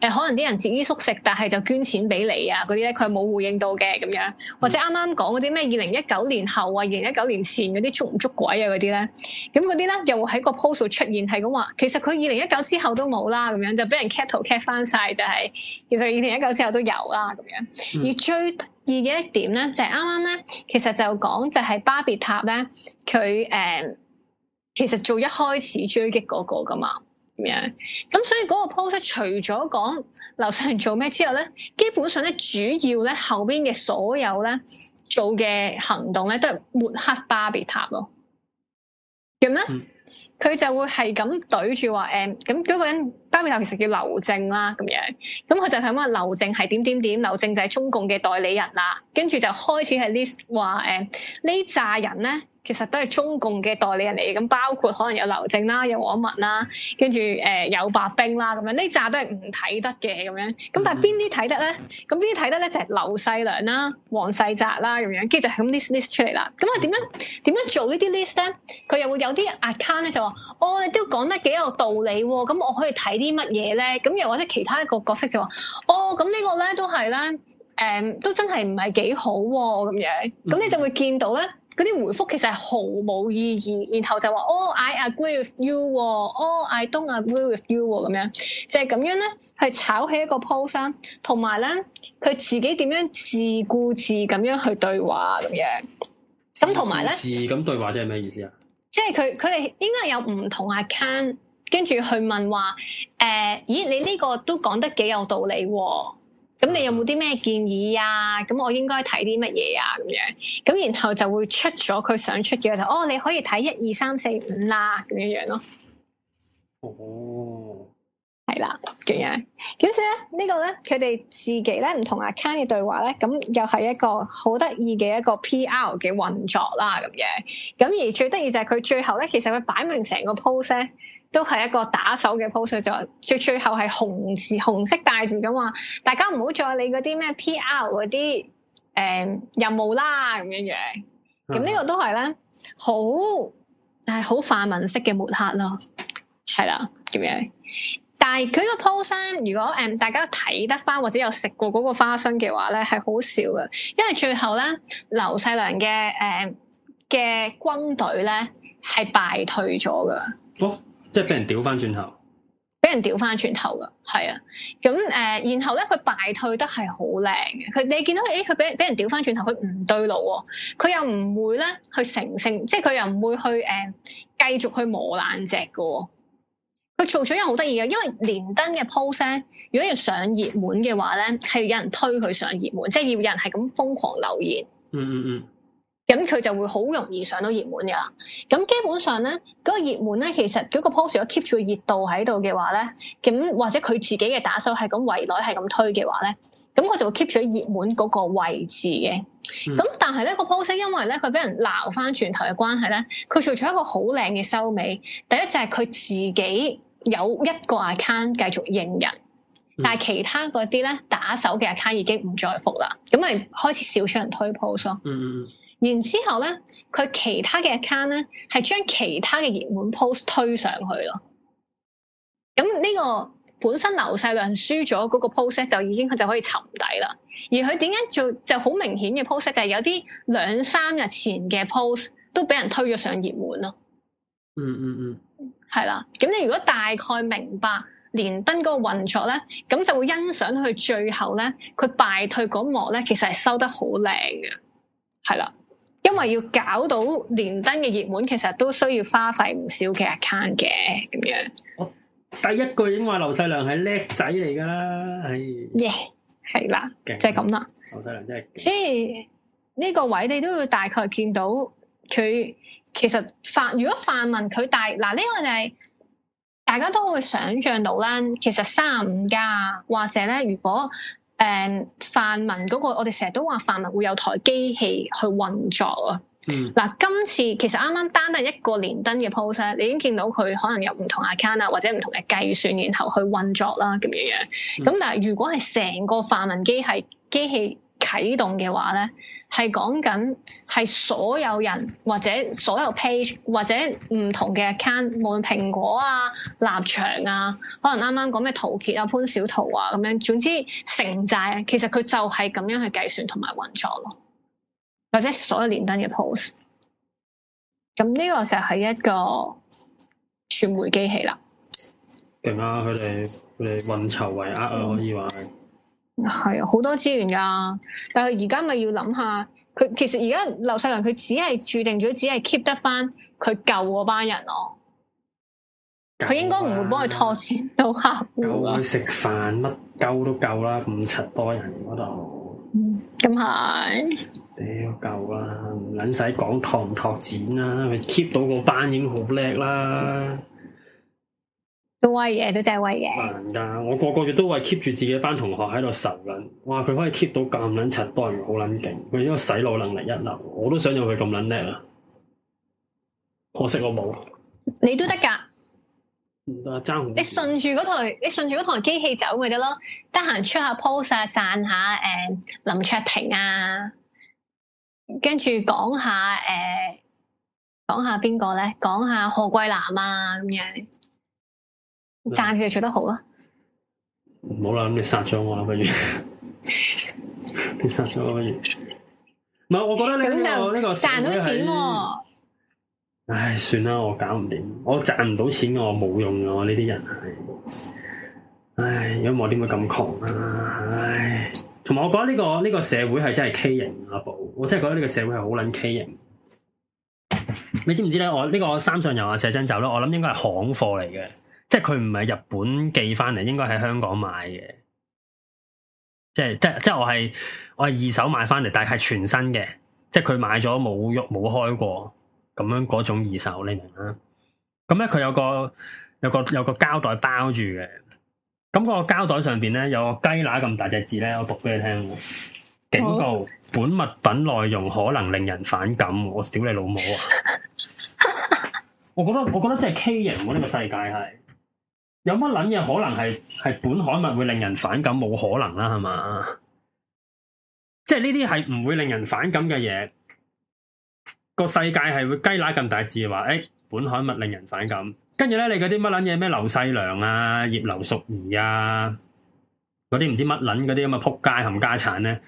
誒誒，可能啲人節衣縮食，但係就捐錢俾你啊嗰啲咧，佢冇回應到嘅咁樣，或者啱啱講嗰啲咩二零一九年後年觸觸啊，二零一九年前嗰啲捉唔捉鬼啊嗰啲咧，咁嗰啲咧又會喺個 post 出現係咁話，其實佢二零一九之後都冇啦，咁樣就俾人 c a t a cat。翻晒就係、是，其實二零一九之後都有啦，咁樣。而最得意嘅一點咧，就係啱啱咧，其實就講就係巴比塔咧，佢誒、呃、其實做一開始追擊嗰個噶嘛，咁樣。咁所以嗰個 post 除咗講劉細良做咩之後咧，基本上咧主要咧後邊嘅所有咧做嘅行動咧，都係抹黑巴比塔咯。咁咧？嗯佢就會係咁對住話，誒、欸，咁嗰個人巴比達其實叫劉正啦，咁樣，咁佢就係咁話劉正係點點點，劉正就係中共嘅代理人啦，跟住就開始係 list 話，誒、欸、呢拃人咧。其實都係中共嘅代理人嚟嘅，咁包括可能有劉靖啦，有黃文啦，跟住誒有白冰啦，咁樣呢扎都係唔睇得嘅咁樣。咁但係邊啲睇得咧？咁邊啲睇得咧？就係、是、劉細良啦、黃世澤啦咁樣，跟住就係咁啲 list 出嚟啦。咁啊點樣點樣做呢啲 list 咧？佢又會有啲 account 咧就話：哦，你都講得幾有道理喎。咁我可以睇啲乜嘢咧？咁又或者其他一個角色就話：哦，咁呢個咧都係咧，誒、嗯、都真係唔係幾好喎、啊、咁樣。咁你就會見到咧。嗰啲回覆其實係毫無意義，然後就話，哦，I agree with you 哦，I don't agree with you 咁樣就係咁樣咧，係炒起一個 post，同埋咧佢自己點樣自顧自咁樣去對話咁樣，咁同埋咧自咁對話即係咩意思啊？即係佢佢哋應該有唔同 account，跟住去問話，誒，咦，你呢個都講得幾有道理喎？咁你有冇啲咩建議啊？咁我應該睇啲乜嘢啊？咁樣咁然後就會出咗佢想出嘅就哦，你可以睇一二三四五啦，咁樣樣咯。哦，係啦，咁樣點算咧？這個、呢個咧，佢哋自己咧唔同阿 Can 嘅對話咧，咁又係一個好得意嘅一個 PR 嘅運作啦，咁樣咁而最得意就係佢最後咧，其實佢擺明成個 pose 咧。都係一個打手嘅 pose 就最最後係紅字紅色大字咁話，大家唔好再理嗰啲咩 PR 嗰啲誒任務啦咁樣嘅。咁、嗯、呢個都係咧好係好泛民式嘅抹黑咯，係啦，咁樣。但係佢個 pose 如果誒、嗯、大家睇得返或者有食過嗰個花生嘅話咧，係好笑嘅，因為最後咧劉細良嘅誒嘅軍隊咧係敗退咗嘅。哦即係俾人屌翻轉頭，俾人屌翻轉頭噶，係啊，咁誒、呃，然後咧佢敗退得係好靚嘅，佢你見到佢，誒佢俾俾人屌翻轉頭，佢唔對路喎、哦，佢又唔會咧去成性，即係佢又唔會去誒、呃、繼續去磨爛隻嘅，佢做咗一樣好得意嘅，因為連登嘅 post，e 如果要上熱門嘅話咧，係要有人推佢上熱門，即係要有人係咁瘋狂留言，嗯嗯嗯。咁佢就會好容易上到熱門噶啦。咁基本上咧，嗰、嗰個熱門咧，其實嗰個 post 如果 keep 住熱度喺度嘅話咧，咁或者佢自己嘅打手係咁圍內係咁推嘅話咧，咁佢就會 keep 住熱門嗰個位置嘅。咁但呢、嗰個、呢係呢個 post 因為咧佢俾人鬧返轉頭嘅關係咧，佢做咗一個好靚嘅收尾。第一就係佢自己有一個 account 繼續認人，但係其他嗰啲咧打手嘅 account 已經唔再覆啦。咁咪開始少少人推 post 咯。嗯。然之後咧，佢其他嘅 account 咧，係將其他嘅熱門 post 推上去咯。咁呢個本身劉細良輸咗嗰個 post 咧，就已經就可以沉底啦。而佢點解做就好明顯嘅 post？就係、是、有啲兩三日前嘅 post 都俾人推咗上熱門咯、嗯。嗯嗯嗯，係啦。咁你如果大概明白連登嗰個運作咧，咁就會欣賞佢最後咧，佢敗退嗰幕咧，其實係收得好靚嘅，係啦。因為要搞到連登嘅熱門，其實都需要花費唔少嘅 account 嘅，咁樣。第一句已經話劉細良係叻仔嚟噶啦，係害。耶，係啦，就咁啦。劉細良真係。所以呢個位你都會大概見到佢，其實泛如果泛民佢大嗱呢個就係，大家都會想象到啦。其實三十五家，或者咧，如果。誒、um, 泛民嗰、那個，我哋成日都話泛民會有台機器去運作、嗯、啊。嗱，今次其實啱啱單單一個連登嘅 pose，你已經見到佢可能有唔同 account 啊，或者唔同嘅計算，然後去運作啦，咁嘅樣。咁但係如果係成個泛民機係機器啟動嘅話咧？係講緊係所有人或者所有 page 或者唔同嘅 account，無論蘋果啊、立場啊，可能啱啱講咩陶傑啊、潘小桃啊咁樣，總之成寨，其實佢就係咁樣去計算同埋運作咯，或者所有連登嘅 post。咁呢個就係一個傳媒機器啦。勁啊！佢哋佢哋運籌帷幄啊，可以話係。係啊，好多資源㗎，但係而家咪要諗下佢，其實而家劉細良佢只係注定咗，只係 keep 得翻佢舊個班人咯。佢了應該唔會幫佢拓展到客戶啦！食飯乜鳩都夠啦，咁柒多人嗰度，咁係，屌夠啦，唔撚使講拓唔拓展啦，咪 keep 到個班已經好叻啦。嗯都威嘅，都真係威嘅。難噶，我個個月都為 keep 住自己班同學喺度愁緊。哇，佢可以 keep 到咁卵陳，當然好卵勁。佢呢個洗腦能力一流，我都想有佢咁卵叻啊！可惜我冇。你都得噶。唔得，爭唔。你順住嗰台，你順住嗰台機器走咪得咯？得閒出下 post 啊，讚下誒、呃、林卓廷啊，跟住講下誒，講、呃、下邊個咧？講下何桂藍啊咁樣。賺佢哋做得好咯、啊，唔好啦，你殺咗我啦，不如 你殺咗我，不如唔係，我覺得呢、這個呢那就 個賺到錢喎、啊。唉，算啦，我搞唔掂，我賺唔到錢，我冇用噶，我呢啲人係唉，因為我點會咁窮啊？唉，同埋我覺得呢、這個呢、這個社會係真係畸形阿寶，我真係覺得呢個社會係好捻畸形。 你知唔知咧、這個啊？我呢個三上油啊，寫真集咯，我諗應該係行貨嚟嘅。即係佢唔係日本寄翻嚟，應該喺香港買嘅。即係即係即係我係我係二手買翻嚟，但係係全新嘅。即係佢買咗冇喐冇開過咁樣嗰種二手，你明啦？咁咧佢有個有個有個膠袋包住嘅。咁、那、嗰個膠袋上邊咧有個雞乸咁大隻字咧，我讀俾你聽。警告：oh. 本物品內容可能令人反感。我屌你老母啊！我覺得我覺得即係畸形喎，呢、 啊呢個世界係有乜捻嘢可能係係本海物會令人反感？冇可能啦，係嘛？即係呢啲係唔會令人反感嘅嘢，個世界係會雞乸咁大字話誒，本海物令人反感。跟住咧，你嗰啲乜捻嘢咩劉細良啊、葉劉淑儀啊，嗰啲唔知乜捻嗰啲咁嘅扑街冚家產咧，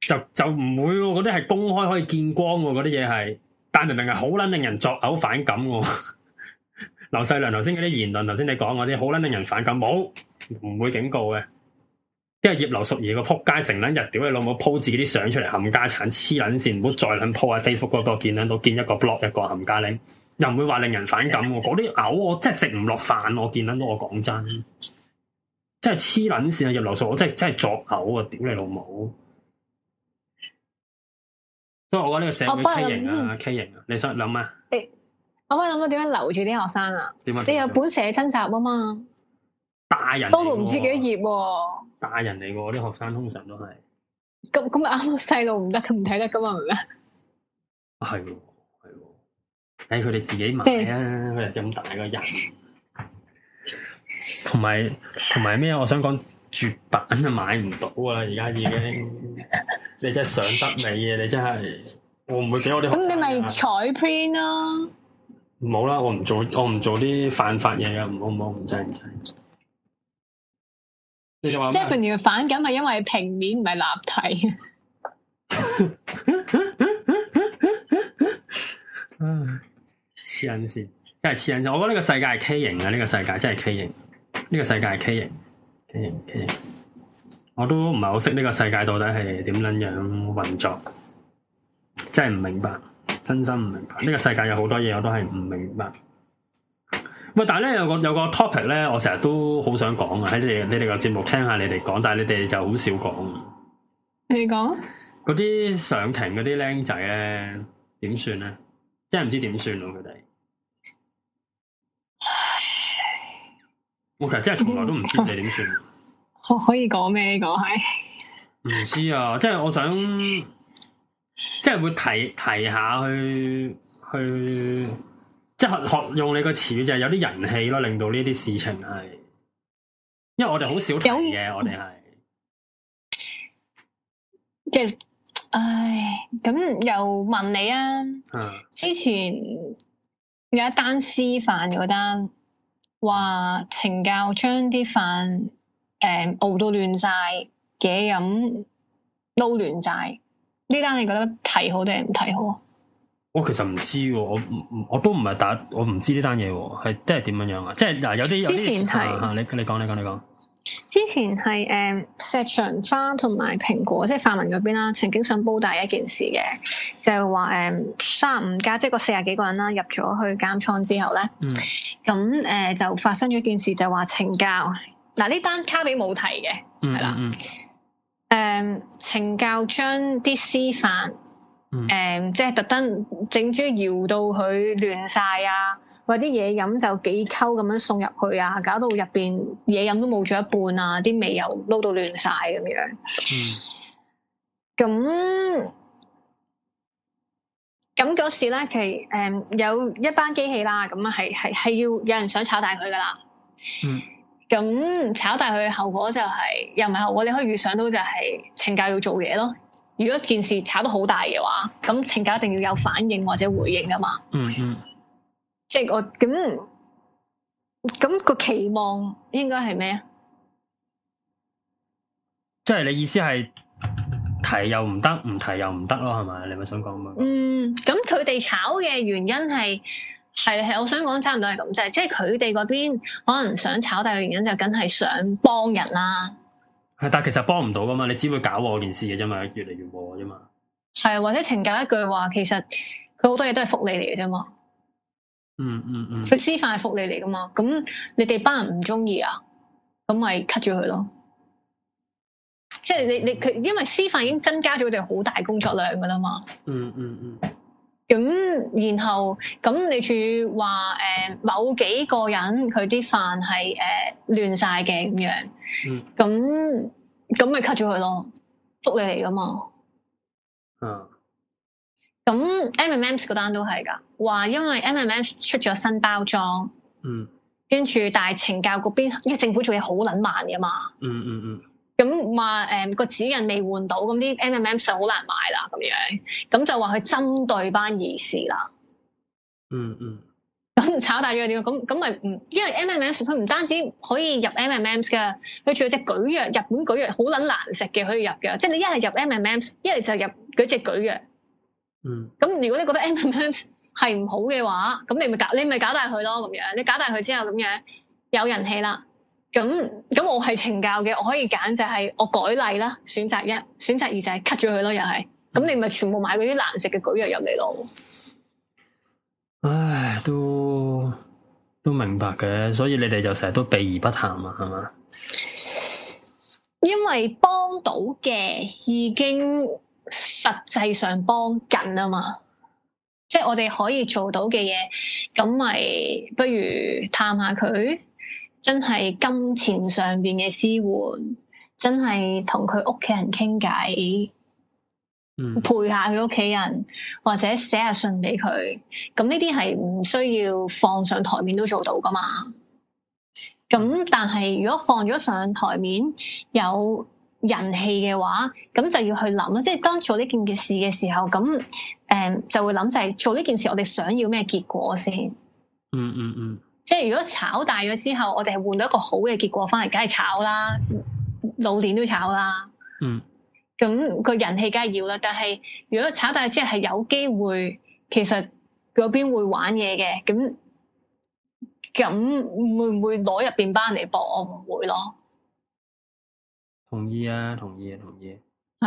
就就唔會，嗰啲係公開可以見光，嗰啲嘢係，但係明明係好捻令人作嘔反感嘅。劉細良頭先嗰啲言論，頭先你講嗰啲好撚令人反感，冇唔會警告嘅。因為葉劉淑儀個撲街成撚日，屌你老母，po 自己啲相出嚟，冚家鏟黐撚線，唔好再撚 po 喺 Facebook 嗰、那個見撚到見一個 blog 一個冚家拎，又唔會話令人反感。嗰啲嘔，我真係食唔落飯，我見撚到我講真，真係黐撚線啊！葉劉淑，我真係真係作嘔啊！屌你老母。不過我覺得呢個社會畸形啊，畸形啊，啊，你想諗啊？想想啊可唔可以諗下點樣留住啲學生啊？你有本寫真集啊嘛，大人多到唔知幾多頁，啊、大人嚟噶，啲、啊、學生通常都係咁咁咪啱細路唔得，唔睇得噶嘛，係喎係喎，唉，佢哋、啊哎、自己買啊，佢哋咁大個人，同埋同埋咩我想講絕版啊，買唔到啊，而家已經 你真係想得美啊！你真係我唔會俾我哋、啊。咁、啊，你咪彩 print 咯。冇啦，我唔做，我唔做啲犯法嘢嘅，唔好唔好唔制唔制。即係反感係因為平面唔係立體。黐、 啊、人線真係黐人我我覺得呢個世界係畸形嘅，呢、這個世界真係畸形。呢、這個世界係畸形。畸形畸形，畸形，我都唔係好識呢個世界到底係點樣樣運作，真係唔明白。真心唔明白，呢、這個世界有好多嘢，我都係唔明白。喂，但係咧有個有個 topic 咧，我成日都好想講啊，喺你你哋個節目聽下你哋講，但係你哋就好少講。你講嗰啲上庭嗰啲僆仔咧，點算咧？真係唔知點算咯，佢哋。我其實真係從來都唔知你點算、嗯。可可以講咩？講係唔知啊，即係我想。即係會提提下去去，即係學學用你個詞語就係有啲人氣咯，令到呢啲事情係，因為我哋好少提嘢。有我哋係其實，唉，咁又問你啊，之前有一單私飯嗰單，話懲教將啲飯誒熬到亂晒嘢咁撈亂晒。呢單你覺得睇好定係唔睇好？我其實唔知、啊，我我都唔係打，我唔知呢單嘢係即係點樣樣啊！即係嗱，有啲之前係啊，啊，你你講，你講，你講。你之前係誒、呃、石牆花同埋蘋果，即係泛民嗰邊啦，曾經想煲大一件事嘅，就係話誒三五家，即係個四十幾個人啦，入咗去監倉之後咧，嗯，咁誒、呃、就發生咗件事，就話懲教。嗱呢單卡比冇提嘅，係啦、嗯。誒，懲、um, 教將啲絲飯，誒、嗯 um,，即係特登整住搖到佢亂晒啊，或啲嘢飲就幾溝咁樣送入去啊，搞到入邊嘢飲都冇咗一半啊，啲味又撈到亂晒咁樣。嗯樣，咁咁嗰時咧，其實誒、嗯，有一班機器啦，咁啊，係係係要有人想炒大佢噶啦。嗯。咁炒大佢嘅後果就係、是、又唔係後果，你可以預想到就係懲教要做嘢咯。如果件事炒得好大嘅話，咁懲教一定要有反應或者回應啊嘛。嗯嗯，即，即係我咁咁個期望應該係咩啊？即係你意思係提又唔得，唔提又唔得咯，係咪？你咪想講嘛？嗯，咁佢哋炒嘅原因係。係係，我想講差唔多係咁即係，即係佢哋嗰邊可能想炒大想、啊，但係原因就梗係想幫人啦。係，但係其實幫唔到噶嘛，你只會搞我件事嘅啫嘛，越嚟越和啫嘛。係，或者懲教一句話，其實佢好多嘢都係福利嚟嘅啫嘛。嗯嗯嗯，佢、嗯嗯、司法係福利嚟噶嘛。咁你哋班人唔中意啊？咁咪 cut 住佢咯？即係你你佢，因為司法已經增加咗佢哋好大工作量噶啦嘛。嗯嗯嗯。嗯嗯咁然後咁你處話誒某幾個人佢啲飯係誒亂晒嘅咁樣，咁咁咪 cut 咗佢咯，福利嚟噶嘛。嗯，咁 M M S 嗰單都係噶，話因為 M M S 出咗新包裝，嗯，跟住大懲教局邊，因為政府做嘢好撚慢噶嘛。嗯嗯嗯。咁話誒個指引未換到，咁啲 M M M 就好難買啦，咁樣，咁就話去針對班二事啦。嗯嗯。咁炒大咗點？咁咁咪唔，ę, 因為 M M M 佢唔單止可以入 M M M 嘅，佢仲有隻舉藥，日本舉藥好捻難食嘅可以入噶，即係你一係入 M M M，一係就入嗰隻舉藥。嗯。咁如果、MM、你覺得 M M M 係唔好嘅話，咁你咪搞你咪搞大佢咯，咁樣，你搞大佢之後咁樣有人氣啦。咁咁我係懲教嘅，我可以揀就係我舉例啦，選擇一、選擇二就係 cut 咗佢咯，又係咁你咪全部買嗰啲難食嘅鬼藥入嚟咯。唉，都都明白嘅，所以你哋就成日都避而不談啊，係嘛？因為幫到嘅已經實際上幫緊啊嘛，即係我哋可以做到嘅嘢，咁咪不如探下佢。真係金錢上面嘅支援，真係同佢屋企人傾偈，嗯，陪下佢屋企人，或者寫下信俾佢，咁呢啲係唔需要放上台面都做到噶嘛。咁但係如果放咗上台面有人氣嘅話，咁就要去諗啦，即係當做呢件嘅事嘅時候，咁誒、呃、就會諗就係做呢件事，我哋想要咩結果先？嗯嗯嗯。即係如果炒大咗之後，我哋係換到一個好嘅結果翻嚟，梗係炒啦，老年都炒啦。嗯，咁個人氣梗係要啦。但係如果炒大之後係有機會，其實嗰邊會玩嘢嘅，咁咁會唔會攞入邊班嚟搏？我唔會咯。同意啊，同意啊，同意啊。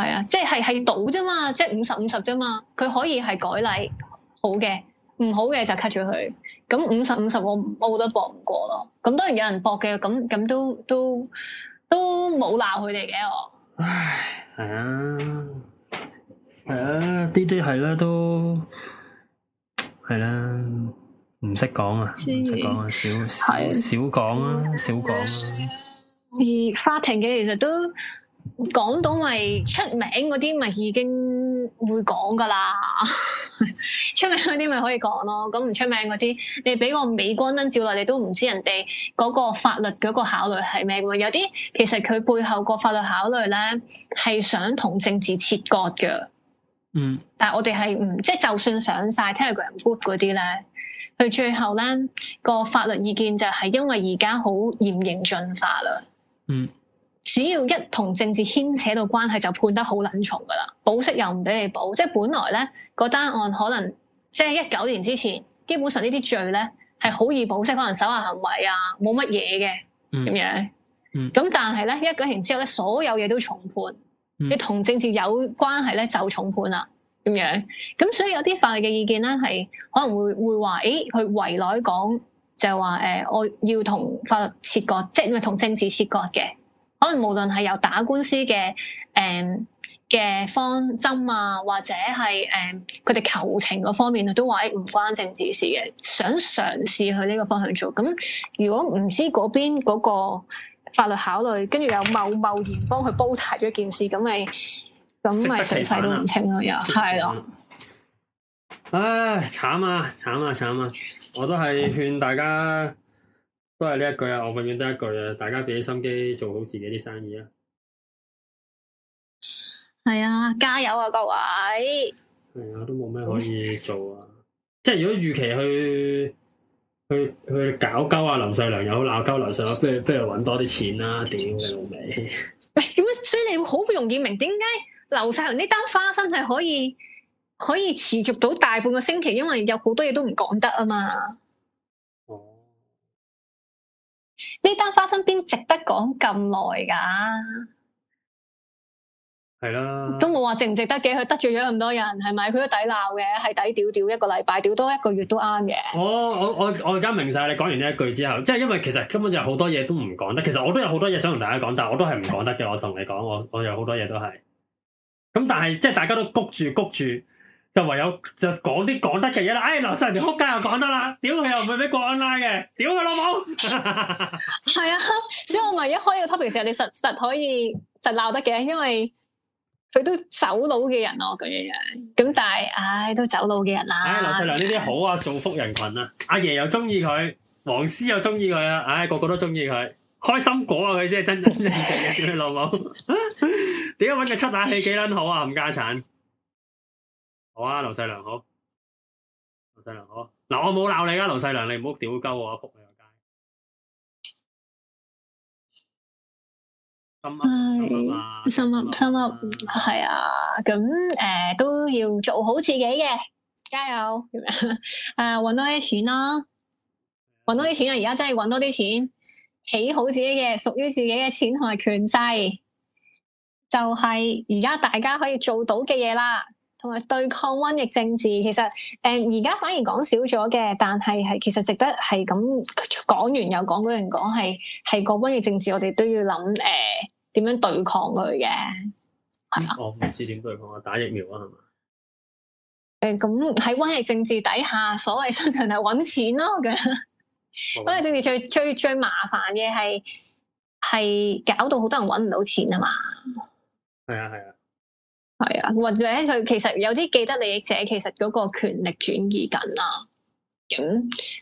係啊，即係係賭啫嘛，即係五十五十啫嘛，佢可以係改例好嘅，唔好嘅就 cut 咗佢。咁五十五十我冇得搏唔過咯，咁當然有人搏嘅，咁咁都都都冇鬧佢哋嘅我。唉，係啊，係啊，啲啲係啦，都係啦，唔識講啊，唔識講啊，少係少講啊，少講啊。而法庭嘅其實都講到咪出名嗰啲咪已經。會講噶啦，出名嗰啲咪可以講咯，咁唔出名嗰啲，你俾個美光燈照落，你都唔知人哋嗰個法律嗰個考慮係咩嘅。有啲其實佢背後個法律考慮咧，係想同政治切割嘅。嗯，但係我哋係唔即係，就，是，就算上晒 Telegram group 嗰啲咧，佢最後咧、個法律意見就係因為而家好嚴刑峻法啦。嗯。只要一同政治牽扯到關係，就判得好撚重噶啦。保釋又唔俾你保，即係本來咧個單案可能即係一九年之前，基本上呢啲罪咧係好易保釋，可能手下行為啊，冇乜嘢嘅咁樣。咁、嗯嗯、但係咧一九年之後咧，所有嘢都重判。你同、嗯、政治有關係咧就重判啦，咁樣。咁所以有啲法律嘅意見咧係可能會會話，誒佢圍內講就係話誒，我要同法律切割，即係咪同政治切割嘅？可能無論係有打官司嘅誒嘅方針啊，或者係誒佢哋求情嗰方面，都話唔關政治事嘅，想嘗試去呢個方向做。咁如果唔知嗰邊嗰個法律考慮，跟住又貿貿然幫佢煲大咗件事，咁咪咁咪水洗都唔清咯，又係咯。唉，慘啊！慘有是的 啊！慘啊，啊，啊！我都係勸大家。都係呢一句啊！我永遠得一句啊！大家俾啲心機做好自己啲生意啊！係啊、哎，加油啊，各位！係啊、哎，都冇咩可以做啊！ 即係如果預期去去去搞鳩啊，劉細良又好鬧鳩，劉細良不如即係搵多啲錢啦、啊！屌你老味！ 喂，咁樣所以你會好容易明點解劉細良呢單花生係可以可以持續到大半個星期，因為有好多嘢都唔講得啊嘛。呢單花生邊值得講咁耐噶？係啦的，都冇話值唔值得嘅，佢得罪咗咁多人，係咪佢都抵鬧嘅？係抵屌，屌一個禮拜，屌多一個月都啱嘅。我我我我而家明晒，你講完呢一句之後，即係因為其實根本就好多嘢都唔講得。其實我都有好多嘢想同大家講，但係我都係唔講得嘅。我同你講，我我有好多嘢都係，咁但係即係大家都谷住谷住。就唯有就講啲講得嘅嘢啦，唉、哎，劉細良條撲街又講得啦，屌佢又唔會俾國安拉嘅，屌佢老母，係 啊，所以我咪一開個 topic 時候，你實實可以實鬧得嘅，因為佢都走佬嘅人咯、啊，咁樣樣，咁但係，唉、哎，都走佬嘅人啦、啊。唉、哎，劉細良呢啲好啊，造 福人群啊，阿爺又中意佢，黃絲又中意佢啊！唉、哎，個個都中意佢，開心果啊佢先係真真正正嘅，屌佢老母，點解揾佢出下氣幾捻好啊，冚家鏟。好啊，劉世良好，劉世良好。嗱，我冇鬧你啊，劉世良，你唔好屌鳩我，扑你個街。心 up，心 up，心 up，係啊。咁誒、呃，都要做好自己嘅，加油。誒、 呃，搵多啲錢啦，搵多啲錢啊！而家、啊、真係搵多啲錢，起好自己嘅屬於自己嘅錢同埋權勢，就係而家大家可以做到嘅嘢啦。同埋對抗瘟疫政治，其實誒而家反而講少咗嘅，但係係其實值得係咁講完又講嗰樣，講係係個瘟疫政治，我哋都要諗誒點樣對抗佢嘅。我唔、嗯吧哦、知點對抗啊，打疫苗啊係嘛？誒，咁喺、嗯、瘟疫政治底下，所謂身上係揾錢咯，咁 好吧 瘟疫政治最最最麻煩嘅係係搞到好多人揾唔到錢啊嘛。係啊，係啊的。的係啊，或者佢其實有啲既得利益者，其實嗰個權力轉移緊啊。咁、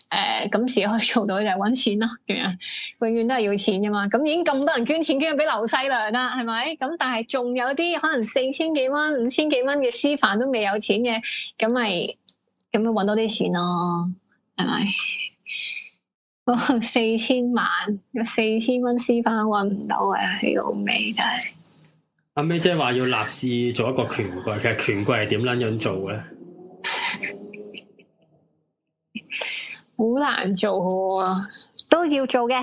嗯、誒，今、呃、時可以做到就係搵錢啦，樣、嗯、永遠都係要錢噶嘛。咁、嗯、已經咁多人捐錢捐到俾劉細良啦，係咪？咁、嗯、但係仲有啲可能四千幾蚊，五千幾蚊嘅私飯都未有錢嘅，咁咪咁樣搵多啲錢咯，係咪？四、哦、千萬，四千蚊私飯搵唔到啊，嘅，好味。但係。阿妹姐話要立志做一個權貴，其實權貴係點撚樣做嘅？好 難做啊，都要做嘅。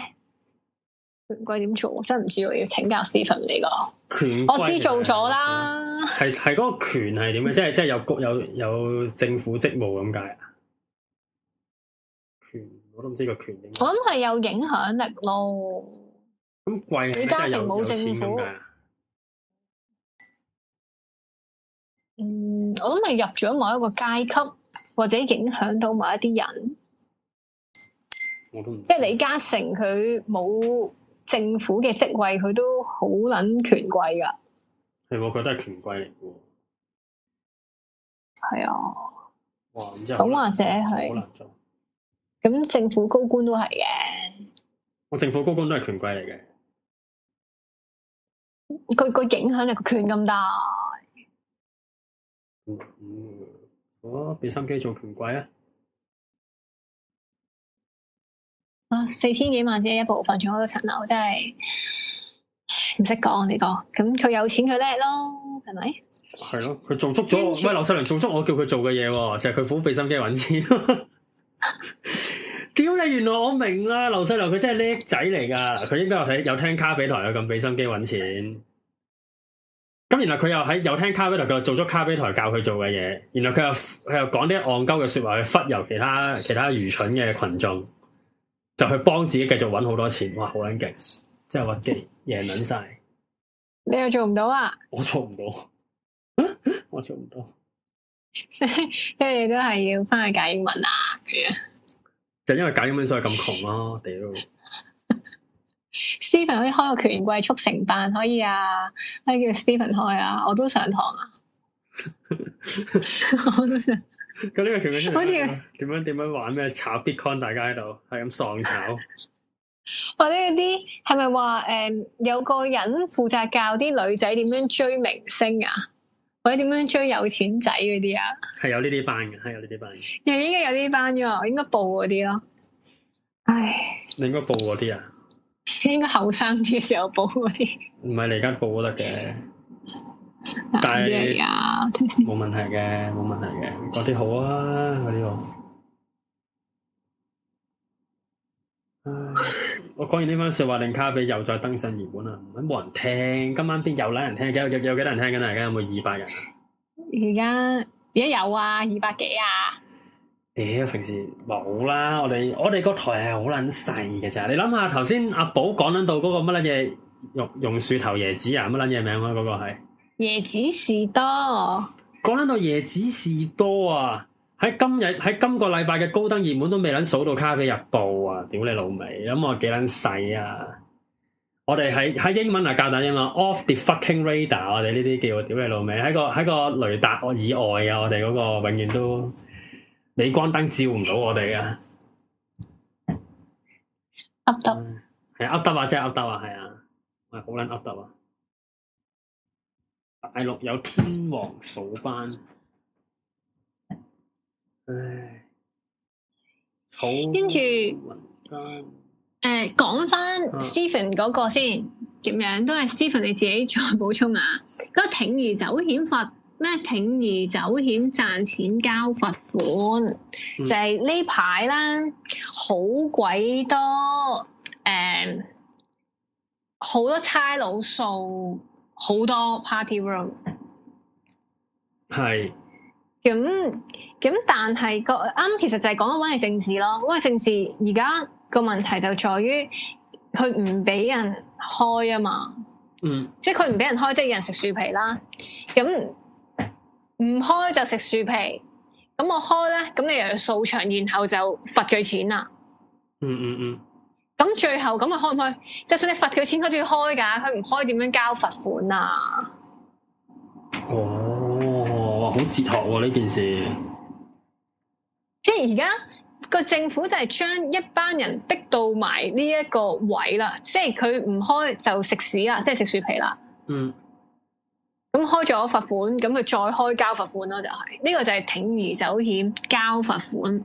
權貴點做？真係唔知道，要請教 Stephen 你個。權我知做咗啦。係，係嗰個權係點嘅？ 即係即係有國有有政府職務咁解啊？權我都唔知個權。我諗係有影響力咯。咁貴李嘉誠冇政府。我諗係入咗某一個階級，或者影響到某一啲人。我都即係李嘉誠佢冇政府嘅職位，佢都好捻權貴噶。係，我覺得係權貴嚟嘅。係啊。咁或者係咁，好難做。政府高官都係嘅。我政府高官都係權貴嚟嘅。佢佢影響力，佢權咁大。嗯，我俾、哦、心機做權貴啊！啊、哦，四千幾萬只一部分，仲有層樓，真係唔識講你講。咁佢有錢佢叻咯，係咪？係咯、啊，佢做足咗。喂，劉細良做足我叫佢做嘅嘢，啊，就係、是、佢苦俾心機搵錢、啊。屌你，原來我明啦，劉細良佢真係叻仔嚟噶。佢應該有睇，有聽咖啡台有咁俾心機搵錢。咁然後佢又喺有聽卡比台，佢又做咗卡比台教佢做嘅嘢。然後佢又佢又講啲戇鳩嘅說話去忽悠其他其他愚蠢嘅群眾，就去幫自己繼續搵好多錢。哇，好捻勁，真係屈機贏捻晒。你又做唔到啊？我做唔到， 我做唔到， 因為你都係要翻去解英文啊。佢啊！就因為解英文所以咁窮咯，屌！Steven 可以開個權貴速成班可以啊，可以叫 Steven 開啊，我都上堂啊，我都想，咁呢個權貴好似點樣點樣玩咩炒 Bitcoin？大家喺度係咁喪炒。或者嗰啲係咪話誒，有個人負責教啲女仔點樣追明星啊，或者點樣追有錢仔嗰啲啊？係 有呢啲班嘅，係有呢啲班嘅。。 又應該有呢啲班嘅，應該報嗰啲咯。唉，你應該報嗰啲啊。應該後生啲嘅時候補嗰啲，唔係你而家補得嘅，但係冇問題嘅，冇問題嘅，嗰啲好啊，嗰啲 我講完呢番說話令卡比又再登上熱門啊，咁冇人聽，今晚邊有拉人聽，有有幾多人聽緊？而家有冇二百人？而家而家有啊，二百幾啊。屌，平時冇啦，我哋我哋個台係好撚細嘅咋，你諗下頭先阿寶講緊到嗰個乜乜嘢榕榕樹頭椰子啊，乜撚嘢名啊，嗰個係椰子士多，講緊到椰子士多啊，喺今日喺今個禮拜嘅高登熱門都未撚數到《卡比日報》啊，屌你老味，咁我幾撚細啊，我哋係喺英文啊教大英文。off the fucking radar，我哋呢啲叫屌你老味，喺個喺個雷達以外啊，我哋嗰個永遠都。你關燈照唔到我哋嘅？噏得係噏得啊，真係噏得啊，係啊，係好捻噏得啊！大陸有天王數班，唉、哎，好。跟住，誒、呃，講翻、啊、Stephen 嗰個先，點樣都係 Stephen 你自己再補充啊！嗰、那個、鋌而走險法。咩鋌而走險賺錢交罰款？嗯、就係呢排啦，好鬼多誒、嗯，好多差佬數好多 party room。係是。咁咁，但係個啱，其實就係講一講係政治咯。因為，政治而家個問題就在於佢唔俾人開啊嘛。嗯。即係佢唔俾人開，即係有人食樹皮啦。咁。唔開就食樹皮，咁我開咧，咁你又要掃場，然後就罰佢錢啦、嗯？嗯嗯嗯。咁最後咁我開唔開？就算你罰佢錢，佢都要開噶，佢唔開點樣交罰款啊？哦，哇，好哲學喎、啊、呢件事。即係而家個政府就係將一班人逼到埋呢一個位啦，即係佢唔開就食屎啦，即係食樹皮啦。嗯。咁開咗罰款，咁佢再開交罰款咯，就係、是、呢個就係鋌而走險交罰款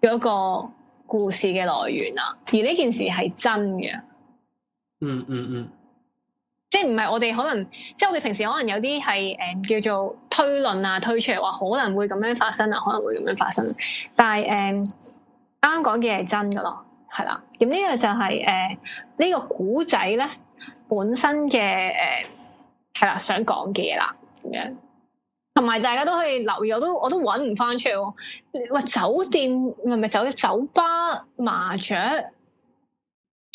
嗰個故事嘅來源啦。而呢件事係真嘅、嗯，嗯嗯嗯，即係唔係我哋可能，即係我哋平時可能有啲係誒叫做推論啊，推出嚟話可能會咁樣發生啊，可能會咁樣發生、啊。但係誒啱啱講嘅係真噶咯，係啦。咁、嗯、呢、這個就係、是、誒、呃這個、呢個古仔咧本身嘅誒。呃係啦，想講嘅嘢啦，咁樣同埋大家都可以留意，我都我都搵唔翻出嚟，喎酒店，唔係唔係酒酒吧，酒吧麻雀，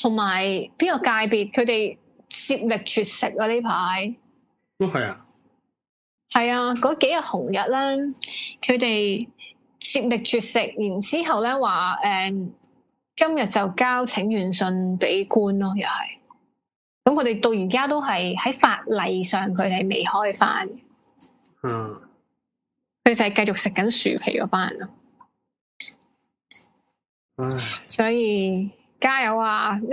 同埋邊個界別佢哋接力絕食、哦、啊？呢排，都係啊，係啊，嗰幾日紅日咧，佢哋接力絕食，然之後咧話，誒、嗯，今日就交請願信俾官咯，又係。咁佢哋到而家都係喺法例上，佢哋未開翻嘅。嗯，佢哋就係繼續食緊薯皮嗰班人咯。嗯，唉 所以加油啊！呢、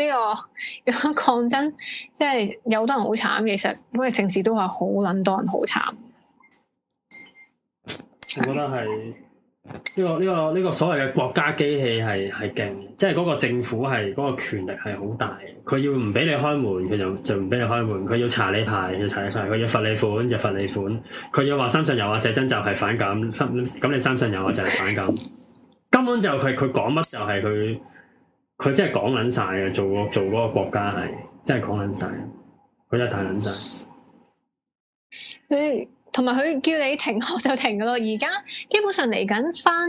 這個抗爭，即係有好多人好慘。其實，我哋城市都話好捻多人好慘。我覺得係。呢、個呢個呢個所謂嘅國家機器係係勁，即係嗰個政府係嗰個權力係好大。佢要唔俾你開門，佢就就唔俾你開門。佢要查你牌，要查你牌。佢要罰你款，就罰你款。佢要話三信油啊，寫真就係反感，咁你三信油啊就係反感，根本就係佢講乜就係佢，佢真係講捻晒嘅。做做嗰個國家係真係講捻晒，佢一係大捻晒。Hey. 同埋佢叫你停學就停噶咯，而家基本上嚟緊返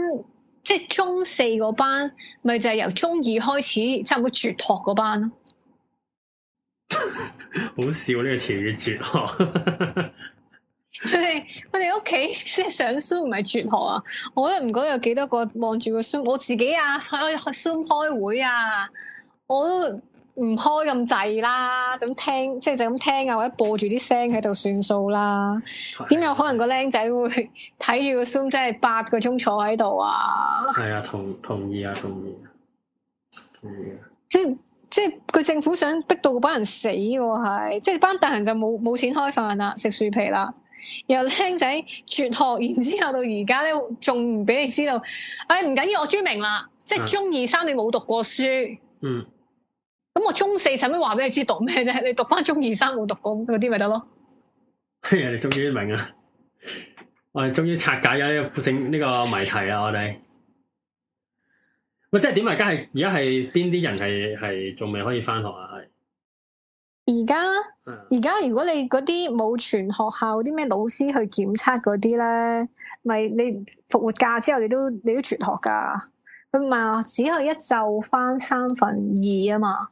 即係中四嗰班，咪就係、是、由中二開始，差唔多絕學嗰班咯。好笑呢個詞語絕， 絕學。我哋我哋屋企即係上書唔係絕學啊！我都唔覺得有幾多個望住個書，我自己啊，開開書開會啊，我。都。唔開咁滯啦，咁聽即係就咁、是、聽啊，或者播住啲聲喺度算數啦。點有、啊、可能個僆仔會睇住個 Zoom 真係八個鐘坐喺度啊？係啊，同同意啊，同意、啊，同意啊！即係即係，個政府想逼到個班人死喎、啊，係、啊、即係班大人就冇冇錢開飯啦，食樹皮啦。然後僆仔輟學，然之後到而家咧，仲唔俾你知道，哎唔緊要，我專明啦，即係中二三你冇讀過書，嗯。咁我中四使乜話俾你知讀咩啫？你讀翻中二、三冇讀過嗰啲咪得咯？嘿， 你終於明啦！ 我哋終於拆解咗呢、呢個剩呢、呢個謎、呢個、題啦！我哋喂， 即係點啊？而家係而家係邊啲人係係仲未可以翻學啊？而家而家如果你嗰啲冇全學校啲咩老師去檢測嗰啲咧，咪你復活假之後你都你都，你都全學噶？佢唔係只係一就翻三分二啊嘛。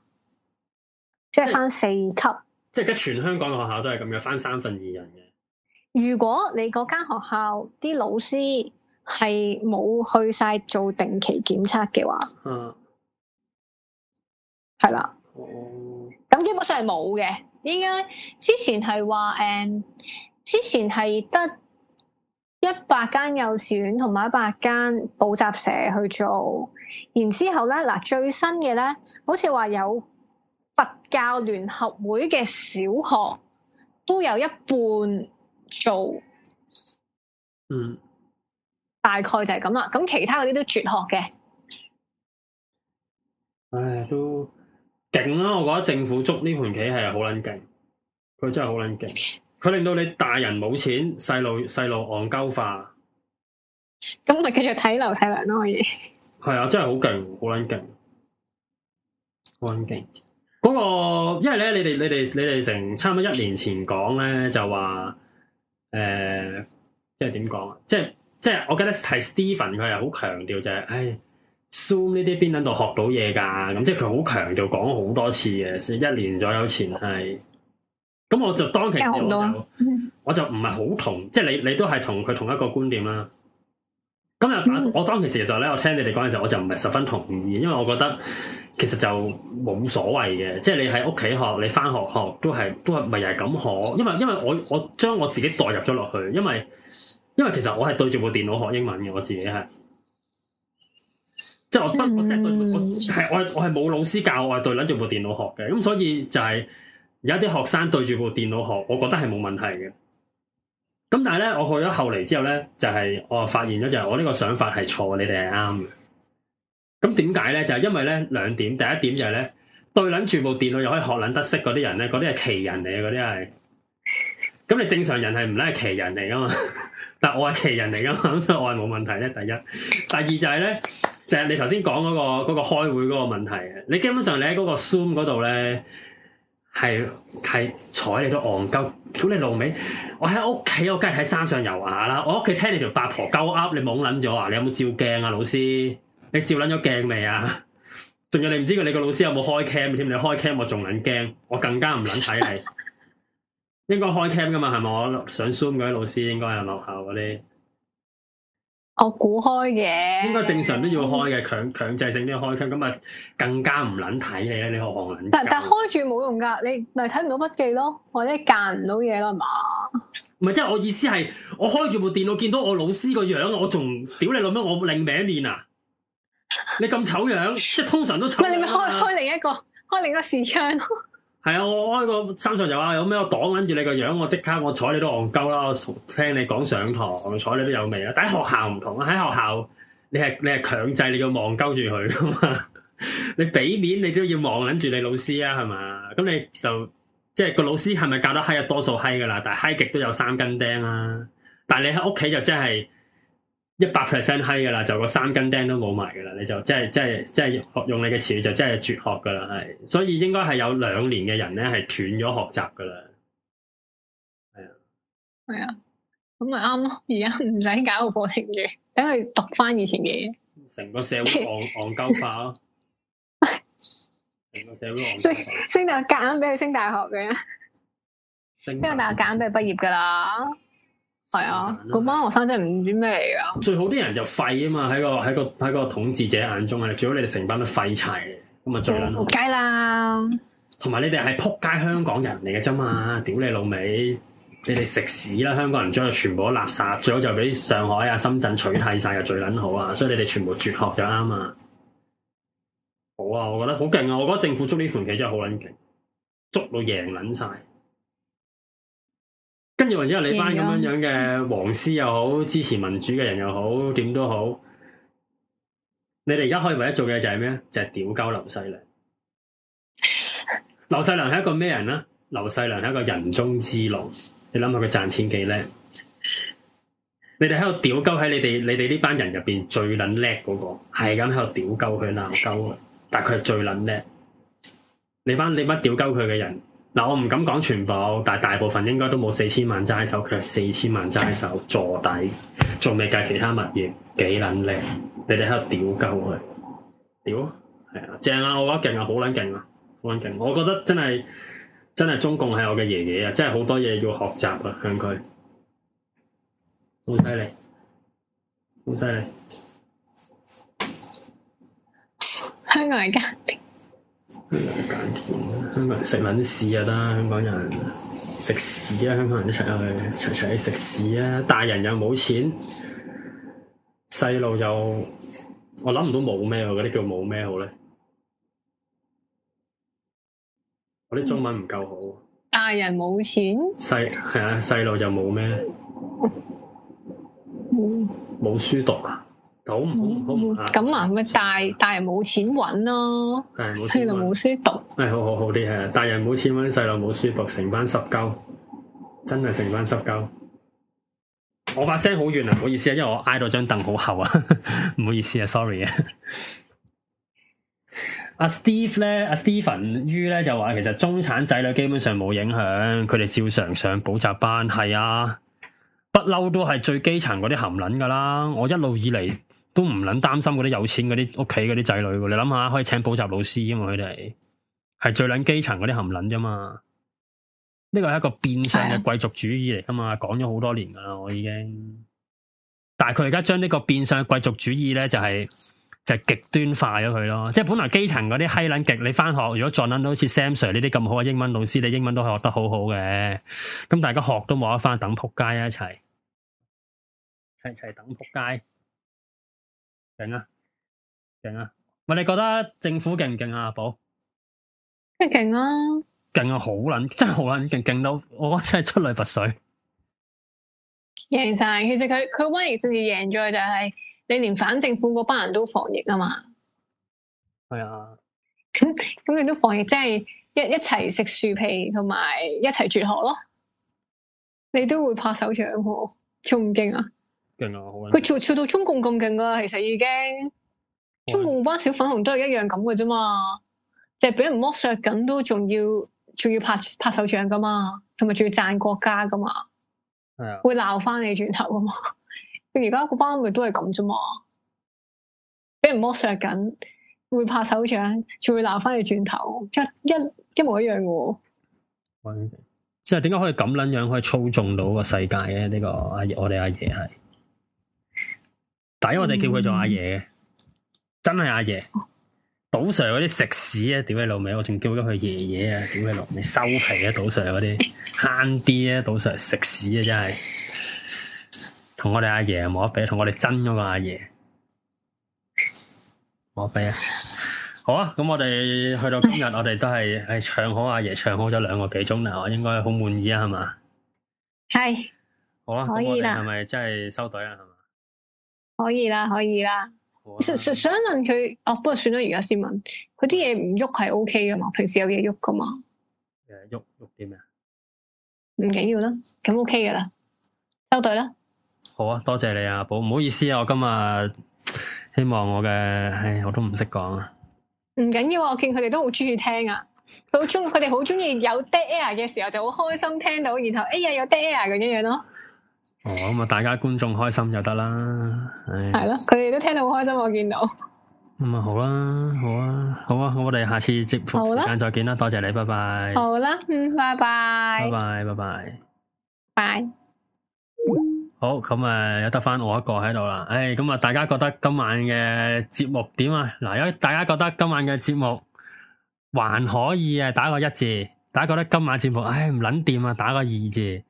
即係翻四級，即係而家全香港嘅學校都係咁樣翻三分二人嘅。如果你嗰間學校啲老師係冇去晒做定期檢測嘅話，嗯，係啦，哦，咁基本上係冇嘅。應該之前係話，誒，之前係得一百間幼稚園同埋一百間補習社去做，然之後咧嗱，最新嘅咧，好似話有。佛教聯合會嘅小學都有一半做，嗯，大概就係咁啦。咁其他嗰啲都絕學嘅。唉，都勁啦！我覺得政府捉呢盤棋係好撚勁，佢真係好撚勁。佢令到你大人冇錢，細路細路戇鳩化。咁咪繼續睇劉細良都可以。係啊，真係好勁，好撚勁，好撚勁。嗰、那個，因為咧，你哋你哋你哋成差唔多一年前講咧，就話，誒、呃，即係點講啊？即係即係，我記得係 Steven 佢係好強調就係、是，唉，Zoom 呢啲邊度學到嘢噶？咁即係佢好強調講好多次嘅，一年左右前係。咁我就當其時我就唔係好同，嗯、即係你你都係同佢同一個觀點啦。今日我、嗯、我當其時其實咧，我聽你哋講嘅時候，我就唔係十分同意，因為我覺得。其實就冇所謂嘅，即係你喺屋企學，你返學學都係都係咪又係咁學？因為因為我我將我自己代入咗落去，因為因為其實我係對住部電腦學英文嘅，我自己係，即係我不、嗯、我即係對，係我係冇老師教，我係對攞住部電腦學嘅，咁所以就係有一啲學生對住部電腦學，我覺得係冇問題嘅。咁但係咧，我去咗後嚟之後咧，就係、是、我發現咗就係我呢個想法係錯，你哋係啱嘅。咁點解咧？就係、是、因為咧兩點，第一點就係咧對捻住部電腦又可以學捻得識嗰啲人咧，嗰啲係奇人嚟啊！嗰啲係，咁你正常人係唔咧係奇人嚟噶嘛？ 但我係奇人嚟噶嘛，所以我係冇問題咧。第一，第二就係咧，就係、是、你頭先講嗰個嗰、那個開會嗰個問題啊！你基本上你喺嗰個 Zoom 嗰度咧，係係睬你都戇鳩，屌你老味！我喺屋企，我梗係喺山上游下啦。我屋企聽你條八婆，鳩噏你懵捻咗啊！你有冇照鏡啊，老師？你照捻咗鏡未啊？仲有你唔知佢你個老師有冇開 cam 添？你開 cam 我仲捻驚，我更加唔捻睇你。 應該開 cam 噶嘛？係咪我想 zoom 嗰啲老師應該係學校嗰啲？我估開嘅。應該正常都要開嘅，強強制性都要開 cam。咁啊，更加唔捻睇你咧。你學學人哋但？但但開住冇用噶，你咪睇唔到筆記咯，或者夾唔到嘢啦嘛。唔係，即係我意思係，我開住部電腦見到我老師個樣我仲屌你老乜？我另名面啊！你咁醜樣，即係通常都醜。唔你咪開開另一個，開另一個視窗咯。係啊，我開個三上就話有咩我擋捻住你個樣，我即刻我睬你都戇鳩啦。我聽你講上堂，睬你都有味。但喺學校唔同啊，喺學校你係你係強制你要戇鳩住佢噶嘛。 你俾面你都要戇捻住你老師啊，係咪？咁你就即係、就是、個老師係咪教得閪啊？多數閪噶啦，但係閪極都有三根釘啊。但係你喺屋企就真、就、係、是。一百 percent high 噶啦，就個三根釘都冇埋噶啦，你就即係即係即係學用你嘅詞語就真係、即係、絕學噶啦，係所以應該係有兩年嘅人咧係斷咗學習噶啦，係啊係啊，咁咪啱咯，而家唔使搞個課程嘅，等佢讀翻以前嘅嘢，成個社會昂昂鳩化咯，成 個社會昂鳩化，升升到揀俾佢升大學嘅，升到大學揀俾佢畢業噶啦。係啊，啊個班學生真係唔知咩嚟噶。最好啲人就廢啊嘛，喺個喺個喺個統治者眼中啊，最好你哋成班都廢柴咁啊最捻好。梗係、嗯、啦，同埋你哋係撲街香港人嚟嘅啫嘛，屌你老味，你哋食屎啦！香港人將佢全部都垃圾，最好就俾上海啊、深圳取締晒 就最捻好啊！所以你哋全部絕學就啱啊！好啊，我覺得好勁啊！我覺得政府捉呢盤棋真係好捻勁，捉到贏捻晒。跟住，或者有你這班咁樣樣嘅黃絲又好，支持民主嘅人又好，點都好，你哋而家可以唯一做嘅就係咩？就係屌鳩劉細良。劉細良係一個咩人啦？劉細良係一個人中之龍，你諗下佢賺錢幾叻？你哋喺度屌鳩喺你哋，你哋呢班人入邊最撚叻嗰，那個，係咁喺度屌鳩佢鬧鳩，但佢係最撚叻，叻。你班你班屌鳩佢嘅人。嗱，我唔敢講全部，但係大部分應該都冇四千萬齋手，佢係四千萬齋手坐底，仲未計其他物業幾撚靚，你哋喺度屌鳩佢屌，係啊，正啊，我覺得勁啊，好撚勁啊，好撚勁，我覺得真係真係中共係我嘅爺爺啊，真係好多嘢要學習啊，向佢好犀利，好犀利，香港人。家。香港人食卵屎就得，香港人食屎啊！香港人一齊去，齊齊食屎啊！大人又冇錢，細路就我諗唔到冇咩，我嗰啲叫冇咩好咧？我啲中文唔夠好。大人冇錢，細係啊，細路就冇咩，冇、嗯、書讀。好唔好？咁啊、嗯，咪大大人冇錢揾咯，細路冇書讀。係好好好啲，係啊！大人冇錢揾，細路冇書讀，成班濕鳩，真係成班濕鳩。我把聲好遠啊，唔好意思啊，因為我挨到張凳好厚啊，唔 好意思啊，sorry 啊。 阿 Steve 咧，阿 Steven 于咧就話，其實中產仔女基本上冇影響，佢哋照常上補習班。係啊，不嬲都係最基層嗰啲含撚噶啦。我一路以嚟。都唔捻擔心嗰啲有錢嗰啲屋企嗰啲仔女，你諗下可以請補習老師啊嘛？佢哋係最捻基層嗰啲含捻啫嘛？呢個係一個變相嘅貴族主義嚟噶嘛？講咗好多年噶啦，我已經。但係佢而家將呢個變相嘅貴族主義咧，就係就係極端化咗佢咯。即係本來基層嗰啲嗨捻極，你翻學如果再捻到好似 Sam Sir 呢啲咁好嘅英文老師，你英文都係學得好好嘅。咁大家學都冇得翻，等仆街一齊，一齊等仆街。勁啊，勁啊！我你覺得政府勁唔勁啊？阿寶，即係勁啦，勁啊！好捻，真係好捻勁，勁到我真係出類拔萃！贏晒。其實佢佢瘟疫甚至贏咗，就係你連反政府嗰班人都防疫啊嘛。係啊、哎呀，咁咁你都防疫，即、就、係、是、一一齊食樹皮同埋一齊絕學咯。你都會拍手掌，仲唔勁啊？佢操到中共咁勁噶！其實已經中共班小粉紅都係一樣咁嘅啫嘛，即係俾人剝削緊都仲要仲要拍拍手掌噶嘛，同埋仲要讚國家噶嘛，係啊，會鬧翻你轉頭噶嘛。佢的而家嗰班咪都係咁啫嘛，俾人剝削緊會拍手掌，仲會鬧翻你轉頭，即一一模一樣嘅。即係點解可以咁捻樣可以操縱到個世界嘅呢？呢個阿我哋阿爺係。但係我哋叫佢做阿爺嘅，真係阿爺，賭、哦、Sir 嗰啲食屎啊！屌你老味，我仲叫咗佢爺爺啊！屌你老味，收皮啊！賭 Sir 嗰啲慳啲啊！賭 Sir 食屎啊！真係同我哋阿爺冇得比，同我哋真嗰個阿爺冇得比啊！好啊，咁我哋去到今日，是我哋都係係唱好阿爺，唱好咗兩個幾鐘啦，我應該好滿意啊，係嘛？係是好啊，可以啦。係咪真係收隊啊？可以啦，可以啦。想、啊、想問佢，哦，不過算啦，而家先問佢啲嘢，唔喐係 O K 嘅嘛，平時有嘢喐噶嘛。誒，喐喐啲咩？唔緊要啦，咁 O K 嘅啦，收隊啦。好啊，多謝你啊，寶，唔好意思啊，我今日希望我嘅，唉，我都唔識講啊。唔緊要，啊，我見佢哋都好中意聽啊，佢好中，佢哋好中意有 dead air 嘅時候就好開心聽到，然後哎呀有 dead air 咁樣樣、啊、咯。哦，咁啊，大家觀眾開心就得啦，係、哎。係啦，佢哋都聽到好開心，我見到。咁啊、嗯，好啦，好啊，好啊，我哋下次直播時間再見啦，吧多謝你，拜拜。好啦，嗯，拜拜，拜拜，拜拜，拜 Bye。好，咁啊，有得返我一個喺度啦。誒，咁啊，大家覺得今晚嘅節目點啊？嗱，有大家覺得今晚嘅節目還可以啊？打個一字。大家覺得今晚節目，唉、哎，唔撚掂啊，打個二字。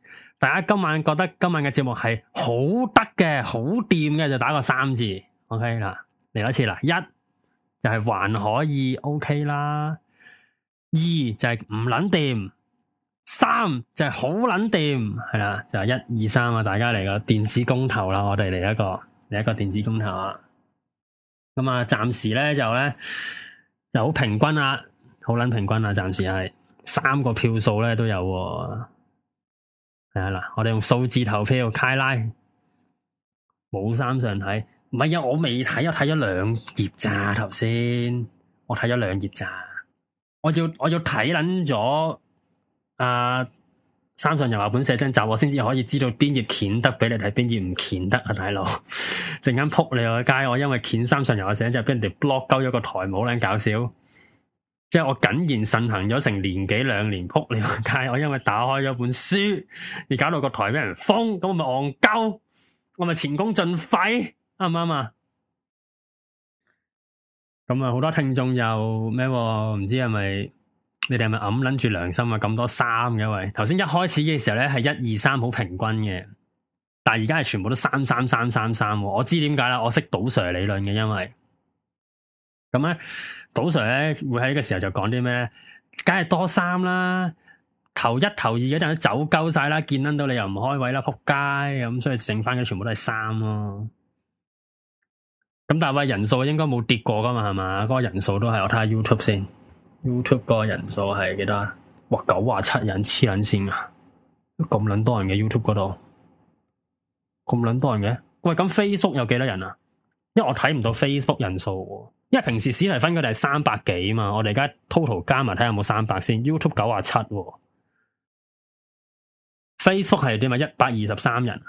大家今晚覺得今晚嘅節目係好得嘅，好掂嘅，就打個三字，OK 啦。嚟多次啦，一就係、是、還可以，OK 啦；二就係唔捻掂；三就係好捻掂，係啦，就係、是、一二三啊！大家嚟個，個，個電子公投啦，我哋嚟一個嚟一個電子公投啊！咁啊，暫時咧就咧就好平均啊，好捻平均啊，暫時係三個票數咧都有、啊。係啦、啊，我哋用數字投票。凱拉冇三上睇，唔係啊，我未睇啊，睇咗兩頁咋頭先，我睇咗兩頁咋，我要我要睇撚咗啊，三上悠亞本寫真集，我先至可以知道邊頁剪得，畀你睇邊頁唔剪得啊，大佬！陣 間扑你去街，我因為剪三上悠亞本寫真集，畀人哋 block 鳩咗個台冇，卵搞笑。即係我謹言慎行咗成年幾兩年扑你個街，我因為打開咗本書而搞到個台俾人封，咁我咪戇鳩，我咪前功盡廢，啱唔啱啊？咁、嗯、啊，好多聽眾又咩喎？唔知係咪你哋係咪揞捻住良心啊？咁多三嘅喂，頭先一開始嘅時候咧係一二三好平均嘅，但係而家係全部都三三三三三。我知點解啦，我識賭 Sir 理論嘅，因為。咁咧，賭 Sir 咧會喺呢個時候就講啲咩咧？梗係多三啦，頭一頭二嗰陣走鳩晒啦，見捻到你又唔開位啦，扑街咁，所以剩翻嘅全部都係三咯。咁但係人數應該冇跌過噶嘛？係嘛？嗰、嗰個人數都係我睇下 you YouTube 先，YouTube 嗰個人數係幾多？哇，九或七人黐捻線啊！咁捻多人嘅 YouTube 嗰度，咁捻多人嘅？喂，咁 Facebook 有幾多人啊？因為我睇唔到 Facebook 人數、啊。因為平時史尼芬佢哋係三百幾嘛，我哋而家 total 加埋睇下有冇三百先。YouTube 九啊七，Facebook 係點啊？一百二十三人、啊。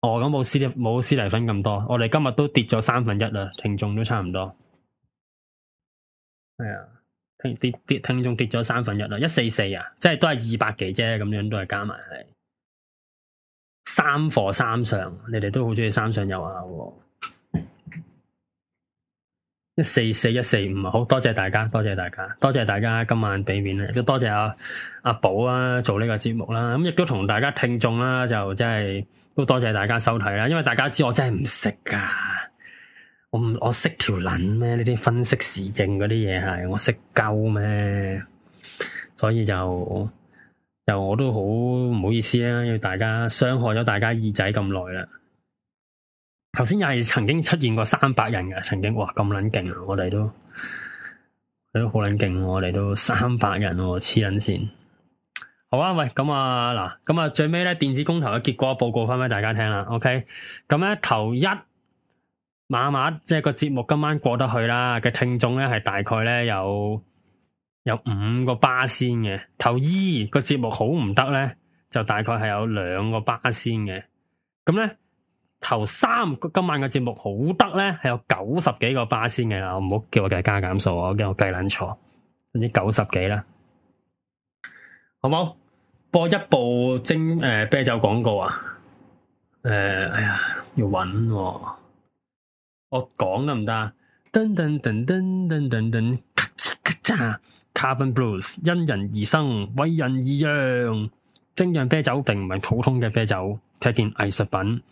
哦，咁冇史尼冇斯尼芬咁多。我哋今日都跌咗三分一啦，聽眾都差唔多。係、哎、啊，聽，聽，聽眾跌跌聽眾跌咗三分一啦，一四四啊，即係都係二百幾啫，咁樣都係加埋係三貨三上，你哋都好中意三上有啊，啊。一四四一四五啊，14 4, 14 5, 好多謝大家，多謝大家，多謝大家今晚俾面啦，亦都多謝阿阿寶啊，做呢個節目啦，咁亦都同大家聽眾啦、啊，就真係都多謝大家收睇啦，因為大家知我真係唔識噶，我唔我識條捻咩？呢啲分析時政嗰啲嘢係我識鳩咩？所以就就我都好唔好意思啊，要大家傷害咗大家耳仔咁耐啦。頭先又係曾經出現過三百人嘅，曾經哇咁捻勁啊！我哋都，你都好捻勁，我哋都三百人喎、啊，黐捻線。好啊，喂，咁啊嗱，咁啊最尾咧，電子公投嘅結果報告翻俾大家聽啦。OK，咁咧、啊、頭一，麻麻即係個節目今晚過得去啦。嘅聽眾咧係大概咧有有五個巴仙嘅。頭二個節目好唔得咧，就大概係有兩個巴仙嘅。咁咧。頭三今晚嘅節目好得咧，係有九十幾個巴仙嘅啦，唔好叫我計加減數啊，驚我計捻錯，總之九十幾啦，好，冇播一部精釀啤酒廣告啊？誒，哎呀，要搵我講得唔得？噔噔噔噔噔噔，噔，咔嚓咔嚓，Carbon Blues 因人而生，為人而釀，精釀啤酒並唔係普通嘅啤酒，佢係件藝術品。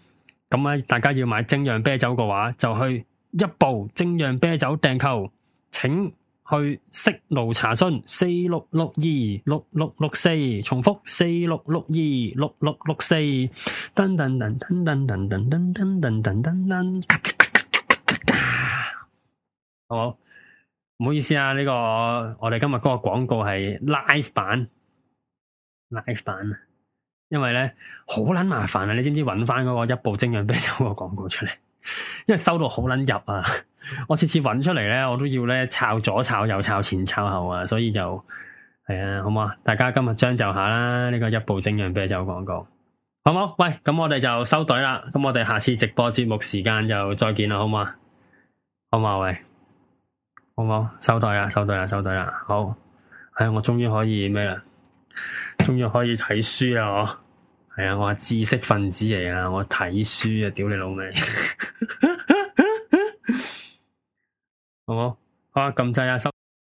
咁啊，大家要買精釀啤酒嘅話，就去一步精釀啤酒訂購，請去息路查詢四六六二六六六四，重複四六六二六六六四。噔噔噔噔噔噔噔噔噔噔噔噔，咔嚓咔嚓好唔好？唔好意思啊，呢個我哋今日嗰個廣告係 live 版，live 版。因為咧好捻麻煩啊！你知唔知搵翻嗰個一部精釀啤酒嘅廣告出嚟？ 因為收到好捻入啊！ 我次次搵出嚟咧，我都要咧抄左抄右抄前抄後啊！所以就係啊，好唔好啊？大家今日將就下啦，呢個一部精釀啤酒廣告，好唔好？喂，咁我哋就收隊啦。咁我哋下次直播節目時間就再見啦，好唔好？好唔好，喂，好唔好？收隊啦，收隊啦，收隊啦。好，唉，我終於可以咩啦？終於可以睇書啦，我。係啊、哎，我係知識分子嚟啊，我睇書啊，屌你老味 好唔好？啊，撳掣啊，收。